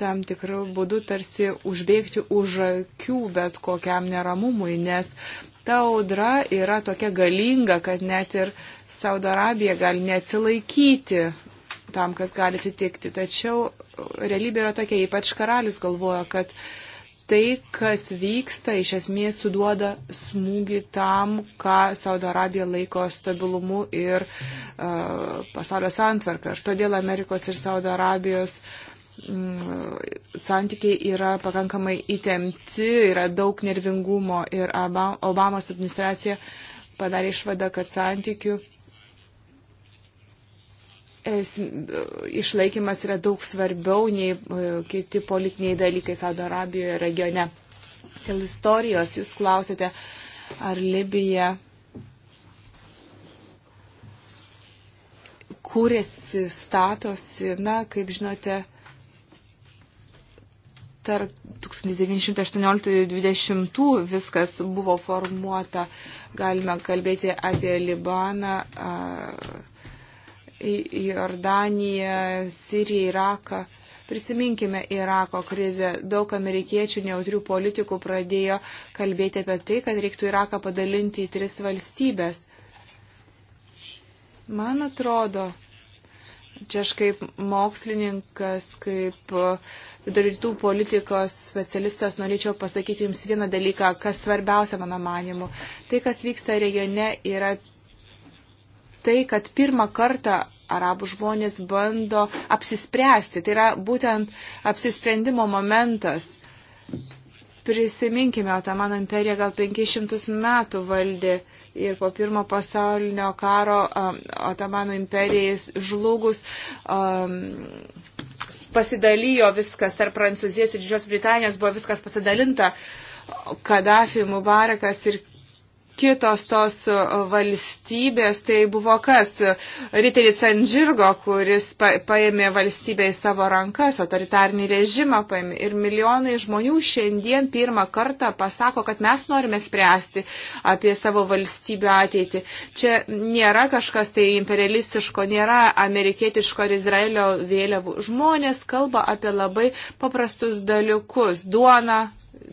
tam tikrų būdų tarsi užbėgti už akių bet kokiam neramumui, nes ta audra yra tokia galinga, kad net ir Saudo Arabija gali neatsilaikyti tam, kas gali atsitikti. Tačiau realybė yra tokia, ypač karalius galvoja, kad tai, kas vyksta, iš esmės suduoda smūgį tam, ką Saudo Arabija laiko stabilumu ir uh, pasaulio santvarka. Ir todėl Amerikos ir Saudo Arabijos uh, Mm, santykiai yra pakankamai įtempti, yra daug nervingumo ir Obamos administracija padarė išvadą, kad santykių išlaikimas yra daug svarbiau nei e, kiti politiniai dalykai Saudo Arabijoje regione. Dėl istorijos jūs klausėte, ar Libija kūrėsi, statosi, na, kaip žinote, tarp 1918-2020 viskas buvo formuota. Galime kalbėti apie Libaną, Jordaniją, Siriją, Iraką. Prisiminkime Irako krizę. Daug amerikiečių neutrių politikų pradėjo kalbėti apie tai, kad reiktų Iraką padalinti į tris valstybės. Man atrodo, Čia aš kaip mokslininkas, kaip e, vidurytų politikos specialistas norėčiau pasakyti Jums vieną dalyką, kas svarbiausia mano manimu. Tai, kas vyksta regione, yra tai, kad pirmą kartą arabų žmonės bando apsispręsti. Tai yra būtent apsisprendimo momentas. Prisiminkime, Otomano imperija gal 500 metų valdė ir po pirmo pasaulinio karo um, Otomano imperijai žlugus. Um, pasidalijo viskas tarp Prancūzijos ir Didžios Britanijos, buvo viskas pasidalinta. Kadafi, Mubarakas ir kitos tos valstybės, tai buvo kas? Riteris ant žirgo, kuris pa, paėmė valstybę į savo rankas, autoritarnį režimą paėmė. Ir milijonai žmonių šiandien pirmą kartą pasako, kad mes norime spręsti apie savo valstybių ateitį. Čia nėra kažkas tai imperialistiško, nėra amerikietiško ar Izraelio vėliavų. Žmonės kalba apie labai paprastus dalykus - duoną,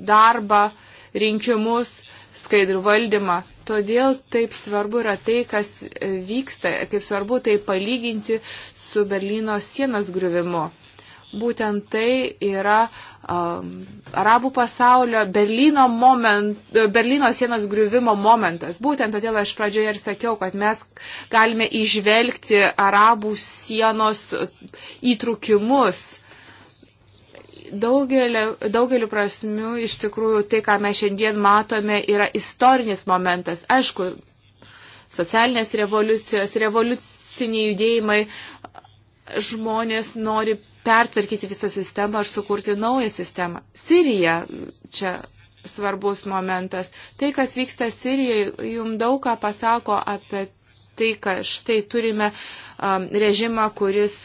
darbą, rinkimus skaidrų valdymą. Todėl taip svarbu yra tai, kas e, vyksta, kaip svarbu tai palyginti su Berlyno sienos griuvimu. Būtent tai yra um, arabų pasaulio Berlyno, moment, e, Berlyno sienos griuvimo momentas. Būtent todėl aš pradžioje ir sakiau, kad mes galime išvelgti arabų sienos įtrukimus daugeliu, daugeliu prasmių iš tikrųjų tai, ką mes šiandien matome, yra istorinis momentas. Aišku, socialinės revoliucijos, revoliuciniai judėjimai, žmonės nori pertvarkyti visą sistemą ar sukurti naują sistemą. Sirija čia svarbus momentas. Tai, kas vyksta Sirijoje, jums daug ką pasako apie tai, kad štai turime um, režimą, kuris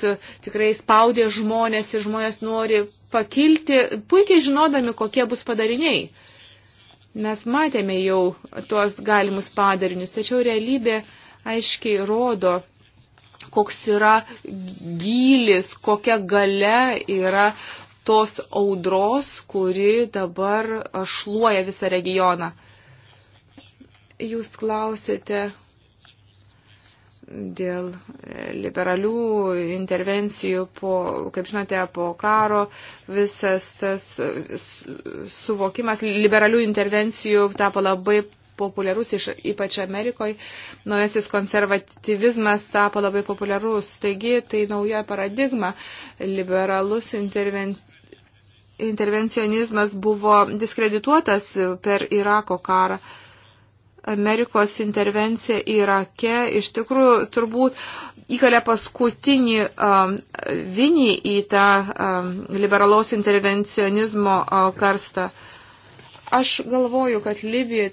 tikrai spaudė žmonės ir žmonės nori pakilti, puikiai žinodami, kokie bus padariniai. Mes matėme jau tuos galimus padarinius, tačiau realybė aiškiai rodo, koks yra gylis, kokia gale yra tos audros, kuri dabar ašluoja visą regioną. Jūs klausėte, dėl liberalių intervencijų po, kaip žinote, po karo, visas tas suvokimas liberalių intervencijų tapo labai populiarus, iš, ypač Amerikoje, naujasis konservatyvizmas tapo labai populiarus. Taigi tai nauja paradigma. Liberalus interven, intervencionizmas buvo diskredituotas per Irako karą. Amerikos intervencija Irake iš tikrųjų turbūt įkalė paskutinį um, vinį į tą um, liberalaus intervencionizmo um, karstą. Aš galvoju, kad Libijai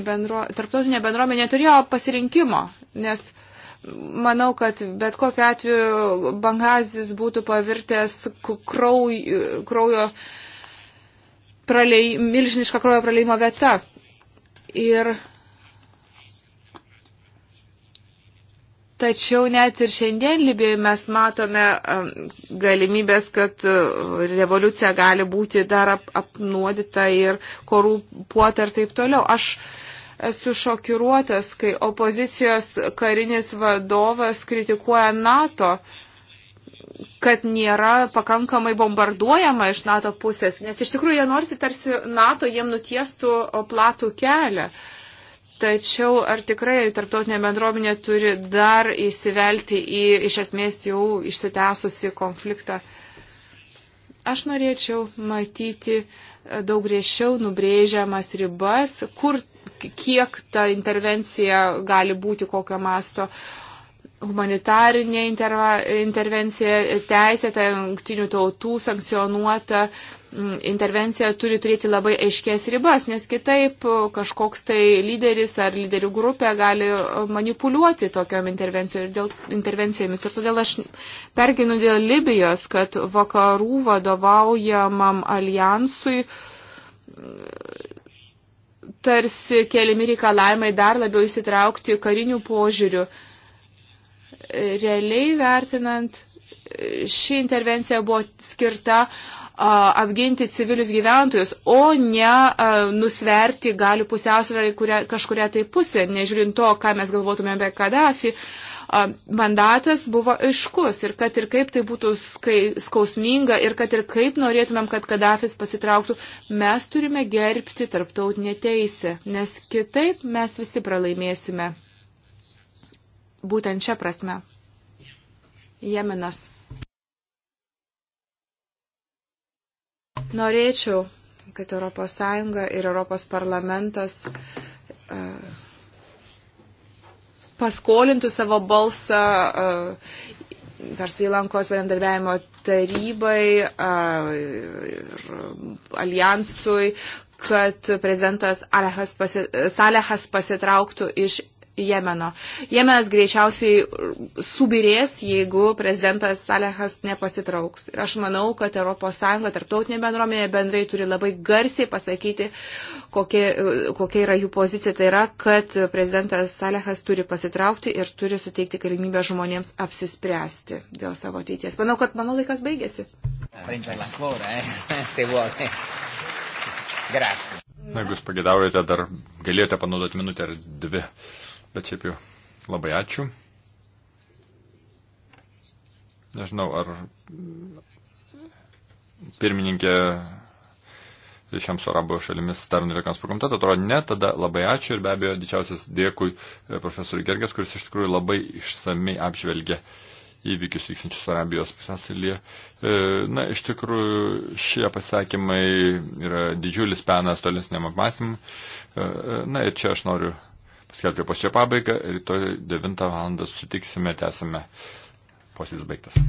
bendro, tarptautinė bendruomenė turėjo pasirinkimo, nes manau, kad bet kokiu atveju Bangazis būtų pavirtęs kraujo, kraujo pralei, milžinišką kraujo praleimo vietą. Ir Tačiau net ir šiandien Libijoje mes matome um, galimybės, kad uh, revoliucija gali būti dar ap apnuodita ir korupuota ir taip toliau. Aš esu šokiruotas, kai opozicijos karinis vadovas kritikuoja NATO. Uh, kad nėra pakankamai bombarduojama iš NATO pusės, nes iš tikrųjų jie nori, tarsi NATO jiem nutiestų platų kelią. Tačiau ar tikrai tarptautinė bendruomenė turi dar įsivelti į iš esmės jau išsitęsusi konfliktą? Aš norėčiau matyti e, daug griežčiau nubrėžiamas ribas, kur, kiek ta intervencija gali būti, kokio masto. Uh, humanitarinė interva, intervencija, teisėta jungtinių tautų sankcionuota mm, intervencija turi turėti labai aiškės ribas, nes kitaip kažkoks tai lyderis ar lyderių grupė gali manipuliuoti tokiom intervencijom ir dėl, intervencijomis. Ir todėl aš perginu dėl Libijos, kad vakarų vadovaujamam alijansui mm, tarsi keliami reikalavimai dar labiau įsitraukti karinių požiūrių realiai vertinant, ši intervencija buvo skirta apginti civilius gyventojus, o ne nusverti gali pusiausvėrai kažkuria tai pusė, nežiūrint to, ką mes galvotume apie Kadafi mandatas buvo aiškus ir kad ir kaip tai būtų skai, skausminga ir kad ir kaip norėtumėm, kad Kadafis pasitrauktų, mes turime gerbti tarptautinę teisę, nes kitaip mes visi pralaimėsime būtent čia prasme. Jemenas. Norėčiau, kad ES ir ES parlamentas e, paskolintų savo balsą Persų e, įlankos bendarbiavimo tarybai e, ir alijansui, kad prezidentas Alehas pasi, Salehas pasitrauktų iš Jemeno. Jemenas greičiausiai subirės, jeigu prezidentas Salehas nepasitrauks. Ir aš manau, kad ES, tarptautinė bendruomenė bendrai turi labai garsiai pasakyti, kokia, kokia yra jų pozicija. Tai yra, kad prezidentas Salehas turi pasitraukti ir turi suteikti galimybę žmonėms apsispręsti dėl savo ateities. Manau, kad mano laikas baigėsi. Eh? Grazie. Na, jeigu jūs pagėdaujate, dar galėjote panaudoti minutę ar dvi. Bet šiaip jau labai ačiū. Nežinau, ar pirmininkė ryšiams su arabo šalimis tarnų rekonstrukcijų komiteto, atrodo ne, tada labai ačiū ir be abejo didžiausias dėkui e, profesoriui Gergės, kuris iš tikrųjų labai išsamei apžvelgė įvykius vykstančius Arabijos pusiasalyje. E, na, iš tikrųjų, šie pasakymai yra didžiulis penas tolesniam apmąstymui. E, na ir čia aš noriu paskelbti posėdžio pabaigą. Rytoj 9 val. sutiksime, tęsime. Posėdis baigtas.